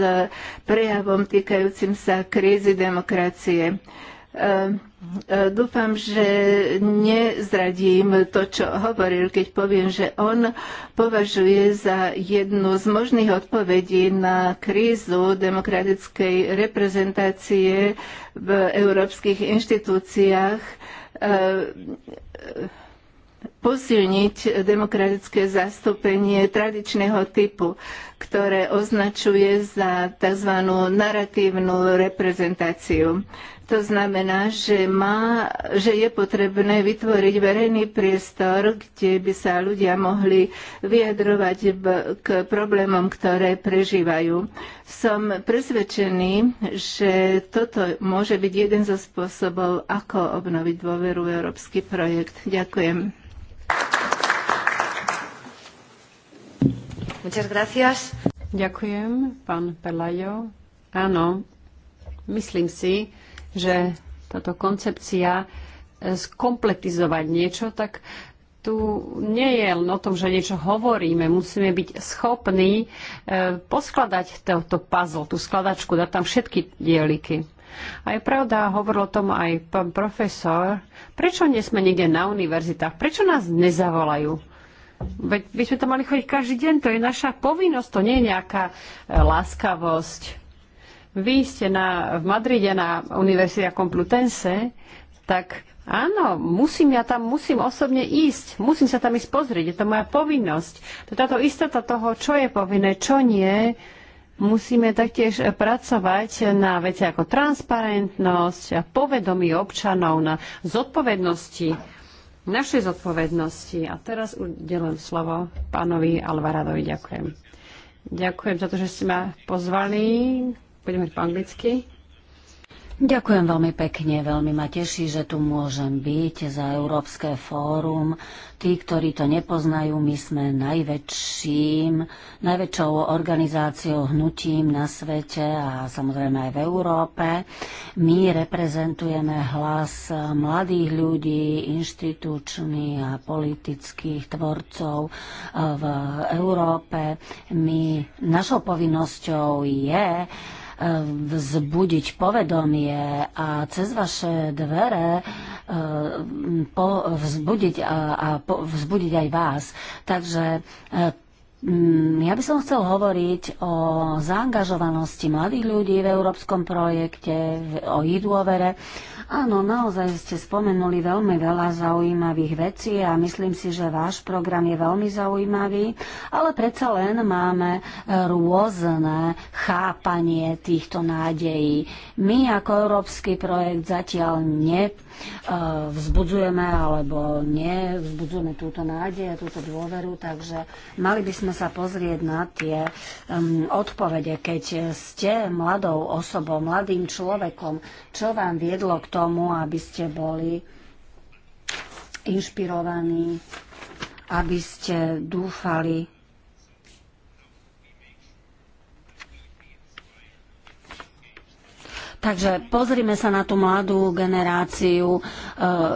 prejavom týkajúcim sa krízy demokracie. E, dúfam, že nezradím to, čo hovoril, keď poviem, že on považuje za jednu z možných odpovedí na krízu demokratickej reprezentácie v európskych inštitúciách e, posilniť demokratické zastúpenie tradičného typu, ktoré označuje za tzv. narratívnu reprezentáciu. To znamená, že, má, že je potrebné vytvoriť verejný priestor, kde by sa ľudia mohli vyjadrovať k problémom, ktoré prežívajú. Som presvedčený, že toto môže byť jeden zo spôsobov, ako obnoviť dôveru v európsky projekt. Ďakujem. Muchas gracias. Ďakujem, pán Pelajo. Áno, myslím si, že táto koncepcia e, skompletizovať niečo, tak tu nie je len o tom, že niečo hovoríme. Musíme byť schopní e, poskladať tento puzzle, tú skladačku, dať tam všetky dieliky. A je pravda, hovoril o tom aj pán profesor, prečo nie sme niekde na univerzitách, prečo nás nezavolajú? Veď by sme to mali chodiť každý deň, to je naša povinnosť, to nie je nejaká e, láskavosť vy ste na, v Madride na Univerzita Complutense, tak áno, musím ja tam, musím osobne ísť, musím sa tam ísť pozrieť, je to moja povinnosť. To táto istota toho, čo je povinné, čo nie, musíme taktiež pracovať na veci ako transparentnosť a povedomí občanov na zodpovednosti, našej zodpovednosti. A teraz udelujem slovo pánovi Alvaradovi. Ďakujem. Ďakujem za to, že ste ma pozvali budeme po anglicky. Ďakujem veľmi pekne, veľmi ma teší, že tu môžem byť za Európske fórum. Tí, ktorí to nepoznajú, my sme najväčším, najväčšou organizáciou, hnutím na svete a samozrejme aj v Európe. My reprezentujeme hlas mladých ľudí, inštitúčných a politických tvorcov eh, v Európe. My, našou povinnosťou je vzbudiť povedomie a cez vaše dvere e, po, vzbudiť a, a po, vzbudiť aj vás. Takže e, ja by som chcel hovoriť o zaangažovanosti mladých ľudí v európskom projekte, o ich dôvere Áno, naozaj ste spomenuli veľmi veľa zaujímavých vecí a myslím si, že váš program je veľmi zaujímavý, ale predsa len máme e, rôzne chápanie týchto nádejí. My ako európsky projekt zatiaľ nevzbudzujeme e, alebo nevzbudzujeme túto nádej a túto dôveru, takže mali by sme sa pozrieť na tie um, odpovede, keď ste mladou osobou, mladým človekom, čo vám viedlo k tomu, tomu, aby ste boli inšpirovaní, aby ste dúfali. Takže pozrime sa na tú mladú generáciu, e,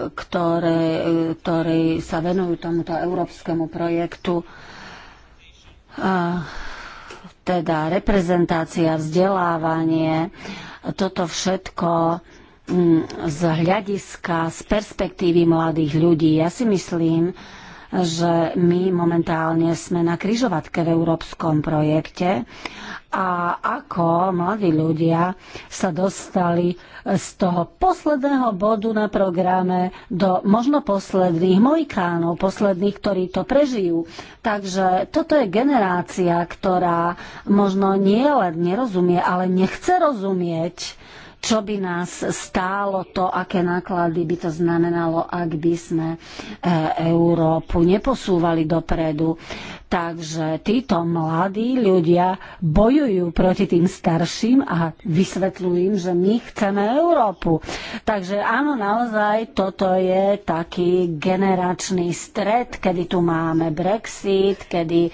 ktoré, e, ktorí sa venujú tomuto európskemu projektu e, teda reprezentácia, vzdelávanie, toto všetko Mm, z hľadiska, z perspektívy mladých ľudí. Ja si myslím, že my momentálne sme na kryžovatke v európskom projekte a ako mladí ľudia sa dostali z toho posledného bodu na programe do možno posledných mojkánov, posledných, ktorí to prežijú. Takže toto je generácia, ktorá možno nie len nerozumie, ale nechce rozumieť čo by nás stálo to, aké náklady by to znamenalo, ak by sme e, Európu neposúvali dopredu. Takže títo mladí ľudia bojujú proti tým starším a vysvetľujú im, že my chceme Európu. Takže áno, naozaj toto je taký generačný stred, kedy tu máme Brexit, kedy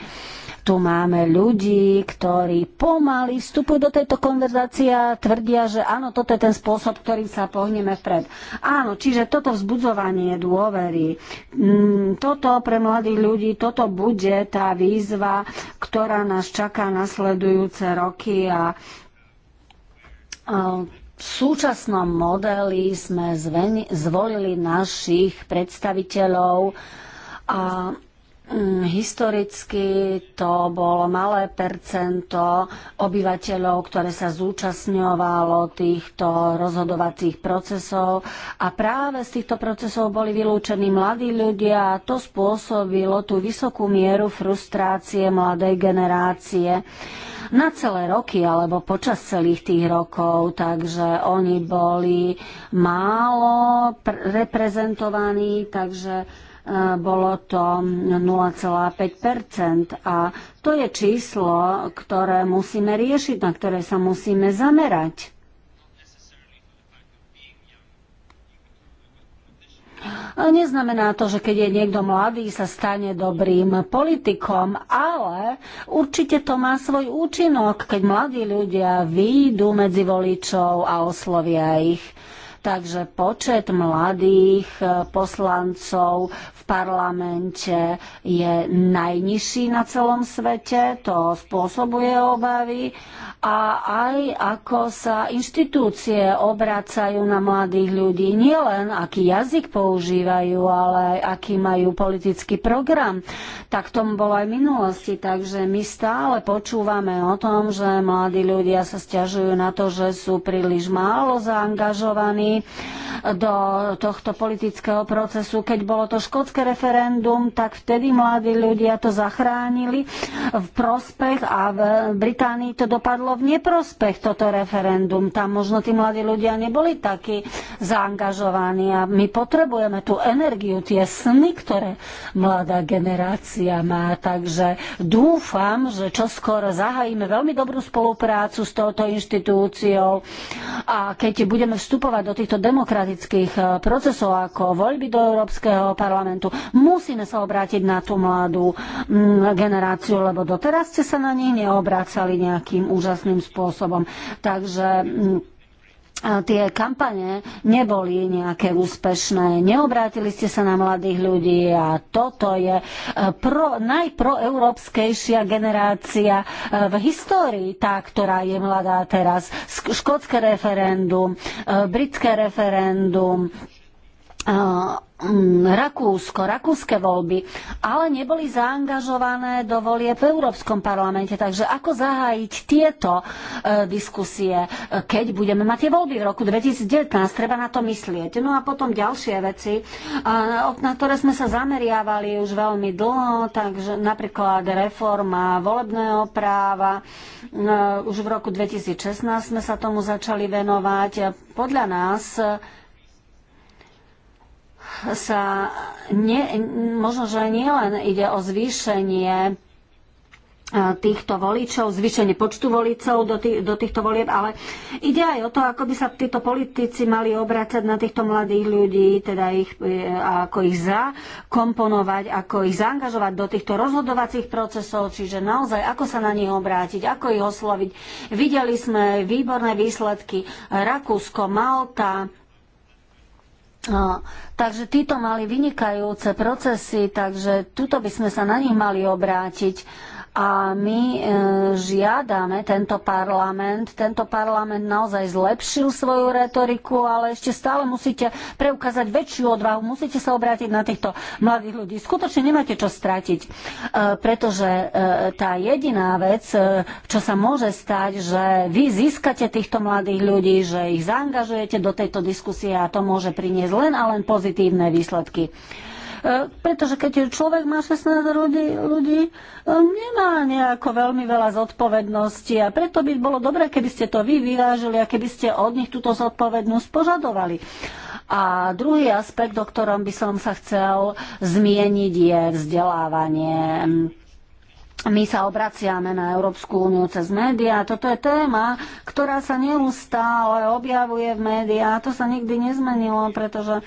tu máme ľudí, ktorí pomaly vstupujú do tejto konverzácie a tvrdia, že áno, toto je ten spôsob, ktorým sa pohneme vpred. Áno, čiže toto vzbudzovanie dôvery, mm, toto pre mladých ľudí, toto bude tá výzva, ktorá nás čaká nasledujúce roky a v súčasnom modeli sme zvolili našich predstaviteľov a Mm, historicky to bolo malé percento obyvateľov, ktoré sa zúčastňovalo týchto rozhodovacích procesov a práve z týchto procesov boli vylúčení mladí ľudia a to spôsobilo tú vysokú mieru frustrácie mladej generácie na celé roky alebo počas celých tých rokov, takže oni boli málo reprezentovaní, takže E, bolo to 0,5 a to je číslo, ktoré musíme riešiť, na ktoré sa musíme zamerať. Neznamená to, že keď je niekto mladý, sa stane dobrým politikom, ale určite to má svoj účinok, keď mladí ľudia výjdu medzi voličov a oslovia ich. Takže počet mladých e, poslancov v parlamente je najnižší na celom svete, to spôsobuje obavy a aj ako sa inštitúcie obracajú na mladých ľudí. Nielen aký jazyk používajú, ale aj aký majú politický program. Tak tomu bolo aj v minulosti. Takže my stále počúvame o tom, že mladí ľudia sa stiažujú na to, že sú príliš málo zaangažovaní do tohto politického procesu. Keď bolo to škótske referendum, tak vtedy mladí ľudia to zachránili v prospech a v Británii to dopadlo bolo v neprospech toto referendum. Tam možno tí mladí ľudia neboli takí zaangažovaní a my potrebujeme tú energiu, tie sny, ktoré mladá generácia má. Takže dúfam, že čoskoro zahajíme veľmi dobrú spoluprácu s touto inštitúciou a keď budeme vstupovať do týchto demokratických eh, procesov ako voľby do Európskeho parlamentu, musíme sa obrátiť na tú mladú mm, generáciu, lebo doteraz ste sa na nich neobrácali nejakým úžasným jasným spôsobom. Takže mm, tie kampane neboli nejaké úspešné. Neobrátili ste sa na mladých ľudí a toto je e, pro, najproeurópskejšia generácia e, v histórii, tá, ktorá je mladá teraz. Škótske referendum, e, britské referendum, Mm, Rakúsko, rakúske voľby, ale neboli zaangažované do volie v Európskom parlamente. Takže ako zahájiť tieto e, diskusie, e, keď budeme mať tie voľby v roku 2019? Treba na to myslieť. No a potom ďalšie veci, a, e, na ktoré sme sa zameriavali už veľmi dlho, takže napríklad reforma volebného práva. E, už v roku 2016 sme sa tomu začali venovať. Podľa nás sa ne, možno, že nielen ide o zvýšenie e, týchto voličov, zvýšenie počtu voličov do, tých, do týchto volieb, ale ide aj o to, ako by sa títo politici mali obrácať na týchto mladých ľudí, teda ich, e, ako ich zakomponovať, ako ich zaangažovať do týchto rozhodovacích procesov, čiže naozaj, ako sa na nich obrátiť, ako ich osloviť. Videli sme výborné výsledky Rakúsko, Malta, takže títo mali vynikajúce procesy, takže tuto by sme sa na nich mali obrátiť a my e, žiadame tento parlament. Tento parlament naozaj zlepšil svoju retoriku, ale ešte stále musíte preukázať väčšiu odvahu, musíte sa obrátiť na týchto mladých ľudí. Skutočne nemáte čo stratiť, e, pretože e, tá jediná vec, e, čo sa môže stať, že vy získate týchto mladých ľudí, že ich zaangažujete do tejto diskusie a to môže priniesť len a len pozitívne výsledky. Pretože keď človek má 16 ľudí, ľudí e, nemá nejako veľmi veľa zodpovednosti a preto by bolo dobré, keby ste to vy vyvážili a keby ste od nich túto zodpovednosť požadovali. A druhý aspekt, o ktorom by som sa chcel zmieniť, je vzdelávanie my sa obraciame na Európsku úniu cez médiá. Toto je téma, ktorá sa neustále objavuje v médiách. To sa nikdy nezmenilo, pretože e,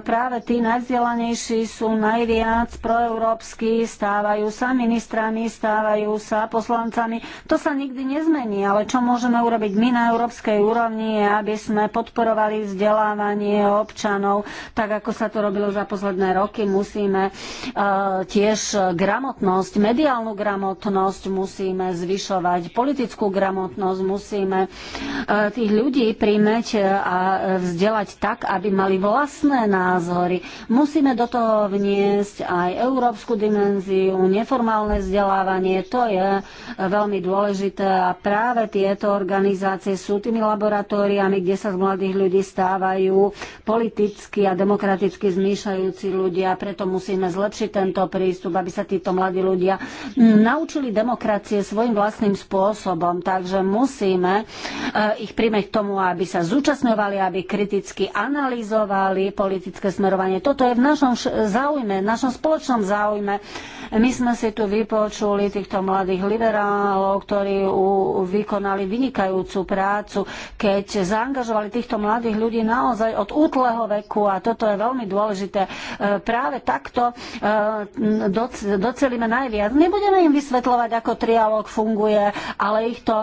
práve tí najvzdelanejší sú najviac proeurópsky, stávajú sa ministrami, stávajú sa poslancami. To sa nikdy nezmení, ale čo môžeme urobiť my na európskej úrovni je, aby sme podporovali vzdelávanie občanov, tak ako sa to robilo za posledné roky. Musíme e, tiež gramotnosť, mediálnu gramotnosť, gramotnosť, musíme zvyšovať politickú gramotnosť, musíme e, tých ľudí príjmeť a vzdelať tak, aby mali vlastné názory. Musíme do toho vniesť aj európsku dimenziu, neformálne vzdelávanie, to je veľmi dôležité a práve tieto organizácie sú tými laboratóriami, kde sa z mladých ľudí stávajú politicky a demokraticky zmýšľajúci ľudia, preto musíme zlepšiť tento prístup, aby sa títo mladí ľudia naučili demokracie svojim vlastným spôsobom, takže musíme e, ich príjmeť k tomu, aby sa zúčastňovali, aby kriticky analyzovali politické smerovanie. Toto je v našom záujme, v našom spoločnom záujme. My sme si tu vypočuli týchto mladých liberálov, ktorí vykonali vynikajúcu prácu, keď zaangažovali týchto mladých ľudí naozaj od útleho veku a toto je veľmi dôležité. E, práve takto e, docelíme najviac. Nebudeme im vysvetľovať, ako trialóg funguje, ale ich to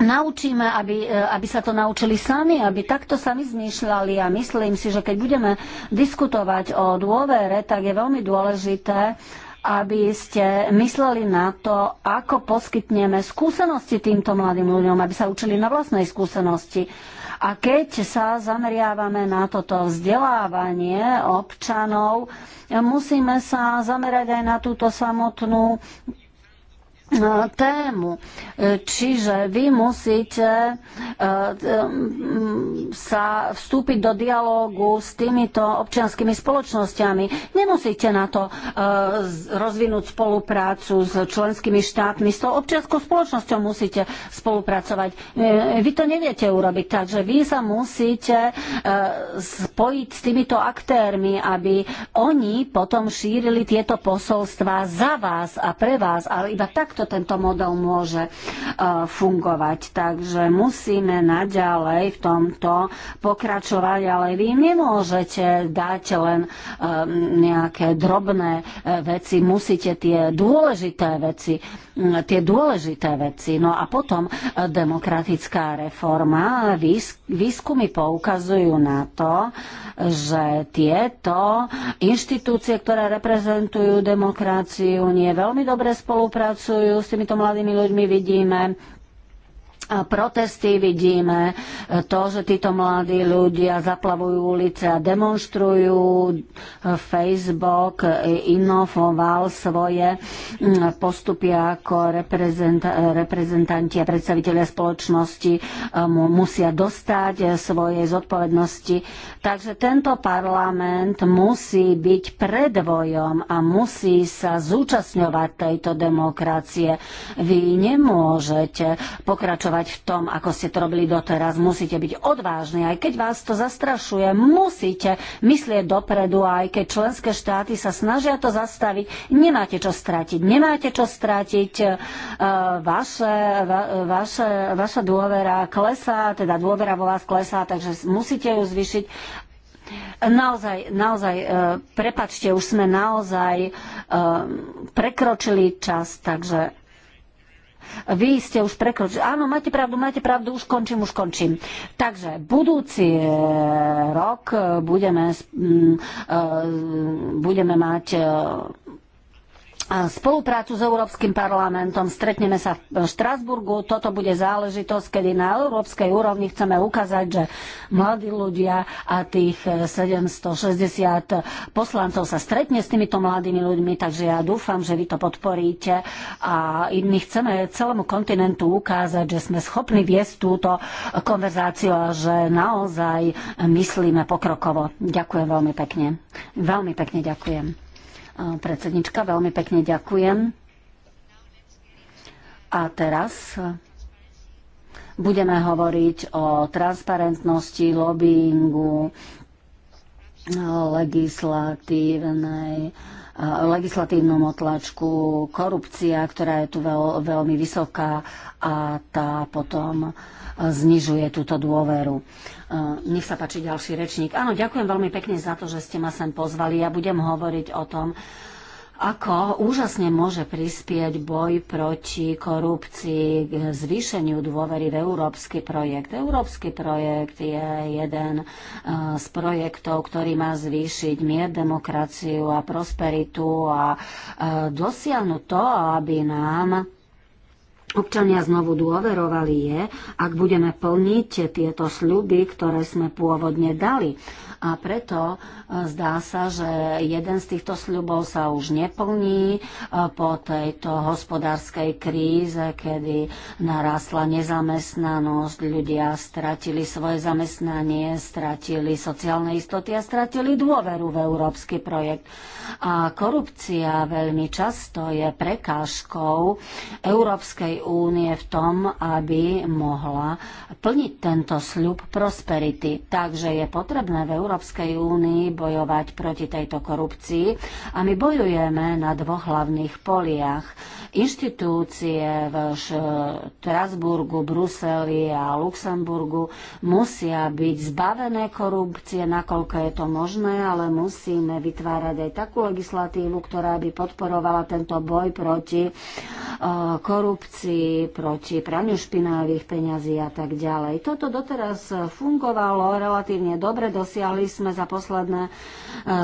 naučíme, aby, e, aby sa to naučili sami, aby takto sami zmýšľali a myslím si, že keď budeme diskutovať o dôvere, tak je veľmi dôležité, aby ste mysleli na to, ako poskytneme skúsenosti týmto mladým ľuďom, aby sa učili na vlastnej skúsenosti. A keď sa zameriavame na toto vzdelávanie občanov, musíme sa zamerať aj na túto samotnú E, tému. E, čiže vy musíte e, sa vstúpiť do dialógu s týmito občianskými spoločnosťami. Nemusíte na to rozvinúť spoluprácu s členskými štátmi. S tou občianskou spoločnosťou musíte spolupracovať. Vy to neviete urobiť, takže vy sa musíte spojiť s týmito aktérmi, aby oni potom šírili tieto posolstva za vás a pre vás, ale iba takto takto tento model môže e, fungovať. Takže musíme naďalej v tomto pokračovať, ale vy nemôžete dať len e, nejaké drobné e, veci, musíte tie dôležité veci, tie dôležité veci. No a potom demokratická reforma, výskumy poukazujú na to, že tieto inštitúcie, ktoré reprezentujú demokraciu, nie veľmi dobre spolupracujú s týmito mladými ľuďmi, vidíme protesty, vidíme e, to, že títo mladí ľudia zaplavujú ulice a demonstrujú. E, Facebook e, inovoval svoje postupy ako reprezent, reprezentanti a predstaviteľe spoločnosti musia dostať svoje zodpovednosti. Takže tento parlament musí byť predvojom a musí sa zúčastňovať tejto demokracie. Vy nemôžete pokračovať pokračovať v tom, ako ste to robili doteraz. Musíte byť odvážni, aj keď vás to zastrašuje. Musíte myslieť dopredu, aj keď členské štáty sa snažia to zastaviť. Nemáte čo stratiť. Nemáte čo stratiť. E, vaše, va, vaše, vaša dôvera klesá, teda dôvera vo vás klesá, takže musíte ju zvyšiť. Naozaj, naozaj, e, prepačte, už sme naozaj e, prekročili čas, takže vy ste už prekročili. Áno, máte pravdu, máte pravdu, už končím, už končím. Takže budúci e, rok budeme, e, budeme mať e, spoluprácu s Európskym parlamentom. Stretneme sa v Štrasburgu. Toto bude záležitosť, kedy na európskej úrovni chceme ukázať, že mladí ľudia a tých 760 eh, poslancov sa stretne s týmito mladými ľuďmi, takže ja dúfam, že vy to podporíte a my chceme celému kontinentu ukázať, že sme schopní viesť túto konverzáciu a že naozaj myslíme pokrokovo. Ďakujem veľmi pekne. Veľmi pekne ďakujem. Predsednička, veľmi pekne ďakujem. A teraz budeme hovoriť o transparentnosti, lobbyingu, legislatívnej legislatívnom otlačku, korupcia, ktorá je tu veľ, veľmi vysoká a tá potom znižuje túto dôveru. E, nech sa páči ďalší rečník. Áno, ďakujem veľmi pekne za to, že ste ma sem pozvali. Ja budem hovoriť o tom, ako úžasne môže prispieť boj proti korupcii k zvýšeniu dôvery v európsky projekt. Európsky projekt je jeden e, z projektov, ktorý má zvýšiť mier, demokraciu a prosperitu a e, dosiahnuť to, aby nám občania znovu dôverovali je, ak budeme plniť tieto sľuby, ktoré sme pôvodne dali. A preto e, zdá sa, že jeden z týchto sľubov sa už neplní e, po tejto hospodárskej kríze, kedy narastla nezamestnanosť, ľudia stratili svoje zamestnanie, stratili sociálne istoty a stratili dôveru v európsky projekt. A korupcia veľmi často je prekážkou európskej únie v tom, aby mohla plniť tento sľub prosperity. Takže je potrebné v Európskej únii bojovať proti tejto korupcii a my bojujeme na dvoch hlavných poliach. Inštitúcie v Strasburgu, Bruseli a Luxemburgu musia byť zbavené korupcie, nakoľko je to možné, ale musíme vytvárať aj takú legislatívu, ktorá by podporovala tento boj proti eh, korupcii boji proti praniu špinavých peňazí a tak ďalej. Toto doteraz fungovalo relatívne dobre, dosiahli sme za posledné e,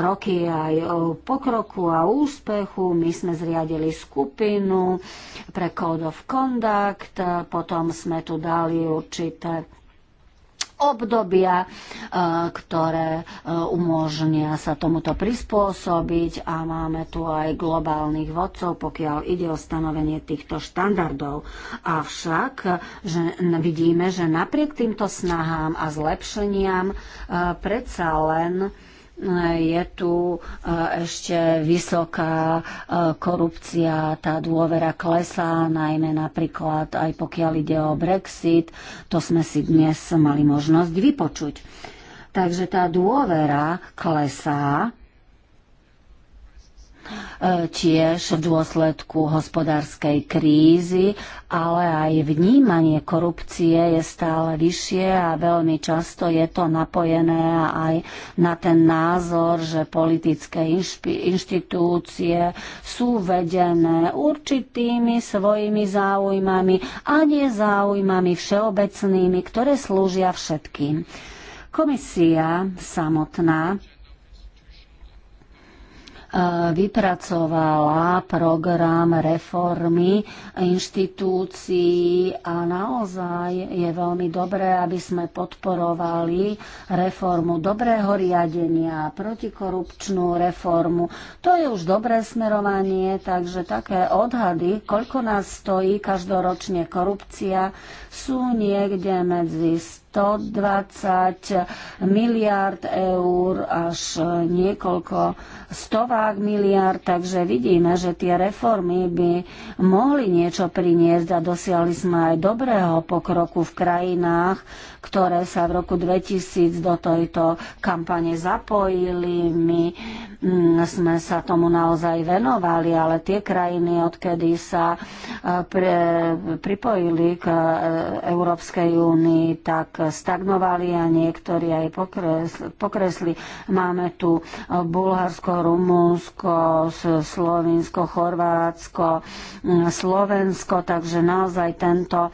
roky aj e, pokroku a úspechu. My sme zriadili skupinu pre Code of Conduct, e, potom sme tu dali určité obdobia, e, ktoré e, umožnia sa tomuto prispôsobiť a máme tu aj globálnych vodcov, pokiaľ ide o stanovenie týchto štandardov. Avšak že vidíme, že napriek týmto snahám a zlepšeniam e, predsa len je tu e, ešte vysoká e, korupcia, tá dôvera klesá, najmä napríklad aj pokiaľ ide o Brexit, to sme si dnes mali možnosť vypočuť. Takže tá dôvera klesá E, tiež v dôsledku hospodárskej krízy, ale aj vnímanie korupcie je stále vyššie a veľmi často je to napojené aj na ten názor, že politické inštitúcie sú vedené určitými svojimi záujmami a záujmami všeobecnými, ktoré slúžia všetkým. Komisia samotná E, vypracovala program reformy inštitúcií a naozaj je veľmi dobré, aby sme podporovali reformu dobrého riadenia, protikorupčnú reformu. To je už dobré smerovanie, takže také odhady, koľko nás stojí každoročne korupcia, sú niekde medzi 100 120 miliard eur až niekoľko stovák miliard, takže vidíme, že tie reformy by mohli niečo priniesť a dosiahli sme aj dobrého pokroku v krajinách, ktoré sa v roku 2000 do tejto kampane zapojili. My mm, sme sa tomu naozaj venovali, ale tie krajiny, odkedy sa e, pre, pripojili k e, Európskej únii, tak stagnovali a niektorí aj pokresli. Máme tu Bulharsko, Rumunsko, Slovinsko, Chorvátsko, mm, Slovensko, takže naozaj tento e,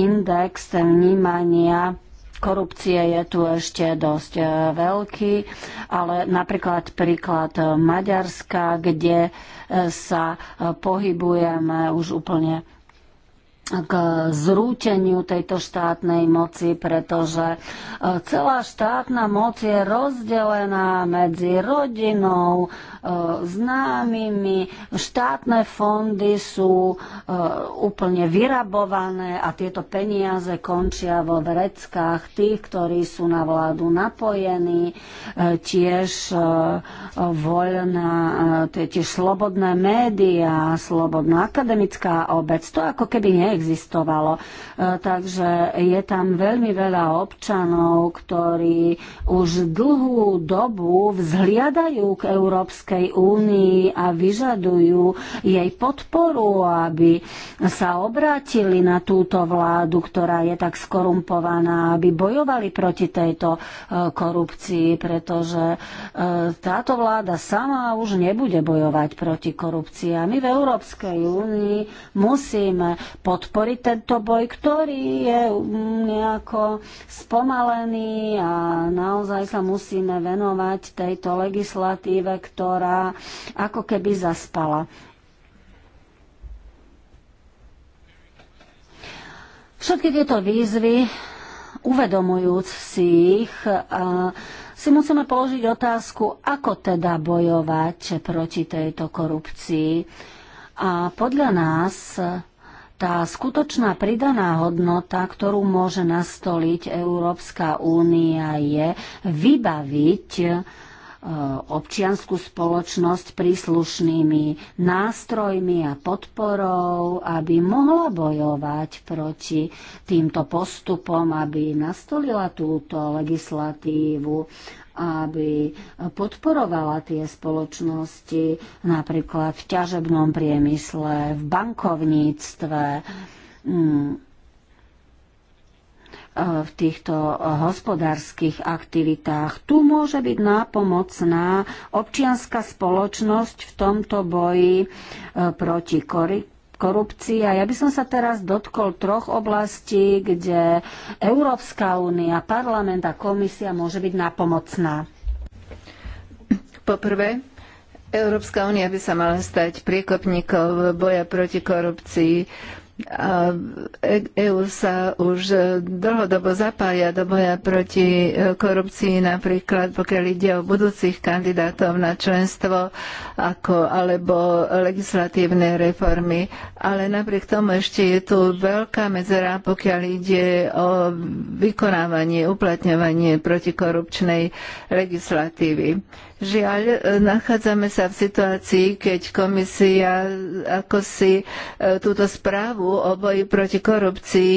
index vnímania korupcie je tu ešte dosť e, veľký, ale napríklad príklad Maďarska, kde e, sa pohybujeme už úplne k zrúteniu tejto štátnej moci, pretože e, celá štátna moc je rozdelená medzi rodinou, e, známymi, štátne fondy sú e, úplne vyrabované a tieto peniaze končia vo vreckách tých, ktorí sú na vládu napojení, tiež voľná, tiež slobodné médiá, slobodná akademická obec, to ako keby nie neexistovalo. E, takže je tam veľmi veľa občanov, ktorí už dlhú dobu vzhliadajú k Európskej únii a vyžadujú jej podporu, aby sa obrátili na túto vládu, ktorá je tak skorumpovaná, aby bojovali proti tejto e, korupcii, pretože e, táto vláda sama už nebude bojovať proti korupcii. A my v Európskej únii musíme podporovať podporiť tento boj, ktorý je nejako spomalený a naozaj sa musíme venovať tejto legislatíve, ktorá ako keby zaspala. Všetky tieto výzvy, uvedomujúc si ich, si musíme položiť otázku, ako teda bojovať proti tejto korupcii. A podľa nás tá skutočná pridaná hodnota, ktorú môže nastoliť Európska únia, je vybaviť e, občianskú spoločnosť príslušnými nástrojmi a podporou, aby mohla bojovať proti týmto postupom, aby nastolila túto legislatívu aby podporovala tie spoločnosti napríklad v ťažebnom priemysle, v bankovníctve, mm, v týchto hospodárskych aktivitách. Tu môže byť nápomocná občianská spoločnosť v tomto boji eh, proti korupcii. A ja by som sa teraz dotkol troch oblastí, kde Európska únia, parlament a komisia môže byť napomocná. Poprvé, Európska únia by sa mala stať priekopníkov boja proti korupcii a EU sa už dlhodobo zapája do boja proti e, korupcii, napríklad pokiaľ ide o budúcich kandidátov na členstvo ako, alebo legislatívne reformy. Ale napriek tomu ešte je tu veľká medzera, pokiaľ ide o vykonávanie, uplatňovanie protikorupčnej legislatívy. Žiaľ, e, nachádzame sa v situácii, keď komisia e, ako si e, túto správu o boji proti korupcii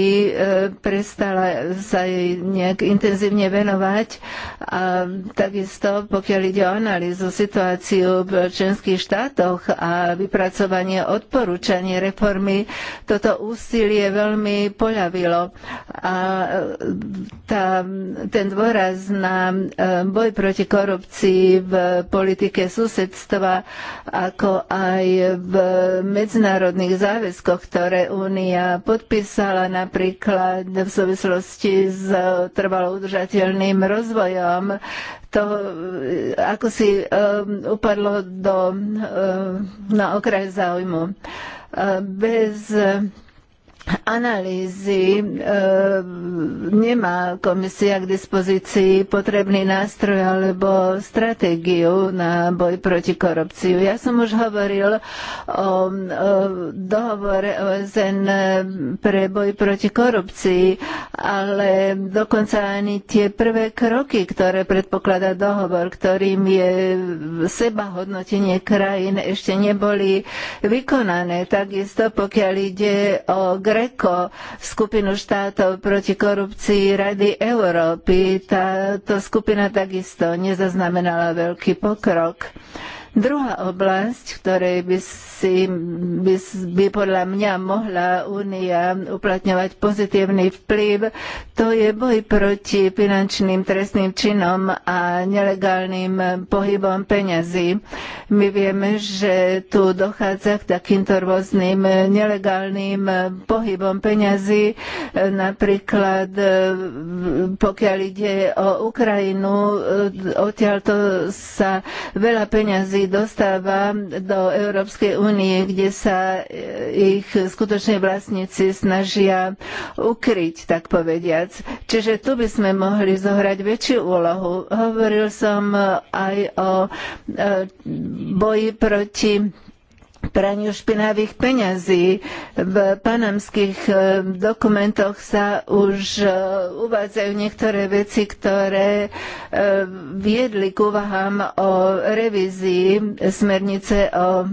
prestala sa jej nejak intenzívne venovať a takisto, pokiaľ ide o analýzu situáciu v členských štátoch a vypracovanie odporúčaní reformy, toto úsilie veľmi poľavilo. A tá, ten dôraz na boj proti korupcii v politike susedstva, ako aj v medzinárodných záväzkoch, ktoré Únia podpísala napríklad v súvislosti s trvalo udržateľným rozvojom. To eh, ako si eh, upadlo do, eh, na okraj záujmu. Bez analýzy e, nemá komisia k dispozícii potrebný nástroj alebo stratégiu na boj proti korupciu. Ja som už hovoril o, o dohovore OSN pre boj proti korupcii, ale dokonca ani tie prvé kroky, ktoré predpokladá dohovor, ktorým je seba hodnotenie krajín, ešte neboli vykonané. Takisto pokiaľ ide o gra- GRECO, skupinu štátov proti korupcii Rady Európy. Táto skupina takisto nezaznamenala veľký pokrok. Druhá oblasť, v ktorej by, si, by, by podľa mňa mohla Únia uplatňovať pozitívny vplyv, to je boj proti finančným trestným činom a nelegálnym pohybom peňazí. My vieme, že tu dochádza k takýmto rôznym nelegálnym pohybom peňazí, napríklad e, pokiaľ ide o Ukrajinu, e, odtiaľto sa veľa peňazí dostáva do Európskej únie, kde sa e, ich skutoční vlastníci snažia ukryť, tak povediac. Čiže tu by sme mohli zohrať väčšiu úlohu. Hovoril som aj o e, boji proti praniu špinavých peňazí. V panamských eh, dokumentoch sa už eh, uvádzajú niektoré veci, ktoré eh, viedli k úvahám o revízii smernice o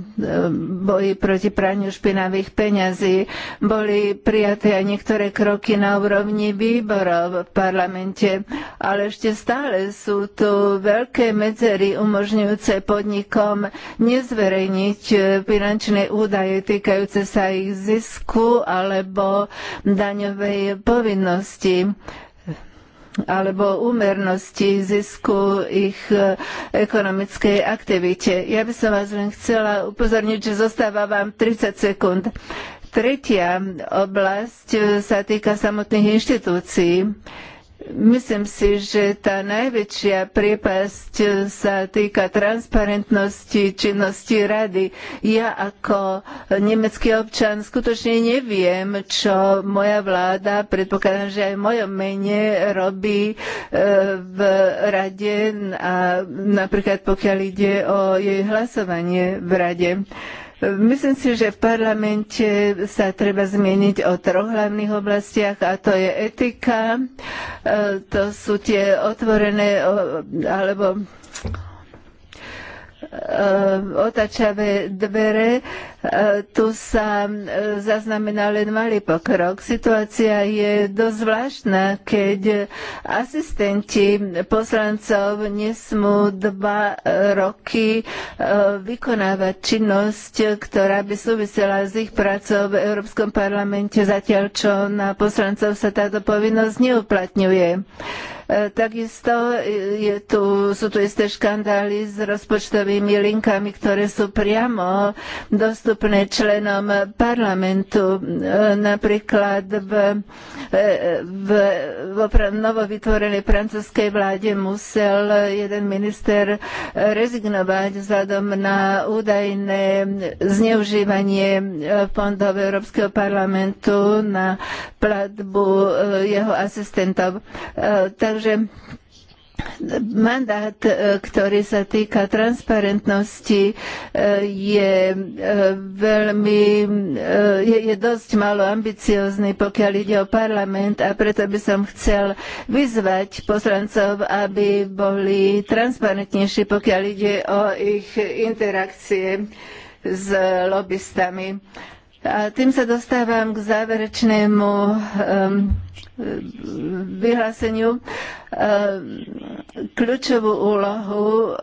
boji proti praniu špinavých peňazí. Boli prijaté aj niektoré kroky na úrovni výborov v parlamente, ale ešte stále sú tu veľké medzery umožňujúce podnikom nezverejniť finančné finančné údaje týkajúce sa ich zisku alebo daňovej povinnosti alebo úmernosti zisku ich e, ekonomickej aktivite. Ja by som vás len chcela upozorniť, že zostáva vám 30 sekúnd. Tretia oblasť e, sa týka samotných inštitúcií Myslím si, že tá najväčšia priepasť sa týka transparentnosti činnosti rady. Ja ako nemecký občan skutočne neviem, čo moja vláda, predpokladám, že aj v mojom mene, robí e, v rade a napríklad pokiaľ ide o jej hlasovanie v rade. Myslím si, že v parlamente sa treba zmieniť o troch hlavných oblastiach a to je etika, e, to sú tie otvorené alebo E, otačavé dvere. E, tu sa e, zaznamenal len malý pokrok. Situácia je dosť zvláštna, keď asistenti poslancov nesmú dva roky vykonávať činnosť, ktorá by súvisela s ich prácou v Európskom parlamente, zatiaľ čo na poslancov sa táto povinnosť neuplatňuje. E, takisto je tu, sú tu isté škandály s rozpočtovými linkami, ktoré sú priamo dostupné členom parlamentu. E, napríklad v, e, v, v novovytvorenej francúzskej vláde musel jeden minister rezignovať vzhľadom na údajné zneužívanie fondov Európskeho parlamentu na platbu jeho asistentov. Tak Takže mandát, e, ktorý sa týka transparentnosti, e, je e, veľmi, je, je dosť malo ambiciozný, pokiaľ ide o parlament a preto by som chcel vyzvať poslancov, aby boli transparentnejší, pokiaľ ide o ich interakcie s lobbystami. A tým sa dostávam k záverečnému vyhláseniu. Kľúčovú úlohu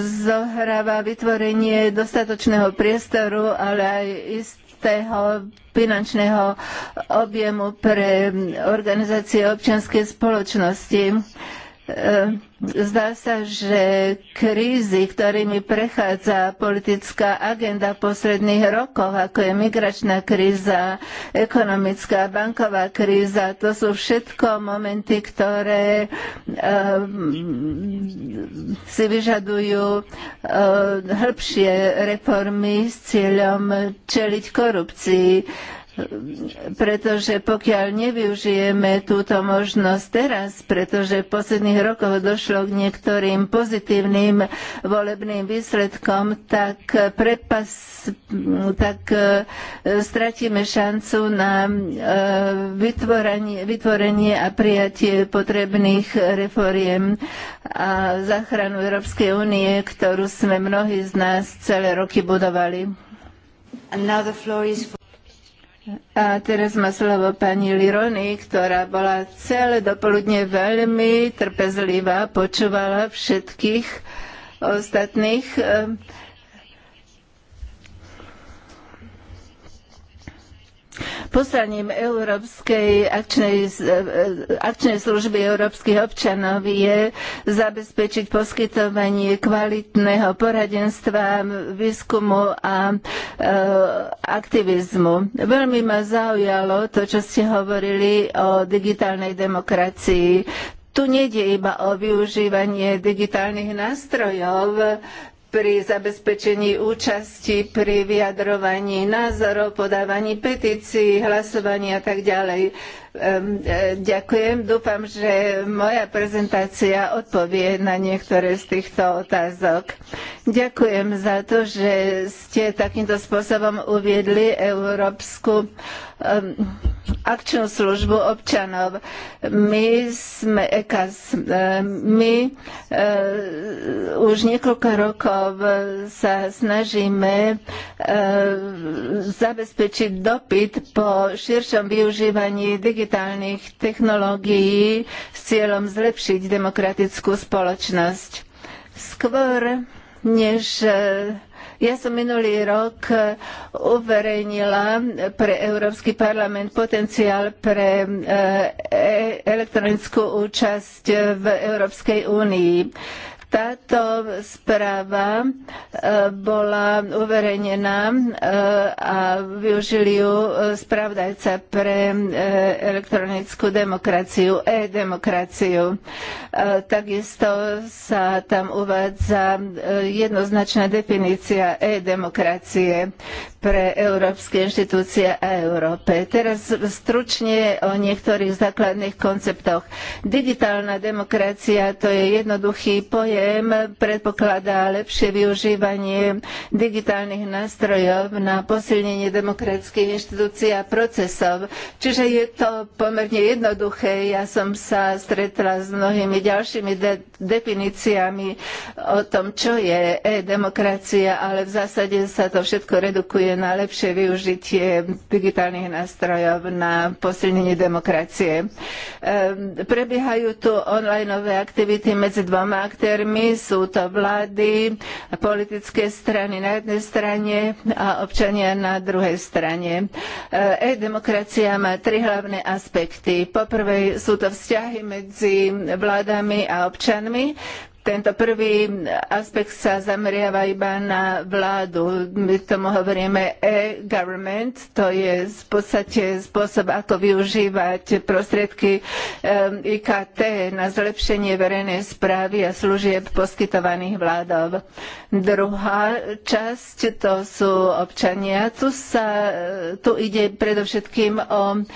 zohráva vytvorenie dostatočného priestoru, ale aj istého finančného objemu pre organizácie občianskej spoločnosti. E, zdá sa, že krízy, ktorými prechádza politická agenda v posledných rokoch, ako je migračná kríza, ekonomická, banková kríza, to sú všetko momenty, ktoré e, si vyžadujú e, hĺbšie reformy s cieľom čeliť korupcii pretože pokiaľ nevyužijeme túto možnosť teraz, pretože v posledných rokoch došlo k niektorým pozitívnym volebným výsledkom, tak, prepas, tak e, stratíme šancu na e, vytvorenie, vytvorenie a prijatie potrebných reforiem a záchranu Európskej únie, ktorú sme mnohí z nás celé roky budovali. And now the floor is for a teraz má slovo pani Lirony, ktorá bola celé dopoludne veľmi trpezlivá, počúvala všetkých ostatných. Eh, Poslaním Európskej akčnej, e, e, akčnej služby európskych občanov je zabezpečiť poskytovanie kvalitného poradenstva, výskumu a e, aktivizmu. Veľmi ma zaujalo to, čo ste hovorili o digitálnej demokracii. Tu nejde iba o využívanie digitálnych nástrojov, pri zabezpečení účasti, pri vyjadrovaní názorov, podávaní petícií, hlasovaní a tak ďalej. E, ďakujem. Dúfam, že moja prezentácia odpovie na niektoré z týchto otázok. Ďakujem za to, že ste takýmto spôsobom uviedli Európsku akčnú službu občanov. My sme EKAS, my e, už niekoľko rokov sa snažíme e, zabezpečiť dopyt po širšom využívaní digitálnych digitálnych technológií s cieľom zlepšiť demokratickú spoločnosť. Skôr než e, ja som minulý rok uverejnila pre Európsky parlament potenciál pre e, e, elektronickú účasť v Európskej únii. Táto správa e, bola uverejnená e, a využili ju správdajca pre e, elektronickú demokraciu, e-demokraciu. Takisto sa tam uvádza jednoznačná definícia e-demokracie pre európske inštitúcie a Európe. Teraz stručne o niektorých základných konceptoch. Digitálna demokracia to je jednoduchý pojem systém predpokladá lepšie využívanie digitálnych nástrojov na posilnenie demokratických inštitúcií a procesov. Čiže je to pomerne jednoduché. Ja som sa stretla s mnohými ďalšími de- definíciami o tom, čo je e-demokracia, ale v zásade sa to všetko redukuje na lepšie využitie digitálnych nástrojov na posilnenie demokracie. Ehm, prebiehajú tu onlineové aktivity medzi dvoma aktérmi, problémy. Sú to vlády, politické strany na jednej strane a občania na druhej strane. E, e-demokracia má tri hlavné aspekty. Poprvé sú to vzťahy medzi vládami a občanmi. Tento prvý aspekt sa zameriava iba na vládu. My tomu hovoríme e-government, to je v podstate spôsob, ako využívať prostriedky ehm, IKT na zlepšenie verejnej správy a služieb poskytovaných vládov. Druhá časť to sú občania. Tu, sa, tu ide predovšetkým o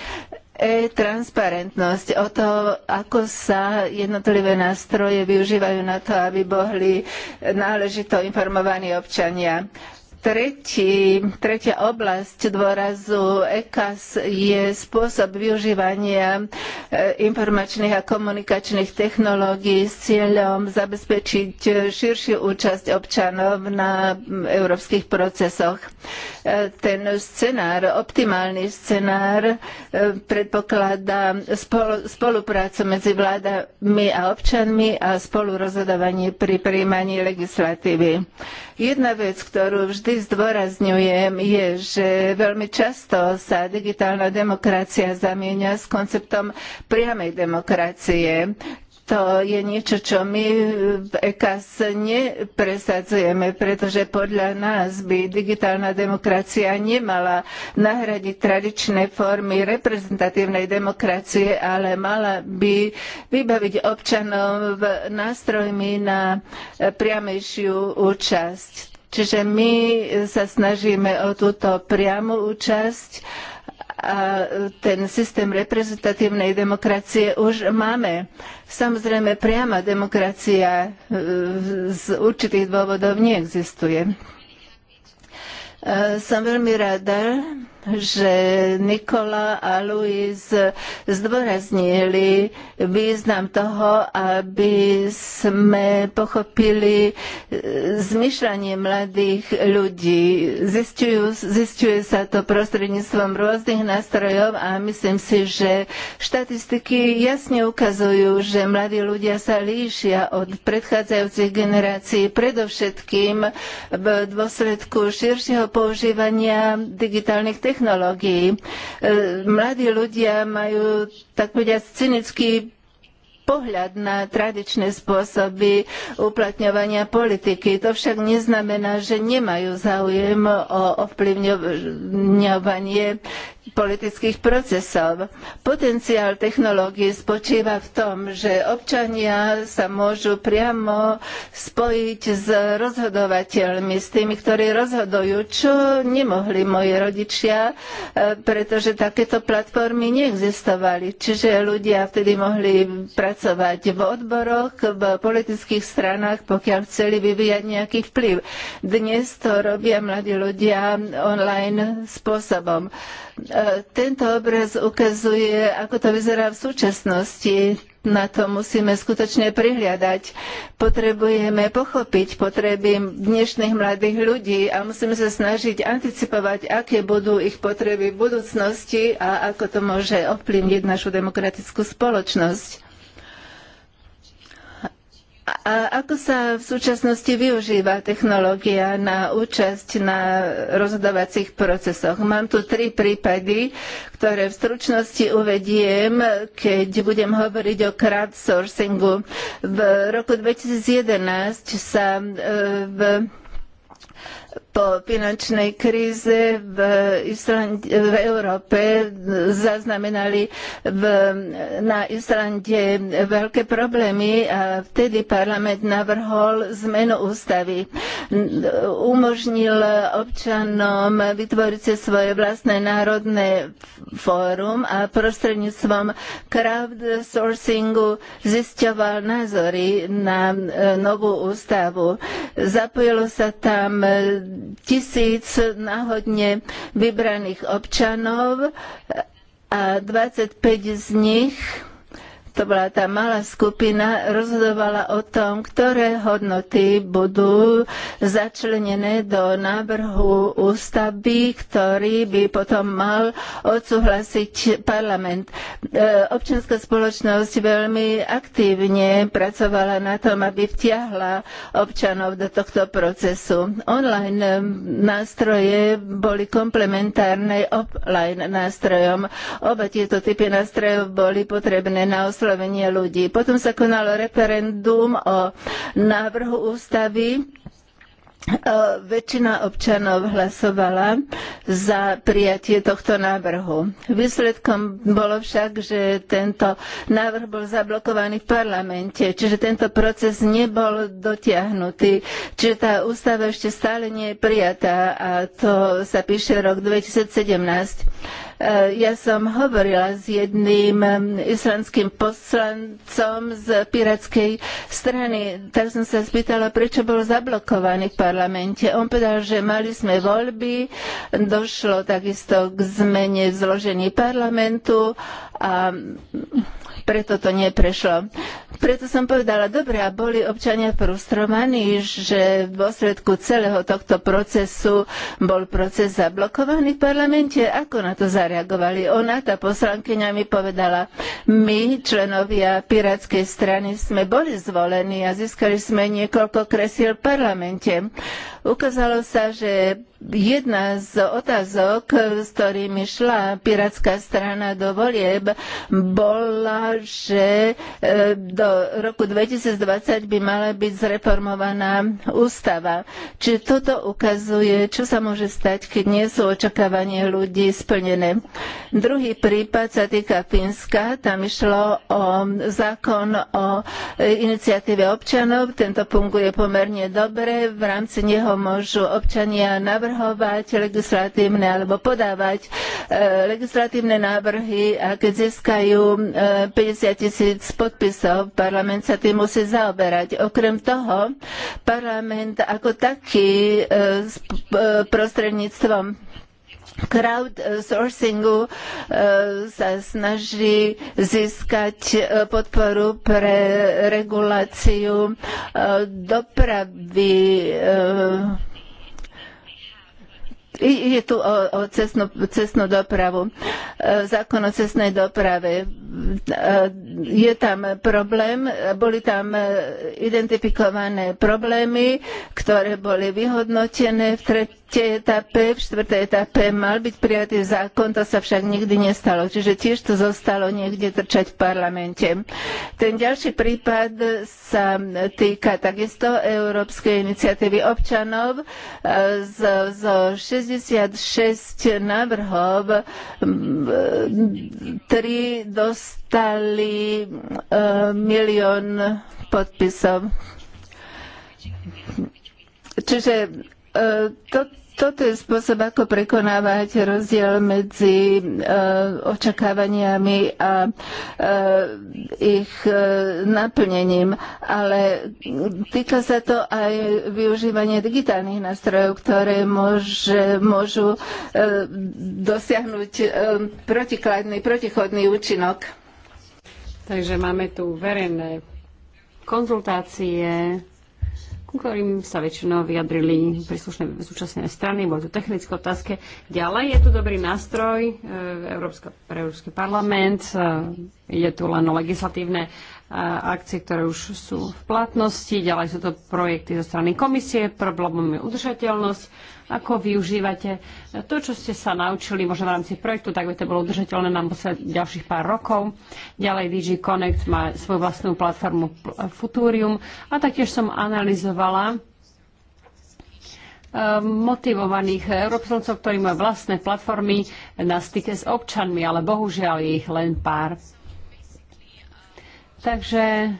e-transparentnosť, o to, ako sa jednotlivé nástroje využívajú na to, aby boli náležito informovaní občania. Tretí, tretia oblasť dôrazu ECAS je spôsob využívania e, informačných a komunikačných technológií s cieľom zabezpečiť širšiu účasť občanov na európskych procesoch. E, ten scenár, optimálny scenár e, predpokladá spoluprácu medzi vládami a občanmi a spolurozhodovanie pri príjmaní legislatívy. Jedna vec, ktorú vždy zdôrazňujem, je, že veľmi často sa digitálna demokracia zamieňa s konceptom priamej demokracie to je niečo, čo my v EKAS nepresadzujeme, pretože podľa nás by digitálna demokracia nemala nahradiť tradičné formy reprezentatívnej demokracie, ale mala by vybaviť občanov nástrojmi na priamejšiu účasť. Čiže my sa snažíme o túto priamu účasť a ten systém reprezentatívnej demokracie už máme. Samozrejme, priama demokracia e, z určitých dôvodov neexistuje. E, som veľmi rada, že Nikola a Luis zdôraznili význam toho, aby sme pochopili e, zmyšľanie mladých ľudí. Zistujú, zistuje sa to prostredníctvom rôznych nástrojov a myslím si, že štatistiky jasne ukazujú, že mladí ľudia sa líšia od predchádzajúcich generácií, predovšetkým v dôsledku širšieho používania digitálnych technológií technológií. E, mladí ľudia majú, tak povediať, cynický pohľad na tradičné spôsoby uplatňovania politiky. To však neznamená, že nemajú záujem o ovplyvňovanie politických procesov. Potenciál technológie spočíva v tom, že občania sa môžu priamo spojiť s rozhodovateľmi, s tými, ktorí rozhodujú, čo nemohli moji rodičia, e, pretože takéto platformy neexistovali. Čiže ľudia vtedy mohli pracovať v odboroch, v politických stranách, pokiaľ chceli vyvíjať nejaký vplyv. Dnes to robia mladí ľudia online spôsobom. E, tento obraz ukazuje, ako to vyzerá v súčasnosti. Na to musíme skutočne prihliadať. Potrebujeme pochopiť potreby dnešných mladých ľudí a musíme sa snažiť anticipovať, aké budú ich potreby v budúcnosti a ako to môže ovplyvniť našu demokratickú spoločnosť. A ako sa v súčasnosti využíva technológia na účasť na rozhodovacích procesoch? Mám tu tri prípady, ktoré v stručnosti uvediem, keď budem hovoriť o crowdsourcingu. V roku 2011 sa e, v po finančnej kríze v, Island- v Európe zaznamenali v, na Islande veľké problémy a vtedy parlament navrhol zmenu ústavy. Umožnil občanom vytvoriť si svoje vlastné národné fórum a prostredníctvom crowdsourcingu zisťoval názory na novú ústavu. Zapojilo sa tam tisíc náhodne vybraných občanov a 25 z nich to bola tá malá skupina, rozhodovala o tom, ktoré hodnoty budú začlenené do návrhu ústavy, ktorý by potom mal odsúhlasiť parlament. E, občianská spoločnosť veľmi aktívne pracovala na tom, aby vtiahla občanov do tohto procesu. Online nástroje boli komplementárne offline nástrojom. Oba tieto typy nástrojov boli potrebné na oslo- oslovenie ľudí. Potom sa konalo referendum o návrhu ústavy e, väčšina občanov hlasovala za prijatie tohto návrhu. Výsledkom bolo však, že tento návrh bol zablokovaný v parlamente, čiže tento proces nebol dotiahnutý, čiže tá ústava ešte stále nie je prijatá a to sa píše rok 2017. Eh, ja som hovorila s jedným islandským poslancom z pirátskej strany, tak som sa spýtala, prečo bol zablokovaný v parlamente. On povedal, že mali sme voľby, došlo takisto k zmene v zložení parlamentu a preto to neprešlo. Preto som povedala, dobre, a boli občania frustrovaní, že v osledku celého tohto procesu bol proces zablokovaný v parlamente. Ako na to zareagovali? Ona, tá poslankyňa, mi povedala, my, členovia Pirátskej strany, sme boli zvolení a získali sme niekoľko kresiel v parlamente. Ukázalo sa, že Jedna z otázok, s ktorými šla pirátska strana do volieb, bola, že e, do roku 2020 by mala byť zreformovaná ústava. Čiže toto ukazuje, čo sa môže stať, keď nie sú očakávanie ľudí splnené. Druhý prípad sa týka Fínska. Tam išlo o zákon o iniciatíve občanov. Tento funguje pomerne dobre. V rámci neho môžu občania navrhovať navrhovať legislatívne alebo podávať e, legislatívne návrhy a keď získajú 50 e, tisíc podpisov, parlament sa tým musí zaoberať. Okrem toho, parlament ako taký e, prostredníctvom crowdsourcingu sa snaží získať podporu pre reguláciu dopravy je tu o, o cestnú, cestnú dopravu, e, zákon o cestnej doprave. E, je tam problém, boli tam e, identifikované problémy, ktoré boli vyhodnotené v tretí tretej etape, v štvrtej etape mal byť prijatý zákon, to sa však nikdy nestalo. Čiže tiež to zostalo niekde trčať v parlamente. Ten ďalší prípad sa týka takisto Európskej iniciatívy občanov. Zo, zo 66 návrhov tri dostali e, milión podpisov. Čiže E, to, toto je spôsob, ako prekonávať rozdiel medzi uh, očakávaniami a uh, ich uh, naplnením, ale týka sa to aj využívania digitálnych nástrojov, ktoré môže, môžu uh, dosiahnuť uh, protikladný, protichodný účinok. Takže máme tu verejné konzultácie ktorým sa väčšinou vyjadrili príslušné súčasné strany, boli tu technické otázky. Ďalej je tu dobrý nástroj e, Európska, pre Európsky parlament, je tu len legislatívne e, akcie, ktoré už sú v platnosti, ďalej sú to projekty zo strany komisie, problémom je udržateľnosť, ako využívate to, čo ste sa naučili možno v rámci projektu, tak by to bolo udržateľné na ďalších pár rokov. Ďalej DG Connect má svoju vlastnú platformu Futurium a taktiež som analyzovala e, motivovaných europoslancov, ktorí majú vlastné platformy na styke s občanmi, ale bohužiaľ je ich len pár. Takže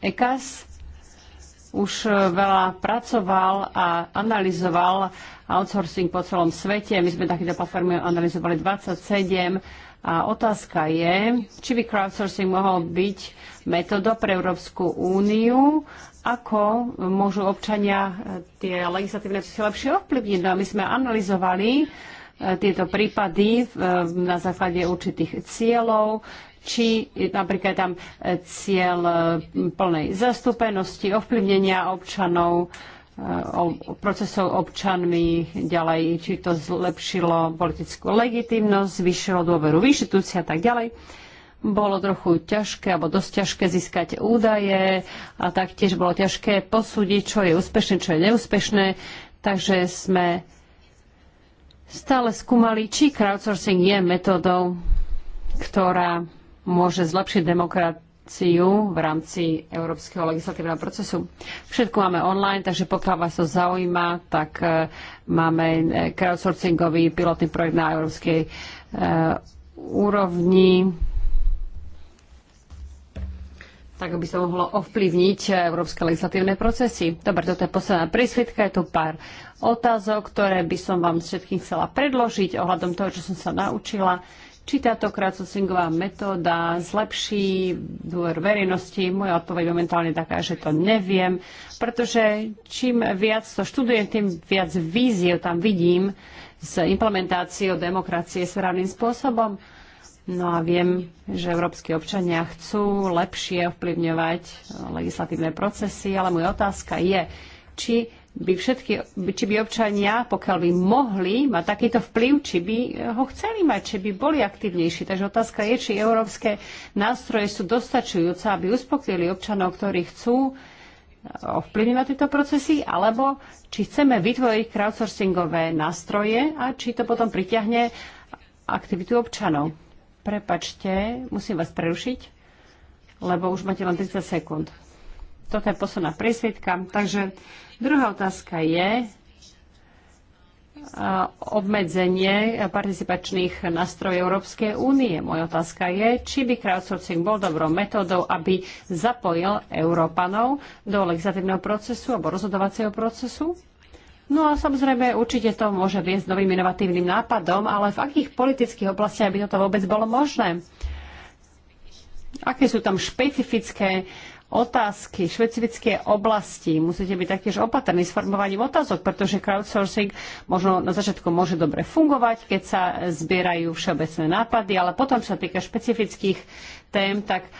ECAS už e, veľa pracoval a analyzoval outsourcing po celom svete. My sme takéto platformy analyzovali 27 a otázka je, či by crowdsourcing mohol byť metodou pre Európsku úniu, ako môžu občania e, tie legislatívne procesy lepšie ovplyvniť. No a my sme analyzovali e, tieto prípady na základe určitých cieľov či napríklad tam e, cieľ e, plnej zastúpenosti, ovplyvnenia občanov, e, o procesov občanmi ďalej, či to zlepšilo politickú legitimnosť, zvýšilo dôveru v a tak ďalej. Bolo trochu ťažké, alebo dosť ťažké získať údaje a taktiež bolo ťažké posúdiť, čo je úspešné, čo je neúspešné. Takže sme stále skúmali, či crowdsourcing je metodou, ktorá môže zlepšiť demokraciu v rámci európskeho legislatívneho procesu. Všetko máme online, takže pokiaľ vás to zaujíma, tak e, máme e, crowdsourcingový pilotný projekt na európskej e, úrovni tak by sa mohlo ovplyvniť európske legislatívne procesy. Dobre, toto je posledná prísvitka, je tu pár otázok, ktoré by som vám všetkým chcela predložiť ohľadom toho, čo som sa naučila. Či táto crowdsourcingová metóda zlepší dôver verejnosti? Moja odpoveď momentálne je taká, že to neviem, pretože čím viac to študujem, tým viac víziev tam vidím s implementáciou demokracie správnym spôsobom. No a viem, že európsky občania chcú lepšie ovplyvňovať legislatívne procesy, ale moja otázka je, či by všetky, či by občania, pokiaľ by mohli mať takýto vplyv, či by eh, ho chceli mať, či by boli aktívnejší. Takže otázka je, či európske nástroje sú dostačujúce, aby uspokojili občanov, ktorí chcú eh, ovplyvniť na tieto procesy, alebo či chceme vytvoriť crowdsourcingové nástroje a či to potom priťahne aktivitu občanov. Prepačte, musím vás prerušiť, lebo už máte len 30 sekúnd. Toto je posledná presvedka. takže Druhá otázka je obmedzenie participačných nástrojov Európskej únie. Moja otázka je, či by crowdsourcing bol dobrou metódou, aby zapojil Európanov do legislatívneho procesu alebo rozhodovacieho procesu? No a samozrejme, určite to môže viesť novým inovatívnym nápadom, ale v akých politických oblastiach by toto vôbec bolo možné? Aké sú tam špecifické otázky, špecifické oblasti. Musíte byť taktiež opatrní s formovaním otázok, pretože crowdsourcing možno na začiatku môže dobre fungovať, keď sa zbierajú všeobecné nápady, ale potom, čo sa týka špecifických tém, tak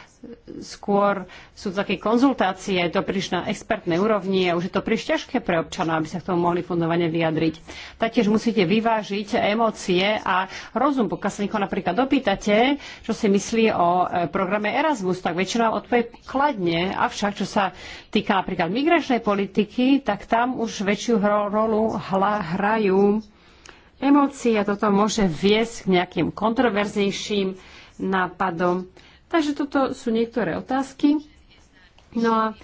skôr sú také konzultácie, to príliš na expertnej úrovni a už je to príliš ťažké pre občana, aby sa k tomu mohli fundovane vyjadriť. Taktiež musíte vyvážiť emócie a rozum. Pokiaľ sa niekoho napríklad dopýtate, čo si myslí o e, programe Erasmus, tak väčšina odpovie kladne. Avšak, čo sa týka napríklad migračnej politiky, tak tam už väčšiu rolu hrajú emócie a toto môže viesť k nejakým kontroverznejším nápadom. Takže toto sú niektoré otázky. No a e,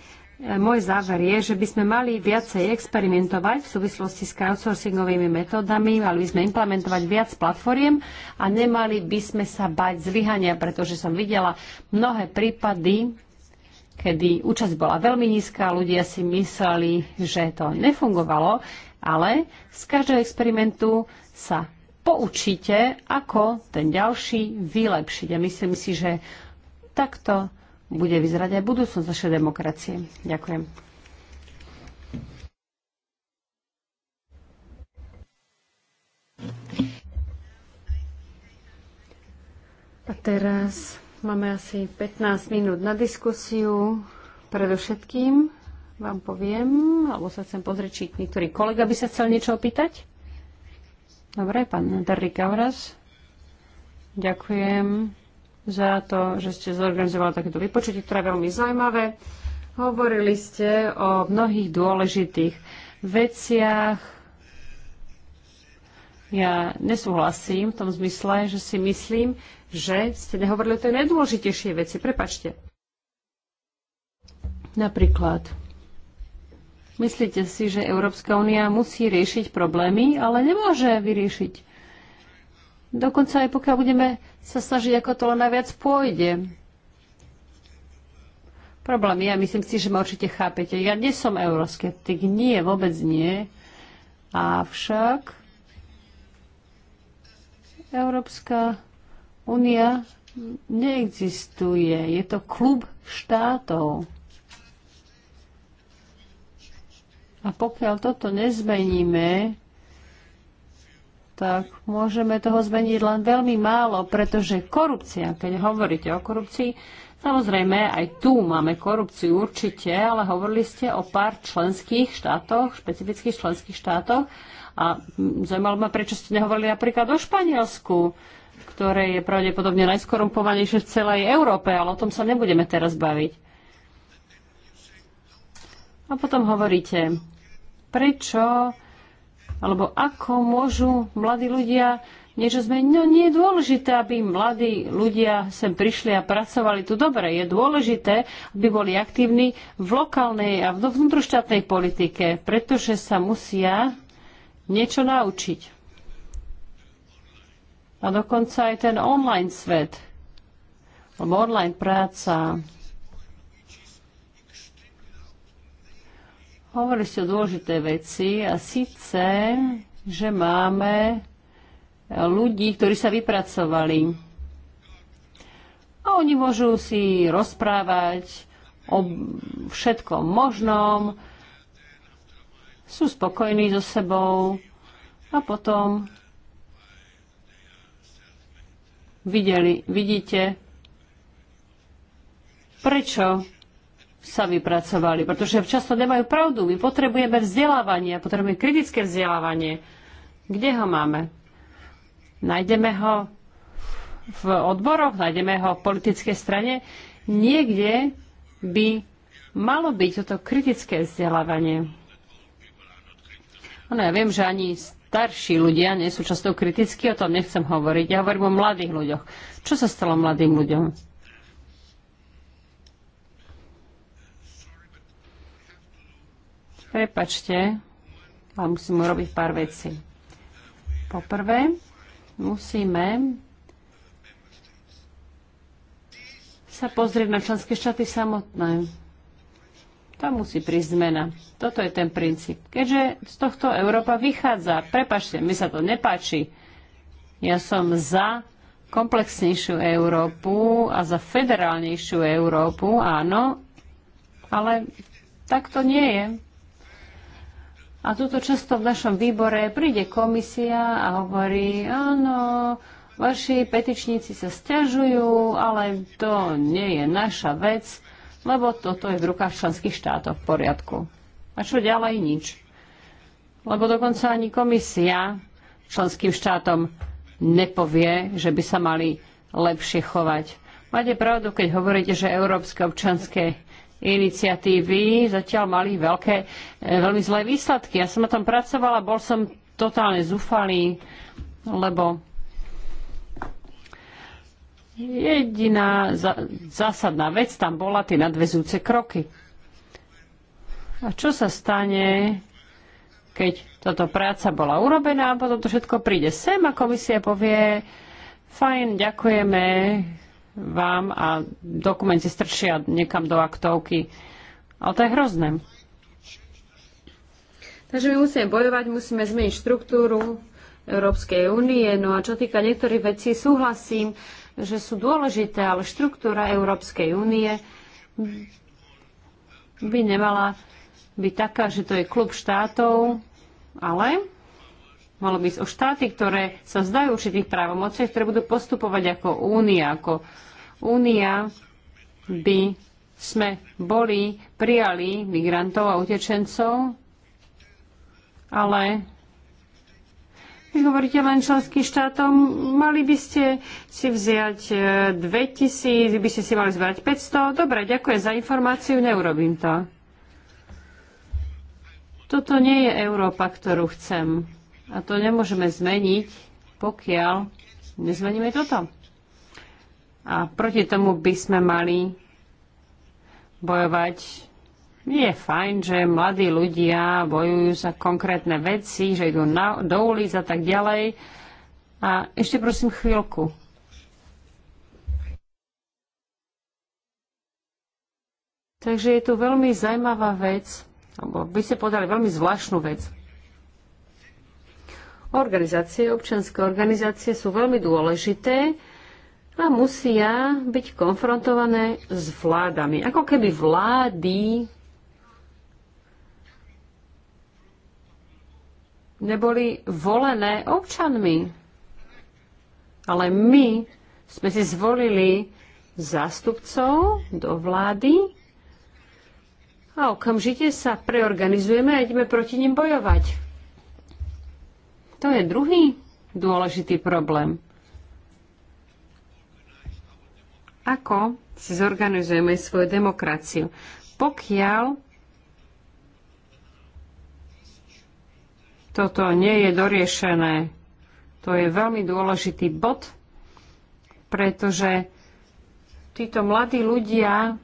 môj záver je, že by sme mali viacej experimentovať v súvislosti s crowdsourcingovými metódami, mali by sme implementovať viac platformiem a nemali by sme sa bať zlyhania, pretože som videla mnohé prípady, kedy účasť bola veľmi nízka, ľudia si mysleli, že to nefungovalo, ale z každého experimentu sa poučíte, ako ten ďalší vylepšiť. A myslím si, že takto bude vyzerať aj budúcnosť našej demokracie. Ďakujem. A teraz máme asi 15 minút na diskusiu. Predovšetkým vám poviem, alebo sa chcem pozrieť, či niektorý kolega by sa chcel niečo opýtať. Dobre, pán Darry Kavras. Ďakujem za to, že ste zorganizovali takéto vypočutie, ktoré je veľmi zaujímavé. Hovorili ste o mnohých dôležitých veciach. Ja nesúhlasím v tom zmysle, že si myslím, že ste nehovorili o tej najdôležitejšej veci. Prepačte. Napríklad, myslíte si, že Európska únia musí riešiť problémy, ale nemôže vyriešiť. Dokonca aj pokiaľ budeme sa snažiť, ako to len najviac pôjde. Problém je, ja myslím si, že ma určite chápete, ja nie som euroskeptik, nie, vôbec nie. Avšak Európska únia neexistuje. Je to klub štátov. A pokiaľ toto nezmeníme, tak môžeme toho zmeniť len veľmi málo, pretože korupcia, keď hovoríte o korupcii, samozrejme aj tu máme korupciu určite, ale hovorili ste o pár členských štátoch, špecifických členských štátoch a zaujímalo ma, prečo ste nehovorili napríklad o Španielsku, ktoré je pravdepodobne najskorumpovanejšie v celej Európe, ale o tom sa nebudeme teraz baviť. A potom hovoríte, prečo alebo ako môžu mladí ľudia niečo zmeniť? No nie je dôležité, aby mladí ľudia sem prišli a pracovali tu dobre. Je dôležité, aby boli aktívni v lokálnej a vnútroštátnej politike, pretože sa musia niečo naučiť. A dokonca aj ten online svet, alebo online práca, Hovorili ste o dôležité veci a síce, že máme e, ľudí, ktorí sa vypracovali. A oni môžu si rozprávať o všetkom možnom, sú spokojní so sebou a potom videli, vidíte, prečo sa vypracovali, pretože často nemajú pravdu. My potrebujeme vzdelávanie, potrebujeme kritické vzdelávanie. Kde ho máme? Nájdeme ho v odboroch, nájdeme ho v politickej strane. Niekde by malo byť toto kritické vzdelávanie. No ja viem, že ani starší ľudia nie sú často kritickí, o tom nechcem hovoriť. Ja hovorím o mladých ľuďoch. Čo sa stalo mladým ľuďom? Prepačte, ale musím urobiť pár vecí. Poprvé, musíme sa pozrieť na členské štáty samotné. Tam musí prísť zmena. Toto je ten princíp. Keďže z tohto Európa vychádza, prepačte, mi sa to nepáči. Ja som za komplexnejšiu Európu a za federálnejšiu Európu, áno, ale tak to nie je. A tuto často v našom výbore príde komisia a hovorí, áno, vaši petičníci sa stiažujú, ale to nie je naša vec, lebo toto je v rukách členských štátov v poriadku. A čo ďalej? Nič. Lebo dokonca ani komisia členským štátom nepovie, že by sa mali lepšie chovať. Máte pravdu, keď hovoríte, že európske občanské iniciatívy zatiaľ mali veľké, e, veľmi zlé výsledky. Ja som na tom pracovala, bol som totálne zúfalý, lebo jediná zásadná vec tam bola tie nadvezúce kroky. A čo sa stane, keď táto práca bola urobená a potom to všetko príde sem a komisia povie, fajn, ďakujeme, vám a dokument strčia niekam do aktovky. Ale to je hrozné. Takže my musíme bojovať, musíme zmeniť štruktúru Európskej únie. No a čo týka niektorých vecí, súhlasím, že sú dôležité, ale štruktúra Európskej únie by nemala byť taká, že to je klub štátov, ale Malo by ísť o štáty, ktoré sa vzdajú určitých právomocí, ktoré budú postupovať ako únia. Ako únia by sme boli, prijali migrantov a utečencov, ale vy hovoríte len členským štátom, mali by ste si vziať 2000, e, vy by ste si mali zbrať 500. Dobre, ďakujem za informáciu, neurobím to. Toto nie je Európa, ktorú chcem. A to nemôžeme zmeniť, pokiaľ nezmeníme toto. A proti tomu by sme mali bojovať. Je fajn, že mladí ľudia bojujú za konkrétne veci, že idú na, do ulic a tak ďalej. A ešte prosím chvíľku. Takže je tu veľmi zajímavá vec, alebo by ste podali veľmi zvláštnu vec. Organizácie, občianské organizácie sú veľmi dôležité a musia byť konfrontované s vládami. Ako keby vlády neboli volené občanmi. Ale my sme si zvolili zástupcov do vlády a okamžite sa preorganizujeme a ideme proti nim bojovať. To je druhý dôležitý problém. Ako si zorganizujeme svoju demokraciu? Pokiaľ toto nie je doriešené, to je veľmi dôležitý bod, pretože títo mladí ľudia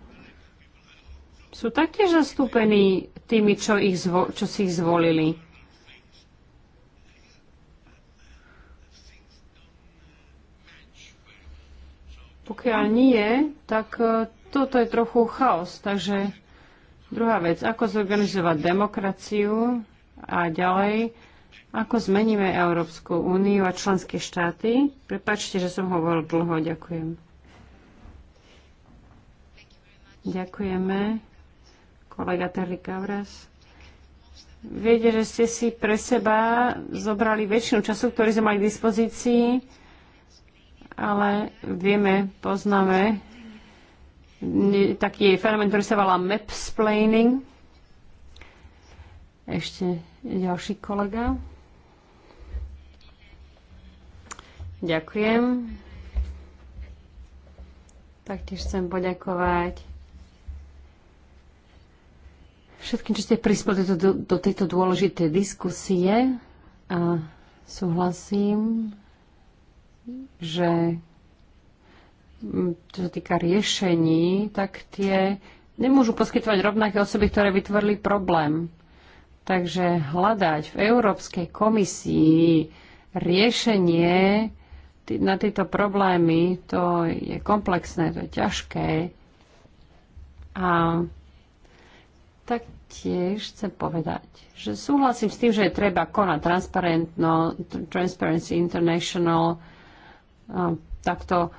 sú taktiež zastúpení tými, čo, ich zvo- čo si ich zvolili. Pokiaľ nie, tak e, toto je trochu chaos. Takže druhá vec, ako zorganizovať demokraciu a ďalej, ako zmeníme Európsku úniu a členské štáty. Prepačte, že som hovoril dlho. Ďakujem. Ďakujeme. Kolega Terry Kavras. Viete, že ste si pre seba zobrali väčšinu času, ktorý sme mali k dispozícii ale vieme, poznáme taký fenomén, ktorý sa volá mapsplaining. Ešte ďalší kolega. Ďakujem. Taktiež chcem poďakovať všetkým, čo ste prispeli do, do tejto dôležitej diskusie a súhlasím že mm, čo sa týka riešení, tak tie nemôžu poskytovať rovnaké osoby, ktoré vytvorili problém. Takže hľadať v Európskej komisii riešenie na tieto problémy, to je komplexné, to je ťažké. A taktiež chcem povedať, že súhlasím s tým, že je treba konať Transparency International, takto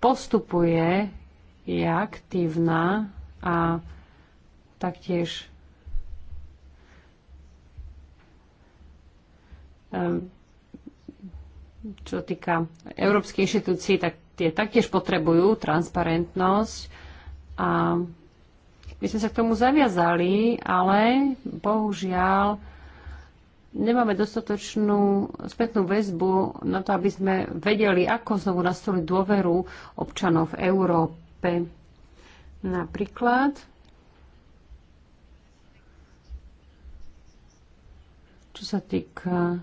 postupuje, je aktívna a taktiež čo týka európskych inštitúcií, tak tie taktiež potrebujú transparentnosť a my sme sa k tomu zaviazali, ale bohužiaľ nemáme dostatočnú spätnú väzbu na to, aby sme vedeli, ako znovu nastoliť dôveru občanov v Európe. Napríklad čo sa týka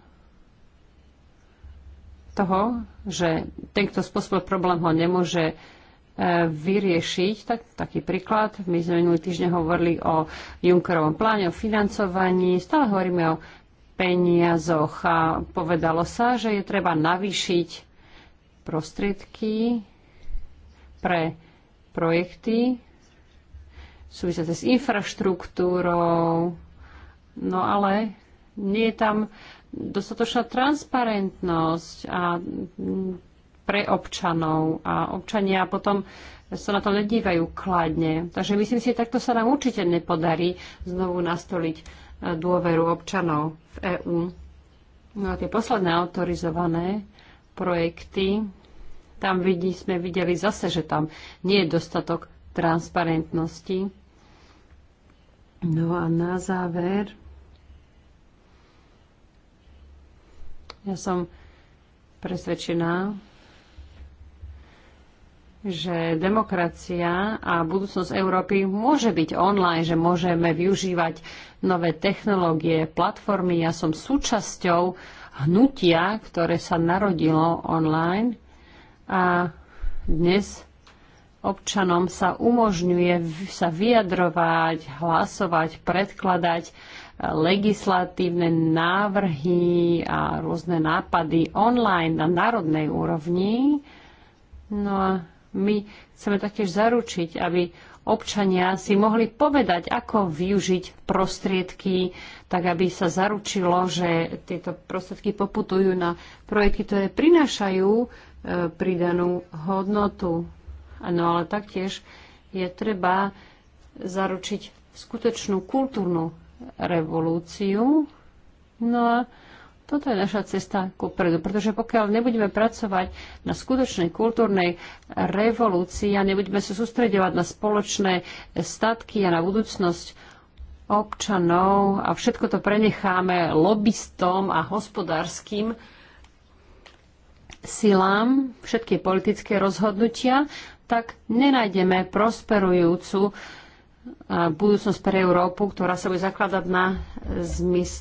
toho, že ten, kto spôsobil problém, ho nemôže e, vyriešiť. Tak, taký príklad, my sme minulý týždeň hovorili o Junckerovom pláne, o financovaní, stále hovoríme o peniazoch a povedalo sa, že je treba navýšiť prostriedky pre projekty súvisiace s infraštruktúrou, no ale nie je tam dostatočná transparentnosť a pre občanov a občania potom sa na to nedívajú kladne. Takže myslím si, že takto sa nám určite nepodarí znovu nastoliť dôveru občanov v EÚ. No a tie posledné autorizované projekty, tam vidí, sme videli zase, že tam nie je dostatok transparentnosti. No a na záver, ja som presvedčená, že demokracia a budúcnosť Európy môže byť online, že môžeme využívať nové technológie, platformy. Ja som súčasťou hnutia, ktoré sa narodilo online a dnes občanom sa umožňuje sa vyjadrovať, hlasovať, predkladať e, legislatívne návrhy a rôzne nápady online na národnej úrovni. No a my chceme taktiež zaručiť, aby občania si mohli povedať, ako využiť prostriedky, tak aby sa zaručilo, že tieto prostriedky poputujú na projekty, ktoré prinášajú e, pridanú hodnotu. No ale taktiež je treba zaručiť skutočnú kultúrnu revolúciu. No a toto je naša cesta ku predu, pretože pokiaľ nebudeme pracovať na skutočnej kultúrnej revolúcii a nebudeme sa sústredovať na spoločné statky a na budúcnosť občanov a všetko to prenecháme lobbystom a hospodárskym silám, všetky politické rozhodnutia, tak nenájdeme prosperujúcu budúcnosť pre Európu, ktorá sa bude zakladať na,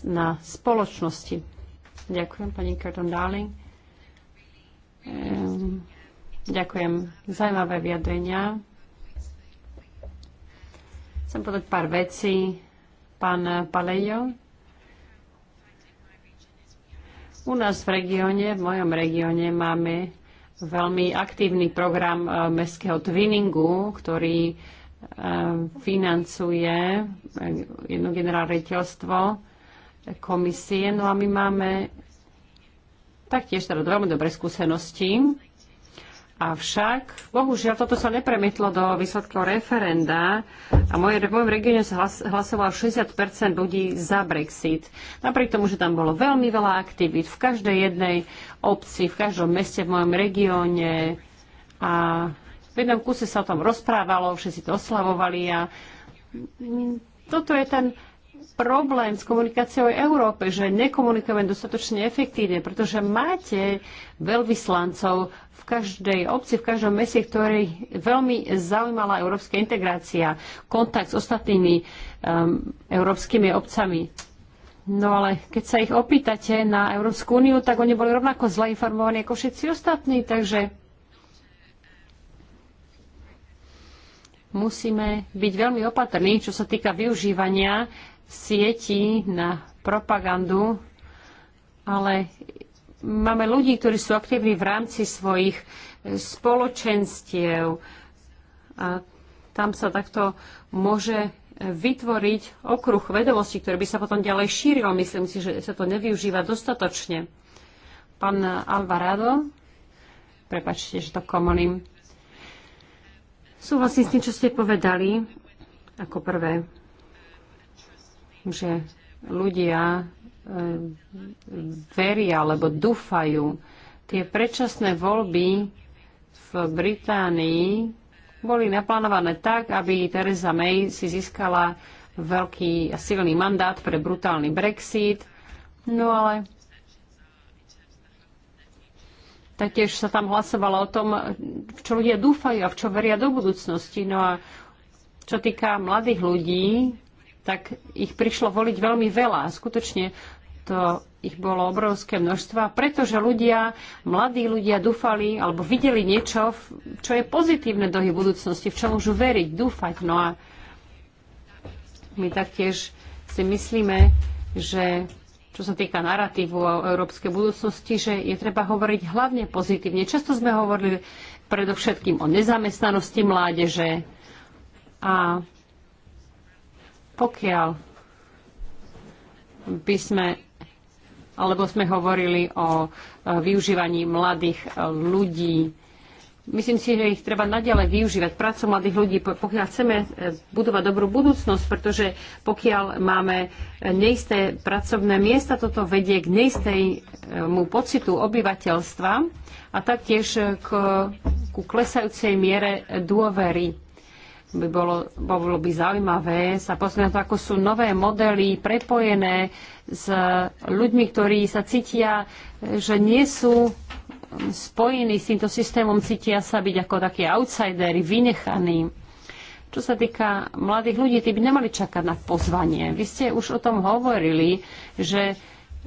na spoločnosti. Ďakujem, pani Curtin Darling. Ehm, ďakujem. Zajímavé vyjadrenia. Chcem povedať pár vecí. Pán Palejo. U nás v regióne, v mojom regióne máme veľmi aktívny program eh, mestského twinningu, ktorý eh, financuje eh, jedno generálne komisie. No a my máme taktiež teda veľmi dobré skúsenosti. Avšak, bohužiaľ, toto sa nepremietlo do výsledkov referenda a moje, v mojom regióne sa hlas, hlasovalo 60 ľudí za Brexit. Napriek tomu, že tam bolo veľmi veľa aktivít v každej jednej obci, v každom meste v mojom regióne a v jednom kuse sa o tom rozprávalo, všetci to oslavovali a toto je ten problém s komunikáciou v Európe, že nekomunikujeme dostatočne efektívne, pretože máte veľvyslancov v každej obci, v každom meste, ktorý veľmi zaujímala európska integrácia, kontakt s ostatnými um, európskymi obcami. No ale keď sa ich opýtate na Európsku úniu, tak oni boli rovnako zle informovaní ako všetci ostatní, takže musíme byť veľmi opatrní, čo sa týka využívania sietí na propagandu, ale máme ľudí, ktorí sú aktívni v rámci svojich e, spoločenstiev a tam sa takto môže e, vytvoriť okruh vedomostí, ktorý by sa potom ďalej šíril. Myslím si, že sa to nevyužíva dostatočne. Pán Alvarado, prepačte, že to komolím. Súhlasím s tým, čo ste povedali ako prvé, že ľudia eh, veria alebo dúfajú. Tie predčasné voľby v Británii boli naplánované tak, aby Theresa May si získala veľký a silný mandát pre brutálny Brexit. No ale Taktiež sa tam hlasovalo o tom, v čo ľudia dúfajú a v čo veria do budúcnosti. No a čo týka mladých ľudí, tak ich prišlo voliť veľmi veľa. Skutočne to ich bolo obrovské množstvo, pretože ľudia, mladí ľudia dúfali alebo videli niečo, čo je pozitívne do ich budúcnosti, v čo môžu veriť, dúfať. No a my taktiež si myslíme, že čo sa týka narratívu o európskej budúcnosti, že je treba hovoriť hlavne pozitívne. Často sme hovorili predovšetkým o nezamestnanosti mládeže a pokiaľ by sme alebo sme hovorili o e, využívaní mladých e, ľudí Myslím si, že ich treba naďalej využívať, prácu mladých ľudí, pokiaľ chceme e, budovať dobrú budúcnosť, pretože pokiaľ máme e, neisté pracovné miesta, toto vedie k neistému pocitu obyvateľstva a taktiež e, k, ku klesajúcej miere dôvery. By bolo, bolo by zaujímavé sa pozrieť na to, ako sú nové modely prepojené s ľuďmi, ktorí sa cítia, že nie sú spojení s týmto systémom, cítia sa byť ako takí outsideri, vynechaní. Čo sa týka mladých ľudí, tí by nemali čakať na pozvanie. Vy ste už o tom hovorili, že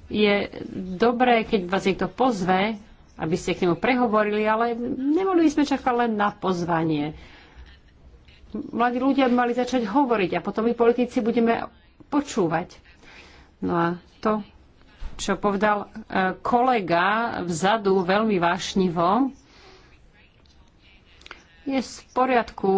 je dobré, keď vás niekto pozve, aby ste k nemu prehovorili, ale nemohli by sme čakať len na pozvanie. Mladí ľudia by mali začať hovoriť a potom my politici budeme počúvať. No a to čo povedal e, kolega vzadu veľmi vášnivo. Je v poriadku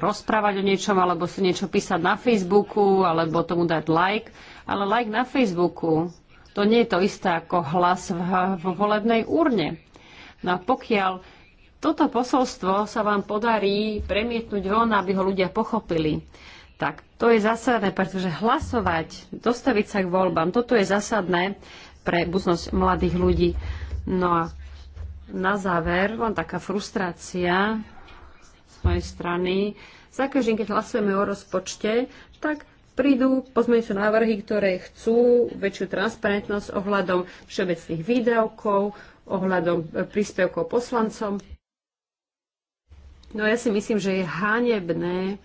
rozprávať o niečom, alebo si niečo písať na Facebooku, alebo tomu dať like, ale like na Facebooku to nie je to isté ako hlas v, volebnej úrne. No a pokiaľ toto posolstvo sa vám podarí premietnúť von, aby ho ľudia pochopili, tak to je zásadné, pretože hlasovať, dostaviť sa k voľbám, toto je zásadné pre budúcnosť mladých ľudí. No a na záver, len taká frustrácia z mojej strany. Za každým, keď hlasujeme o rozpočte, tak prídu pozmeňujúce návrhy, ktoré chcú väčšiu transparentnosť ohľadom všeobecných výdavkov, ohľadom e, príspevkov poslancom. No ja si myslím, že je hanebné,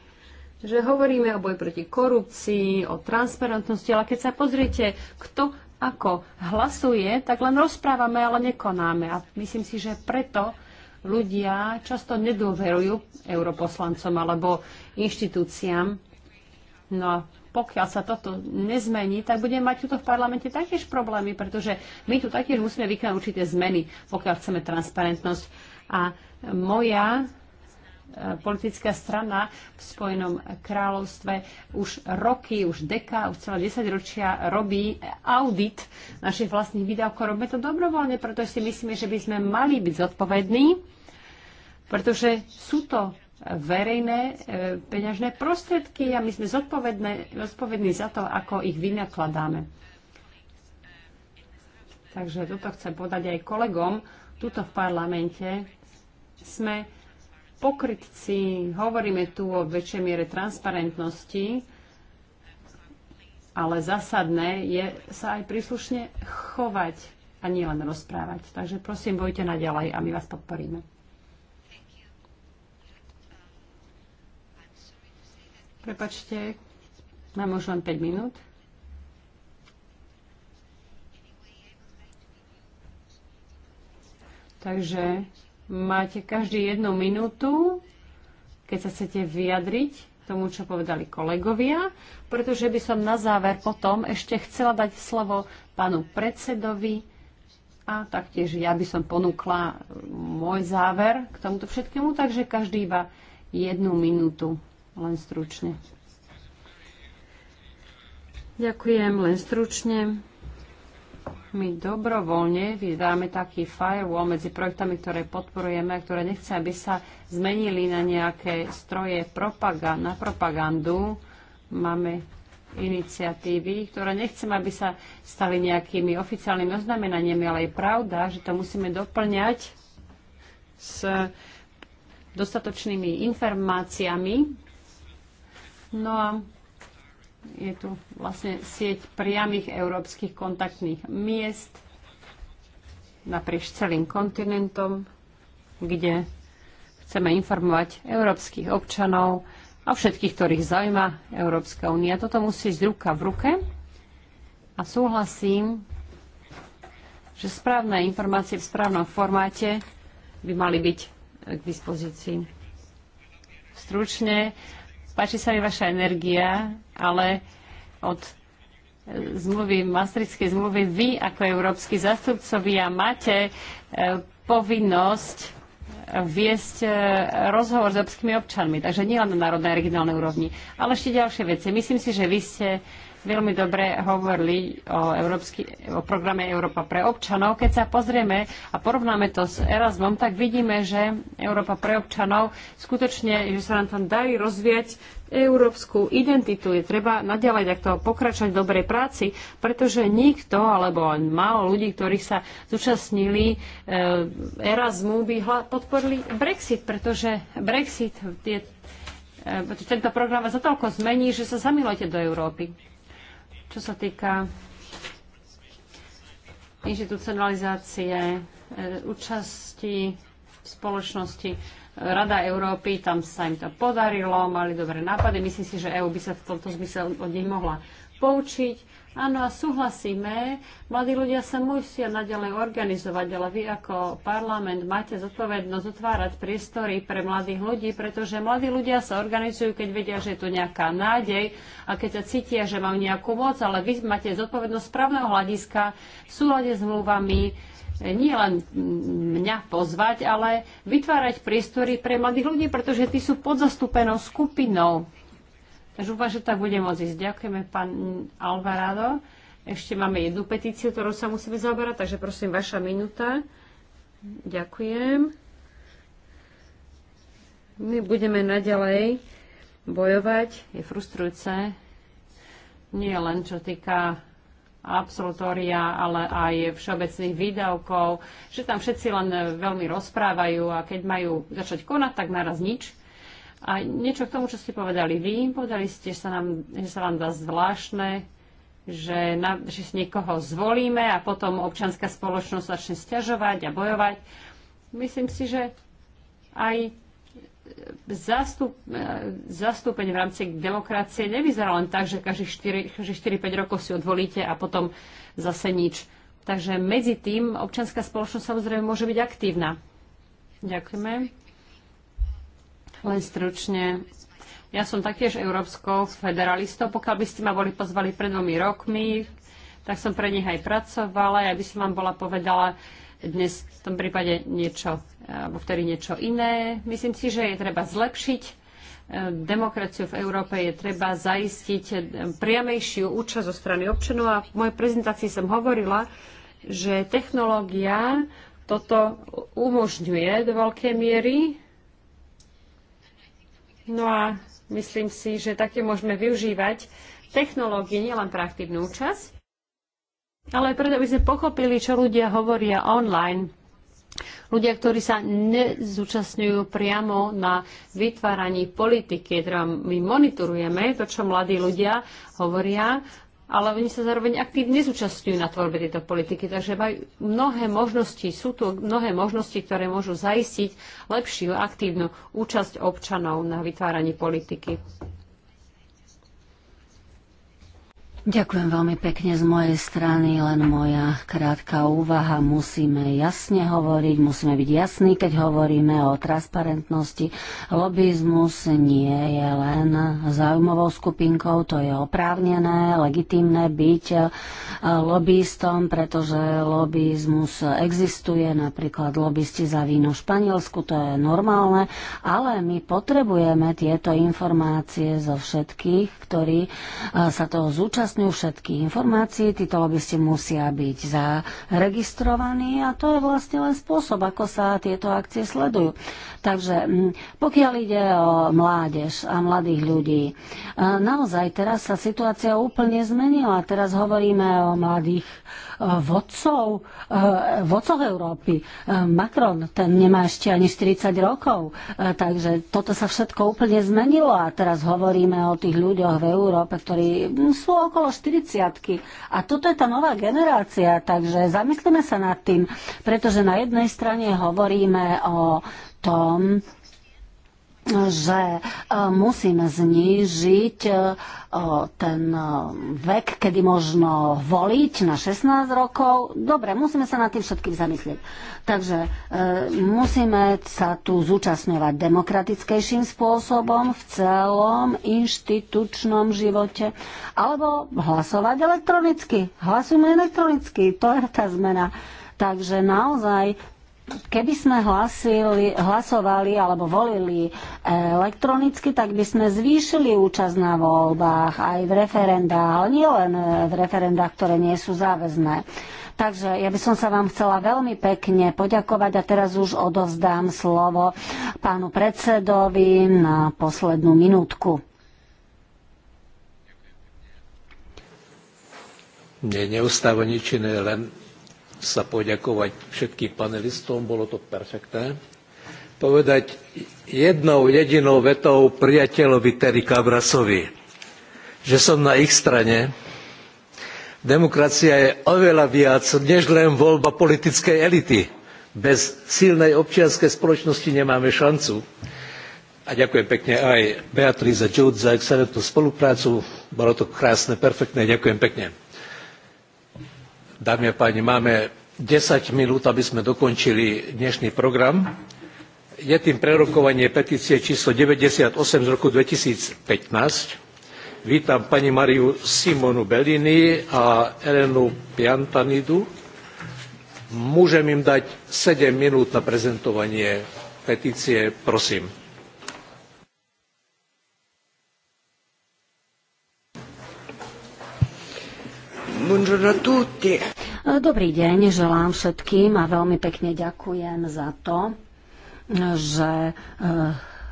že hovoríme o boji proti korupcii, o transparentnosti, ale keď sa pozriete, kto ako hlasuje, tak len rozprávame, ale nekonáme. A myslím si, že preto ľudia často nedôverujú europoslancom alebo inštitúciám. No a pokiaľ sa toto nezmení, tak budeme mať tuto v parlamente taktiež problémy, pretože my tu taktiež musíme vykonať určité zmeny, pokiaľ chceme transparentnosť. A moja politická strana v Spojenom kráľovstve už roky, už deka, už celé 10 ročia robí audit našich vlastných výdavkov. Robíme to dobrovoľne, pretože si myslíme, že by sme mali byť zodpovední, pretože sú to verejné e, peňažné prostriedky a my sme zodpovední za to, ako ich vynakladáme. Takže toto chcem podať aj kolegom. Tuto v parlamente sme pokrytci, hovoríme tu o väčšej miere transparentnosti, ale zásadné je sa aj príslušne chovať a nielen rozprávať. Takže prosím, bojte naďalej a my vás podporíme. Prepačte, mám už len 5 minút. Takže Máte každý jednu minútu, keď sa chcete vyjadriť tomu, čo povedali kolegovia, pretože by som na záver potom ešte chcela dať slovo pánu predsedovi a taktiež ja by som ponúkla môj záver k tomuto všetkému, takže každý iba jednu minútu, len stručne. Ďakujem, len stručne my dobrovoľne vydáme taký firewall medzi projektami, ktoré podporujeme a ktoré nechce, aby sa zmenili na nejaké stroje propagand, na propagandu. Máme iniciatívy, ktoré nechcem, aby sa stali nejakými oficiálnymi oznamenaniami, ale je pravda, že to musíme doplňať s dostatočnými informáciami. No a je tu vlastne sieť priamých európskych kontaktných miest naprieč celým kontinentom, kde chceme informovať európskych občanov a všetkých, ktorých zaujíma Európska únia. Toto musí ísť ruka v ruke a súhlasím, že správne informácie v správnom formáte by mali byť k dispozícii. Stručne Páči sa mi vaša energia, ale od e, zmluvy, Maastrichtskej zmluvy vy ako európsky zastupcovia máte e, povinnosť viesť e, rozhovor s európskymi občanmi, takže nielen na národnej a regionálnej úrovni. Ale ešte ďalšie veci. Myslím si, že vy ste veľmi dobre hovorili o, európsky, o programe Európa pre občanov. Keď sa pozrieme a porovnáme to s Erasmom, tak vidíme, že Európa pre občanov skutočne, že sa nám tam darí rozvíjať európsku identitu. Je treba naďalej takto pokračovať v dobrej práci, pretože nikto alebo len málo ľudí, ktorí sa zúčastnili e, Erasmu, by hla, podporili Brexit, pretože Brexit je, e, tento program vás toľko zmení, že sa zamilujete do Európy. Čo sa týka inštitucionalizácie, e, účasti v spoločnosti. Rada Európy, tam sa im to podarilo, mali dobré nápady. Myslím si, že EÚ by sa v tomto zmysle od nich mohla poučiť. Áno, a súhlasíme, mladí ľudia sa musia naďalej organizovať, ale vy ako parlament máte zodpovednosť otvárať priestory pre mladých ľudí, pretože mladí ľudia sa organizujú, keď vedia, že je tu nejaká nádej a keď sa cítia, že majú nejakú moc, ale vy máte zodpovednosť správneho hľadiska v súlade s mluvami nie len mňa pozvať, ale vytvárať priestory pre mladých ľudí, pretože tí sú podzastúpenou skupinou. Takže dúfam, že tak bude môcť ísť. Ďakujeme, pán Alvarado. Ešte máme jednu petíciu, ktorou sa musíme zaoberať, takže prosím, vaša minúta. Ďakujem. My budeme naďalej bojovať. Je frustrujúce, nie len čo týka absolutória, ale aj všeobecných výdavkov, že tam všetci len veľmi rozprávajú a keď majú začať konať, tak naraz nič. A niečo k tomu, čo ste povedali vy, povedali ste, že sa, nám, že sa vám dá zvláštne, že, na, že si niekoho zvolíme a potom občanská spoločnosť začne stiažovať a bojovať. Myslím si, že aj zastup, e, zastúpenie v rámci demokracie nevyzerá len tak, že každých 4-5 rokov si odvolíte a potom zase nič. Takže medzi tým občianská spoločnosť samozrejme môže byť aktívna. Ďakujeme. Len stručne. Ja som taktiež európskou federalistou. Pokiaľ by ste ma boli pozvali pred dvomi rokmi, tak som pre nich aj pracovala. Ja by som vám bola povedala dnes v tom prípade niečo alebo vtedy niečo iné. Myslím si, že je treba zlepšiť eh, demokraciu v Európe je treba zaistiť eh, priamejšiu účasť zo strany občanov a v mojej prezentácii som hovorila, že technológia toto umožňuje do veľkej miery. No a myslím si, že také môžeme využívať technológie nielen pre aktívnu účasť, ale preto by sme pochopili, čo ľudia hovoria online ľudia, ktorí sa nezúčastňujú priamo na vytváraní politiky. Teda my monitorujeme to, čo mladí ľudia hovoria, ale oni sa zároveň aktívne nezúčastňujú na tvorbe tejto politiky. Takže majú mnohé možnosti, sú tu mnohé možnosti, ktoré môžu zaistiť lepšiu aktívnu účasť občanov na vytváraní politiky. Ďakujem veľmi pekne z mojej strany, len moja krátka úvaha. Musíme jasne hovoriť, musíme byť jasní, keď hovoríme o transparentnosti. Lobizmus nie je len zaujímavou skupinkou, to je oprávnené, legitimné byť eh, lobbystom, pretože lobizmus existuje, napríklad lobbysti za víno v Španielsku, to je normálne, ale my potrebujeme tieto informácie zo všetkých, ktorí eh, sa toho zúčastňujú zúčastňujú všetky informácií, títo lobbysti musia byť zaregistrovaní a to je vlastne len spôsob, ako sa tieto akcie sledujú. Takže mm, pokiaľ ide o mládež a mladých ľudí, e, naozaj teraz sa situácia úplne zmenila. Teraz hovoríme o mladých e, vodcov, e, vodcov Európy. Macron, ten nemá ešte ani 40 rokov, takže toto sa všetko úplne zmenilo a teraz hovoríme o tých ľuďoch v Európe, ktorí mm, sú okolo okolo 40 A toto je tá nová generácia, takže zamyslíme sa nad tým, pretože na jednej strane hovoríme o tom, že e, musíme znížiť e, ten e, vek, kedy možno voliť na 16 rokov. Dobre, musíme sa na tým všetkým zamyslieť. Takže musíme sa tu zúčastňovať demokratickejším spôsobom v celom inštitučnom živote alebo hlasovať elektronicky. Hlasujme elektronicky, to je tá zmena. Takže naozaj keby sme hlasili, hlasovali alebo volili eh, elektronicky, tak by sme zvýšili účasť na voľbách aj v referendách, ale nie len eh, v referendách, ktoré nie sú záväzné. Takže ja by som sa vám chcela veľmi pekne poďakovať a teraz už odovzdám slovo pánu predsedovi na poslednú minútku. Nie, neustávo nič iné, len sa poďakovať všetkým panelistom, bolo to perfektné. Povedať jednou jedinou vetou priateľovi Terry Cabrasovi, že som na ich strane. Demokracia je oveľa viac, než len voľba politickej elity. Bez silnej občianskej spoločnosti nemáme šancu. A ďakujem pekne aj Beatrice a Jude za excelentnú spoluprácu. Bolo to krásne, perfektné. Ďakujem pekne. Dámy a páni, máme 10 minút, aby sme dokončili dnešný program. Je tým prerokovanie petície číslo 98 z roku 2015. Vítam pani Mariu Simonu Bellini a Elenu Piantanidu. Môžem im dať 7 minút na prezentovanie petície, prosím. Eh, dobrý deň, želám všetkým a veľmi pekne ďakujem za to, že eh,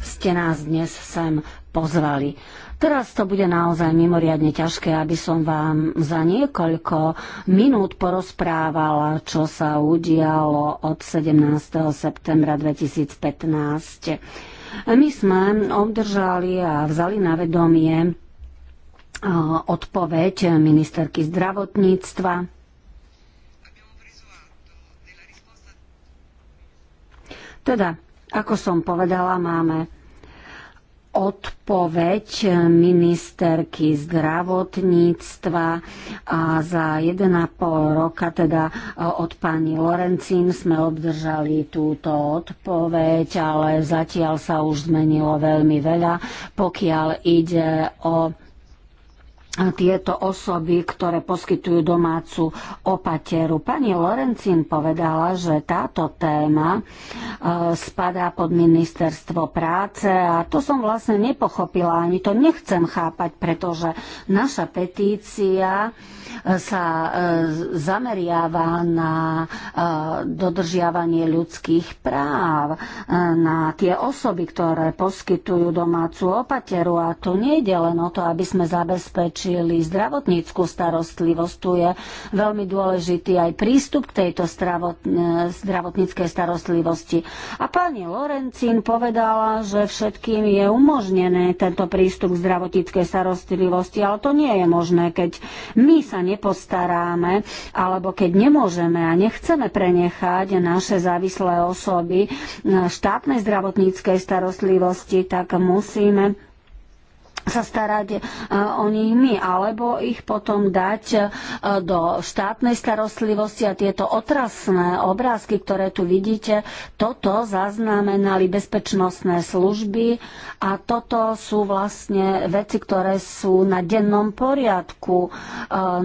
ste nás dnes sem pozvali. Teraz to bude naozaj mimoriadne ťažké, aby som vám za niekoľko minút porozprávala, čo sa udialo od 17. septembra 2015. My sme obdržali a vzali na vedomie odpoveď ministerky zdravotníctva. Teda, ako som povedala, máme odpoveď ministerky zdravotníctva a za 1,5 roka, teda od pani Lorencín sme obdržali túto odpoveď, ale zatiaľ sa už zmenilo veľmi veľa, pokiaľ ide o tieto osoby, ktoré poskytujú domácu opateru. Pani Lorencin povedala, že táto téma e, spadá pod ministerstvo práce a to som vlastne nepochopila, ani to nechcem chápať, pretože naša petícia e, sa e, zameriava na dodržiavanie ľudských práv, na tie osoby, ktoré poskytujú domácu opateru a tu nejde len o to, aby sme zabezpečili čili zdravotníckú starostlivosť. Tu je veľmi dôležitý aj prístup k tejto eh, zdravotníckej starostlivosti. A pani Lorencín povedala, že všetkým je umožnené tento prístup k zdravotníckej starostlivosti, ale to nie je možné, keď my sa nepostaráme, alebo keď nemôžeme a nechceme prenechať naše závislé osoby štátnej zdravotníckej starostlivosti, tak musíme sa starať e, o nich my, alebo ich potom dať e, do štátnej starostlivosti a tieto otrasné obrázky, ktoré tu vidíte, toto zaznamenali bezpečnostné služby a toto sú vlastne veci, ktoré sú na dennom poriadku, e,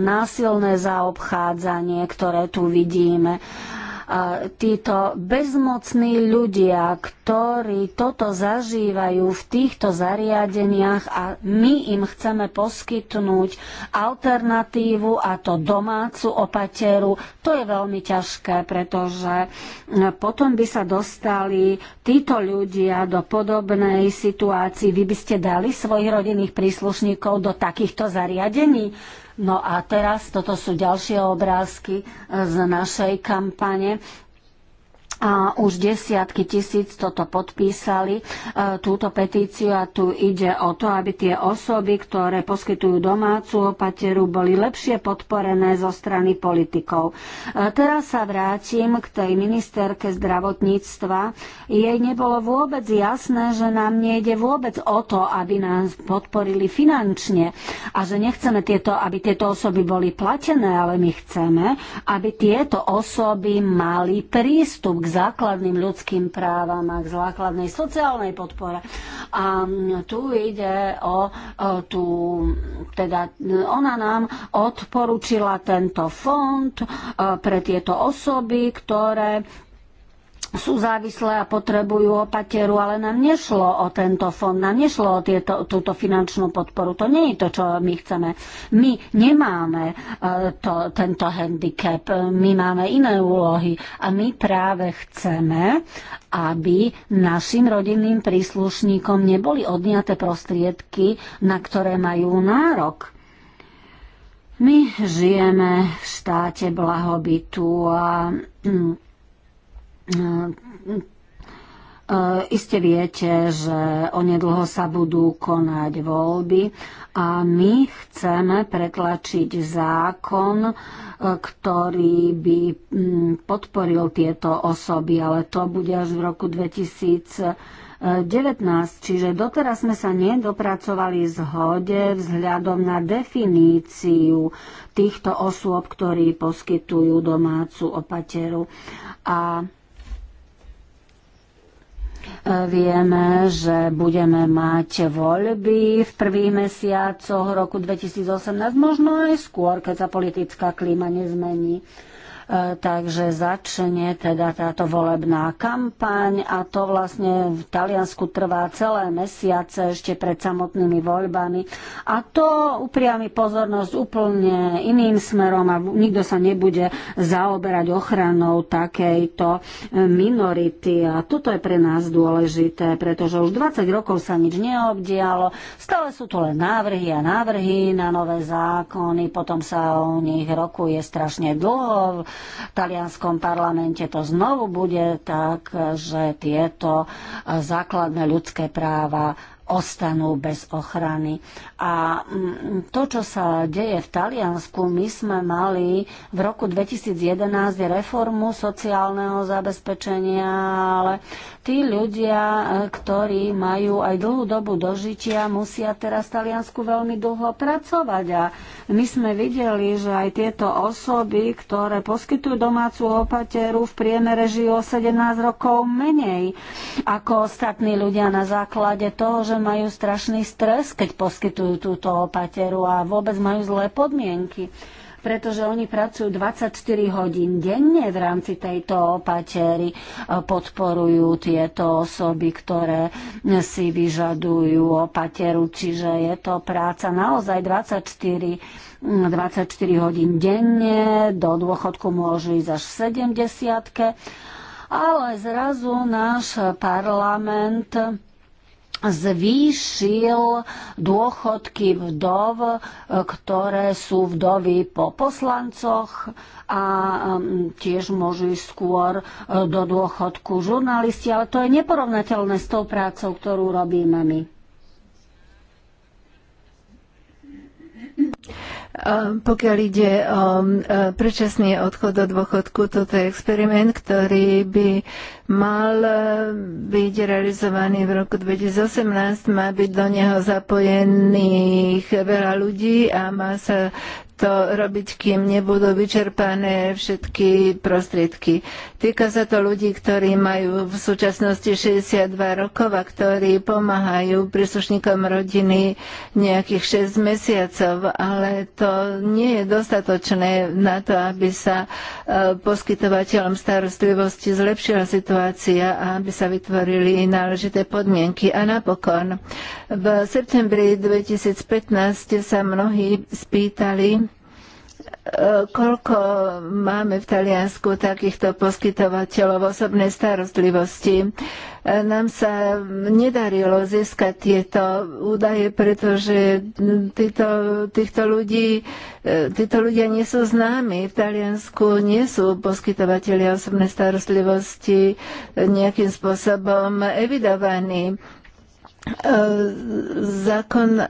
násilné zaobchádzanie, ktoré tu vidíme títo bezmocní ľudia, ktorí toto zažívajú v týchto zariadeniach a my im chceme poskytnúť alternatívu a to domácu opateru, to je veľmi ťažké, pretože e, potom by sa dostali títo ľudia do podobnej situácii. Vy by ste dali svojich rodinných príslušníkov do takýchto zariadení? No a teraz toto sú ďalšie obrázky eh, z našej kampane a už desiatky tisíc toto podpísali, e, túto petíciu a tu ide o to, aby tie osoby, ktoré poskytujú domácu opateru, boli lepšie podporené zo strany politikov. E, teraz sa vrátim k tej ministerke zdravotníctva. Jej nebolo vôbec jasné, že nám nejde vôbec o to, aby nás podporili finančne a že nechceme tieto, aby tieto osoby boli platené, ale my chceme, aby tieto osoby mali prístup k základným ľudským právam a k základnej sociálnej podpore. A tu ide o, o tú, teda ona nám odporúčila tento fond e, pre tieto osoby, ktoré sú závislé a potrebujú opateru, ale nám nešlo o tento fond, nám nešlo o tieto, túto finančnú podporu. To nie je to, čo my chceme. My nemáme e, to, tento handicap, my máme iné úlohy a my práve chceme, aby našim rodinným príslušníkom neboli odňaté prostriedky, na ktoré majú nárok. My žijeme v štáte blahobytu a mm, Iste viete, že onedlho sa budú konať voľby a my chceme pretlačiť zákon, ktorý by podporil tieto osoby, ale to bude až v roku 2019. Čiže doteraz sme sa nedopracovali zhode vzhľadom na definíciu týchto osôb, ktorí poskytujú domácu opateru. A Vieme, že budeme mať voľby v prvých mesiacoch roku 2018, možno aj skôr, keď sa politická klíma nezmení. E, takže začne teda táto volebná kampaň a to vlastne v Taliansku trvá celé mesiace ešte pred samotnými voľbami a to upriami pozornosť úplne iným smerom a nikto sa nebude zaoberať ochranou takejto e, minority a toto je pre nás dôležité, pretože už 20 rokov sa nič neobdialo, stále sú to len návrhy a návrhy na nové zákony, potom sa o nich rokuje strašne dlho, talianskom parlamente to znovu bude tak, že tieto základné ľudské práva ostanú bez ochrany. A mm, to, čo sa deje v Taliansku, my sme mali v roku 2011 reformu sociálneho zabezpečenia, ale tí ľudia, e, ktorí majú aj dlhú dobu dožitia, musia teraz v Taliansku veľmi dlho pracovať. A my sme videli, že aj tieto osoby, ktoré poskytujú domácu opateru, v priemere žijú o 17 rokov menej ako ostatní ľudia na základe toho, že majú strašný stres, keď poskytujú túto opateru a vôbec majú zlé podmienky pretože oni pracujú 24 hodín denne v rámci tejto opatery, e, podporujú tieto osoby, ktoré si vyžadujú opateru, čiže je to práca naozaj 24 24 hodín denne, do dôchodku môžu ísť až v 70 ale zrazu náš parlament zvýšil dôchodky vdov, e, ktoré sú vdovy po poslancoch a mm, tiež môžu ísť skôr e, do dôchodku žurnalisti, ale to je neporovnateľné s tou prácou, ktorú robíme my. Ehm, pokiaľ ide o e, predčasný odchod do dôchodku, toto je experiment, ktorý by mal e, byť realizovaný v roku 2018, má byť do neho zapojených veľa ľudí a má sa to robiť, kým nebudú vyčerpané všetky prostriedky. Týka sa to ľudí, ktorí majú v súčasnosti 62 rokov a ktorí pomáhajú príslušníkom rodiny nejakých 6 mesiacov, ale to nie je dostatočné na to, aby sa e, poskytovateľom starostlivosti zlepšila situácia a aby sa vytvorili náležité podmienky. A napokon, v septembri 2015 sa mnohí spýtali, koľko máme v Taliansku takýchto poskytovateľov osobnej starostlivosti. Nám sa nedarilo získať tieto údaje, pretože títo, týchto ľudí, títo ľudia nie sú známi. V Taliansku nie sú poskytovateľi osobnej starostlivosti nejakým spôsobom evidovaní zákon e,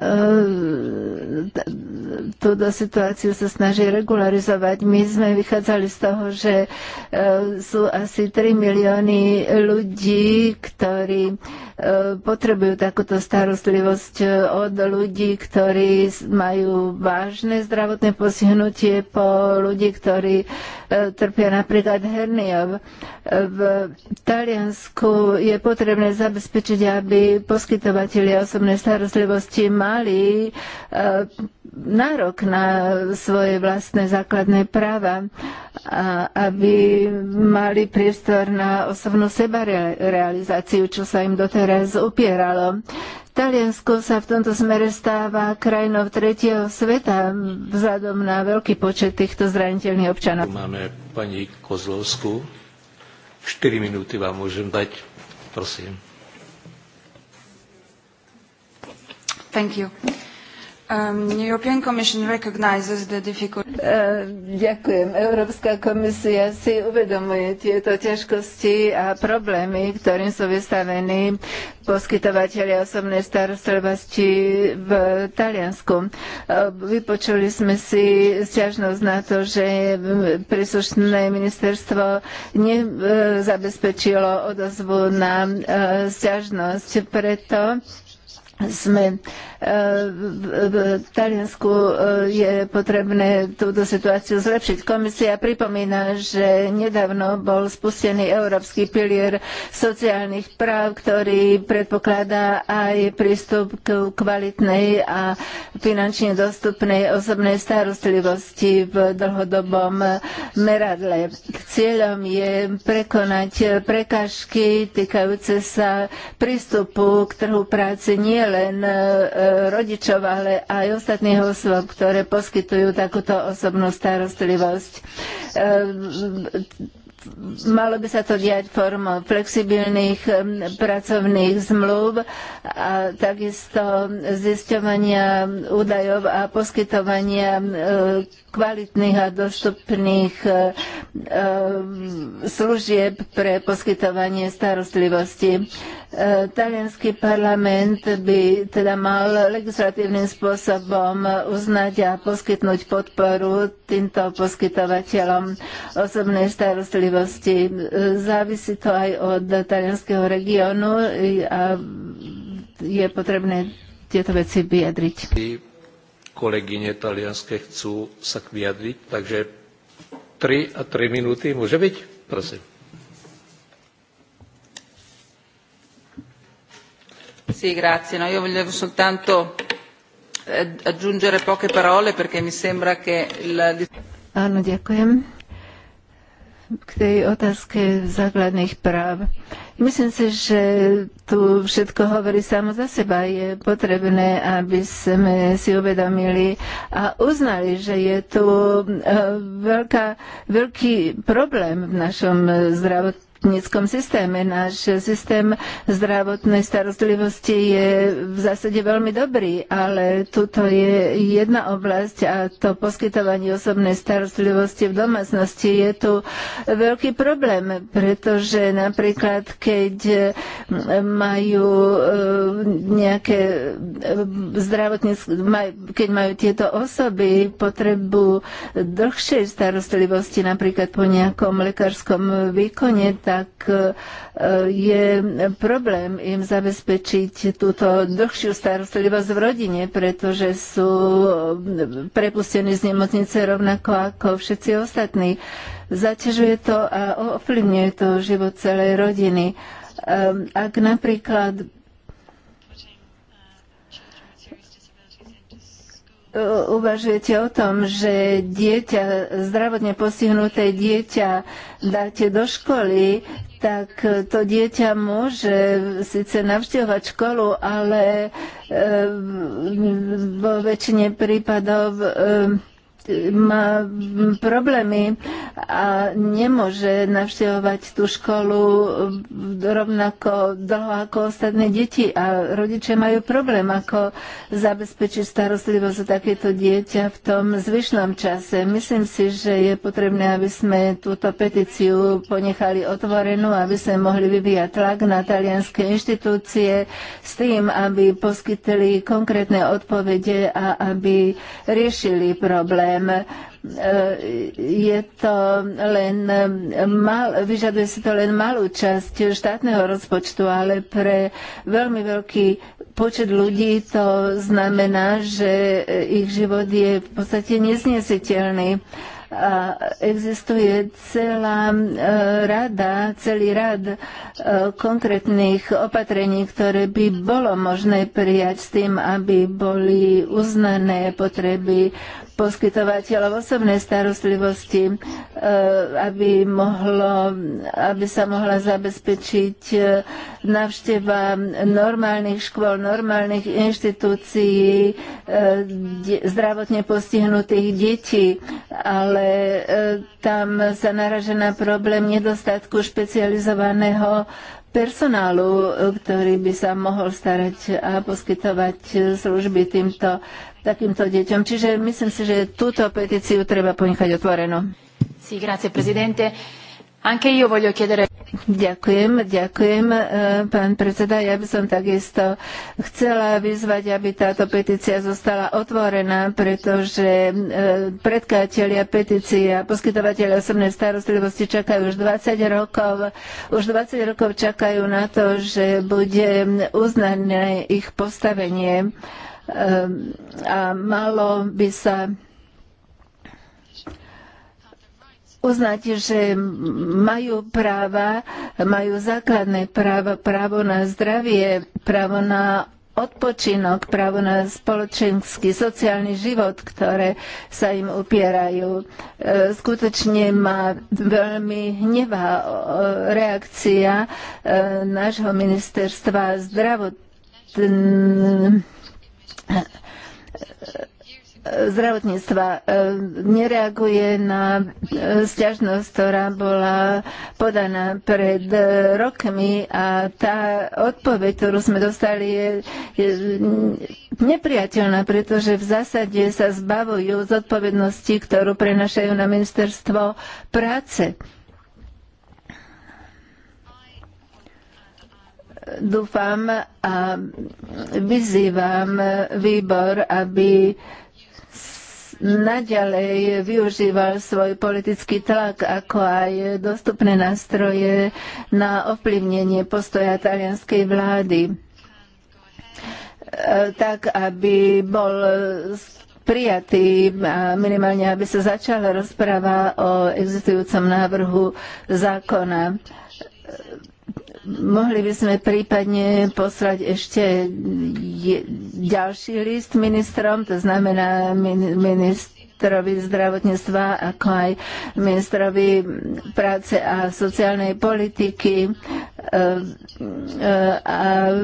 túto situáciu sa snaží regularizovať. My sme vychádzali z toho, že e, sú asi 3 milióny ľudí, ktorí e, potrebujú takúto starostlivosť od ľudí, ktorí majú vážne zdravotné postihnutie po ľudí, ktorí trpia napríklad herniov. V Taliansku je potrebné zabezpečiť, aby poskytovali poskytovateľi osobnej starostlivosti mali eh, nárok na svoje vlastné základné práva, a aby mali priestor na osobnú sebarealizáciu, čo sa im doteraz upieralo. Taliansko sa v tomto smere stáva krajinou tretieho sveta vzhľadom na veľký počet týchto zraniteľných občanov. Máme pani Kozlovskú. 4 minúty vám môžem dať. Prosím. Thank you. Um, the Uh, ďakujem. Európska komisia si uvedomuje tieto ťažkosti a problémy, ktorým sú vystavení poskytovateľi osobnej starostlivosti v Taliansku. Uh, vypočuli sme si sťažnosť na to, že príslušné ministerstvo nezabezpečilo odozvu na uh, sťažnosť. Preto sme e, v Taliansku e, je potrebné túto situáciu zlepšiť. Komisia pripomína, že nedávno bol spustený Európsky pilier sociálnych práv, ktorý predpokladá aj prístup k kvalitnej a finančne dostupnej osobnej starostlivosti v dlhodobom meradle. Cieľom je prekonať prekažky týkajúce sa prístupu k trhu práce nie nielen e, rodičov, ale aj ostatných osôb, ktoré poskytujú takúto osobnú starostlivosť e, malo by sa to diať formou flexibilných e, pracovných zmluv a takisto zisťovania údajov a poskytovania kvalitných a dostupných e, e, služieb pre poskytovanie starostlivosti. E, talianský parlament by teda mal legislatívnym spôsobom uznať a poskytnúť podporu týmto poskytovateľom osobnej starostlivosti. Závisí to aj od talianského regiónu a je potrebné tieto veci vyjadriť kolegyne talianske chcú sa vyjadriť, takže 3 a 3 minúty môže byť? Prosím. Sì, grazie. No, io volevo soltanto eh, aggiungere poche parole perché mi sembra che la... Áno, ďakujem k tej otázke základných práv. Myslím si, že tu všetko hovorí samo za seba. Je potrebné, aby sme si uvedomili a uznali, že je tu e, veľká, veľký problém v našom zdravotníctve zdravotníckom systéme. Náš systém zdravotnej starostlivosti je v zásade veľmi dobrý, ale tuto je jedna oblasť a to poskytovanie osobnej starostlivosti v domácnosti je tu veľký problém, pretože napríklad keď majú e, nejaké e, zdravotnícke, keď majú tieto osoby potrebu dlhšej starostlivosti, napríklad po nejakom lekárskom výkone, tá tak e, je problém im zabezpečiť túto dlhšiu starostlivosť v rodine, pretože sú prepustení z nemocnice rovnako ako všetci ostatní. Zaťažuje to a ovplyvňuje to život celej rodiny. Ehm, ak napríklad E, uvažujete o tom, že dieťa, zdravotne postihnuté dieťa dáte do školy, tak to dieťa môže síce navštevovať školu, ale e, vo väčšine prípadov e, má problémy a nemôže navštevovať tú školu rovnako dlho ako ostatné deti a rodičia majú problém, ako zabezpečiť starostlivosť o takéto dieťa v tom zvyšnom čase. Myslím si, že je potrebné, aby sme túto petíciu ponechali otvorenú, aby sme mohli vyvíjať tlak na talianské inštitúcie s tým, aby poskytli konkrétne odpovede a aby riešili problém problém. E, je to len mal, vyžaduje si to len malú časť štátneho rozpočtu, ale pre veľmi veľký počet ľudí to znamená, že ich život je v podstate neznesiteľný. A existuje celá e, rada, celý rad e, konkrétnych opatrení, ktoré by bolo možné prijať s tým, aby boli uznané potreby poskytovateľov osobnej starostlivosti, e, aby, mohlo, aby sa mohla zabezpečiť e, navšteva normálnych škôl, normálnych inštitúcií e, zdravotne postihnutých detí, ale tam sa naraže na problém nedostatku špecializovaného personálu, ktorý by sa mohol starať a poskytovať služby týmto takýmto deťom. Čiže myslím si, že túto petíciu treba ponechať otvorenú. Sí, grazie, prezidente. Anche io voglio chiedere... Ďakujem, ďakujem, eh, pán predseda. Ja by som takisto chcela vyzvať, aby táto petícia zostala otvorená, pretože eh, predkáteľia petície a poskytovateľia osobnej starostlivosti čakajú už 20 rokov. Už 20 rokov čakajú na to, že bude uznané ich postavenie Ehm, a malo by sa uznať, že majú práva, majú základné práva, právo na zdravie, právo na odpočinok, právo na spoločenský, sociálny život, ktoré sa im upierajú. Ehm, skutočne ma veľmi hnevá reakcia ehm, nášho ministerstva zdravotných zdravotníctva e, nereaguje na e, sťažnosť, ktorá bola podaná pred e, rokmi a tá odpoveď, ktorú sme dostali, je, je nepriateľná, pretože v zásade sa zbavujú zodpovednosti, ktorú prenašajú na ministerstvo práce. dúfam a vyzývam výbor, aby naďalej využíval svoj politický tlak, ako aj dostupné nástroje na ovplyvnenie postoja talianskej vlády, e, tak aby bol prijatý a minimálne, aby sa začala rozpráva o existujúcom návrhu zákona. Mohli by sme prípadne poslať ešte je, ďalší list ministrom, to znamená min, ministrovi zdravotníctva, ako aj ministrovi práce a sociálnej politiky. E, e, a e,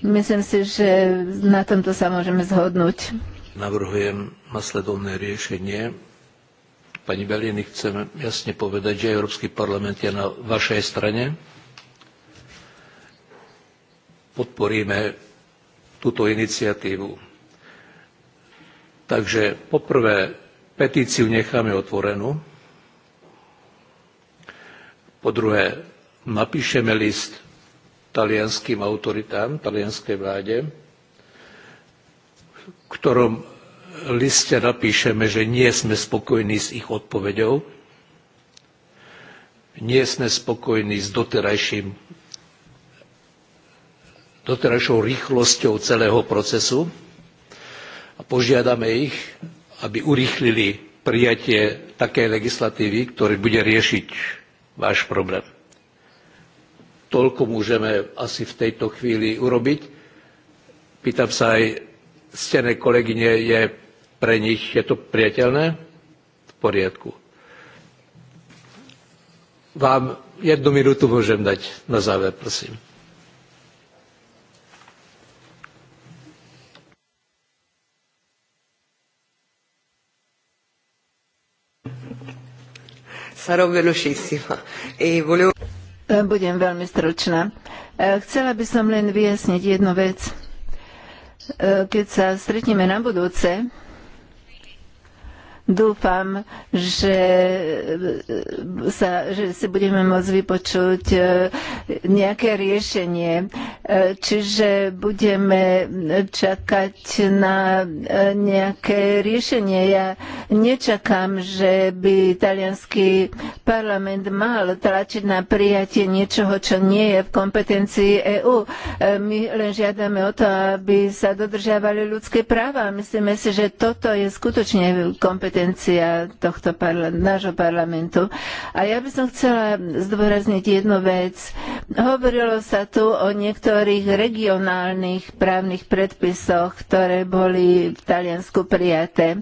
myslím si, že na tomto sa môžeme zhodnúť. Navrhujem nasledovné riešenie Pani Beliny, chcem jasne povedať, že Európsky parlament je na vašej strane. Podporíme túto iniciatívu. Takže poprvé petíciu necháme otvorenú. Po druhé, napíšeme list talianským autoritám, talianskej vláde, v ktorom liste napíšeme, že nie sme spokojní s ich odpoveďou, nie sme spokojní s doterajším, doterajšou rýchlosťou celého procesu a požiadame ich, aby urýchlili prijatie takej legislatívy, ktorý bude riešiť váš problém. Toľko môžeme asi v tejto chvíli urobiť. Pýtam sa aj stené kolegyne, je pre nich je to priateľné? V poriadku. Vám jednu minútu môžem dať na záver, prosím. E Budem veľmi stručná. E, chcela by som len vyjasniť jednu vec. E, keď sa stretneme na budúce, Dúfam, že, sa, že si budeme môcť vypočuť e, nejaké riešenie. E, čiže budeme čakať na e, nejaké riešenie. Ja nečakám, že by italianský parlament mal tlačiť na prijatie niečoho, čo nie je v kompetencii EÚ. My len žiadame o to, aby sa dodržiavali ľudské práva. Myslíme si, že toto je skutočne kompetencia kompetencia tohto parla- nášho parlamentu. A ja by som chcela zdôrazniť jednu vec. Hovorilo sa tu o niektorých regionálnych právnych predpisoch, ktoré boli v Taliansku prijaté.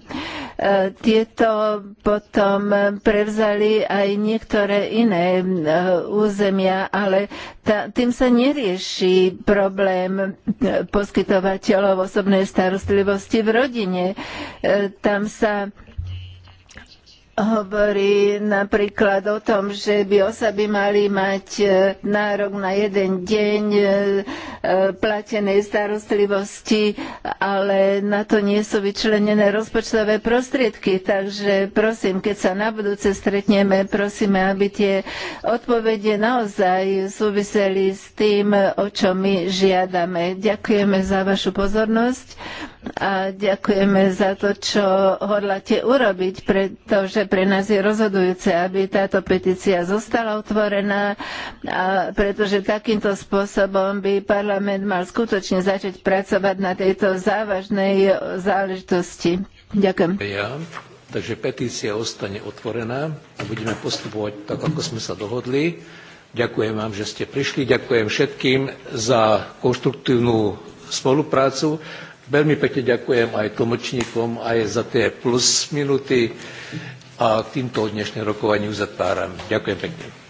E, tieto potom prevzali aj niektoré iné e, územia, ale tým sa nerieši problém e, poskytovateľov osobnej starostlivosti v rodine. Tam sa hovorí napríklad o tom, že by osoby mali mať e, nárok na jeden deň e, e, platenej starostlivosti, ale na to nie sú vyčlenené rozpočtové prostriedky. Takže prosím, keď sa na budúce stretneme, prosíme, aby tie odpovede naozaj súviseli s tým, o čo my žiadame. Ďakujeme za vašu pozornosť a ďakujeme za to, čo hodláte urobiť, pretože pre nás je rozhodujúce, aby táto petícia zostala otvorená, a pretože takýmto spôsobom by parlament mal skutočne začať pracovať na tejto závažnej záležitosti. Ďakujem. Ja, takže petícia ostane otvorená a budeme postupovať tak, ako sme sa dohodli. Ďakujem vám, že ste prišli. Ďakujem všetkým za konštruktívnu spoluprácu. Veľmi pekne ďakujem aj tlmočníkom, aj za tie plus minuty a týmto dnešné rokovanie uzatváram. Ďakujem pekne.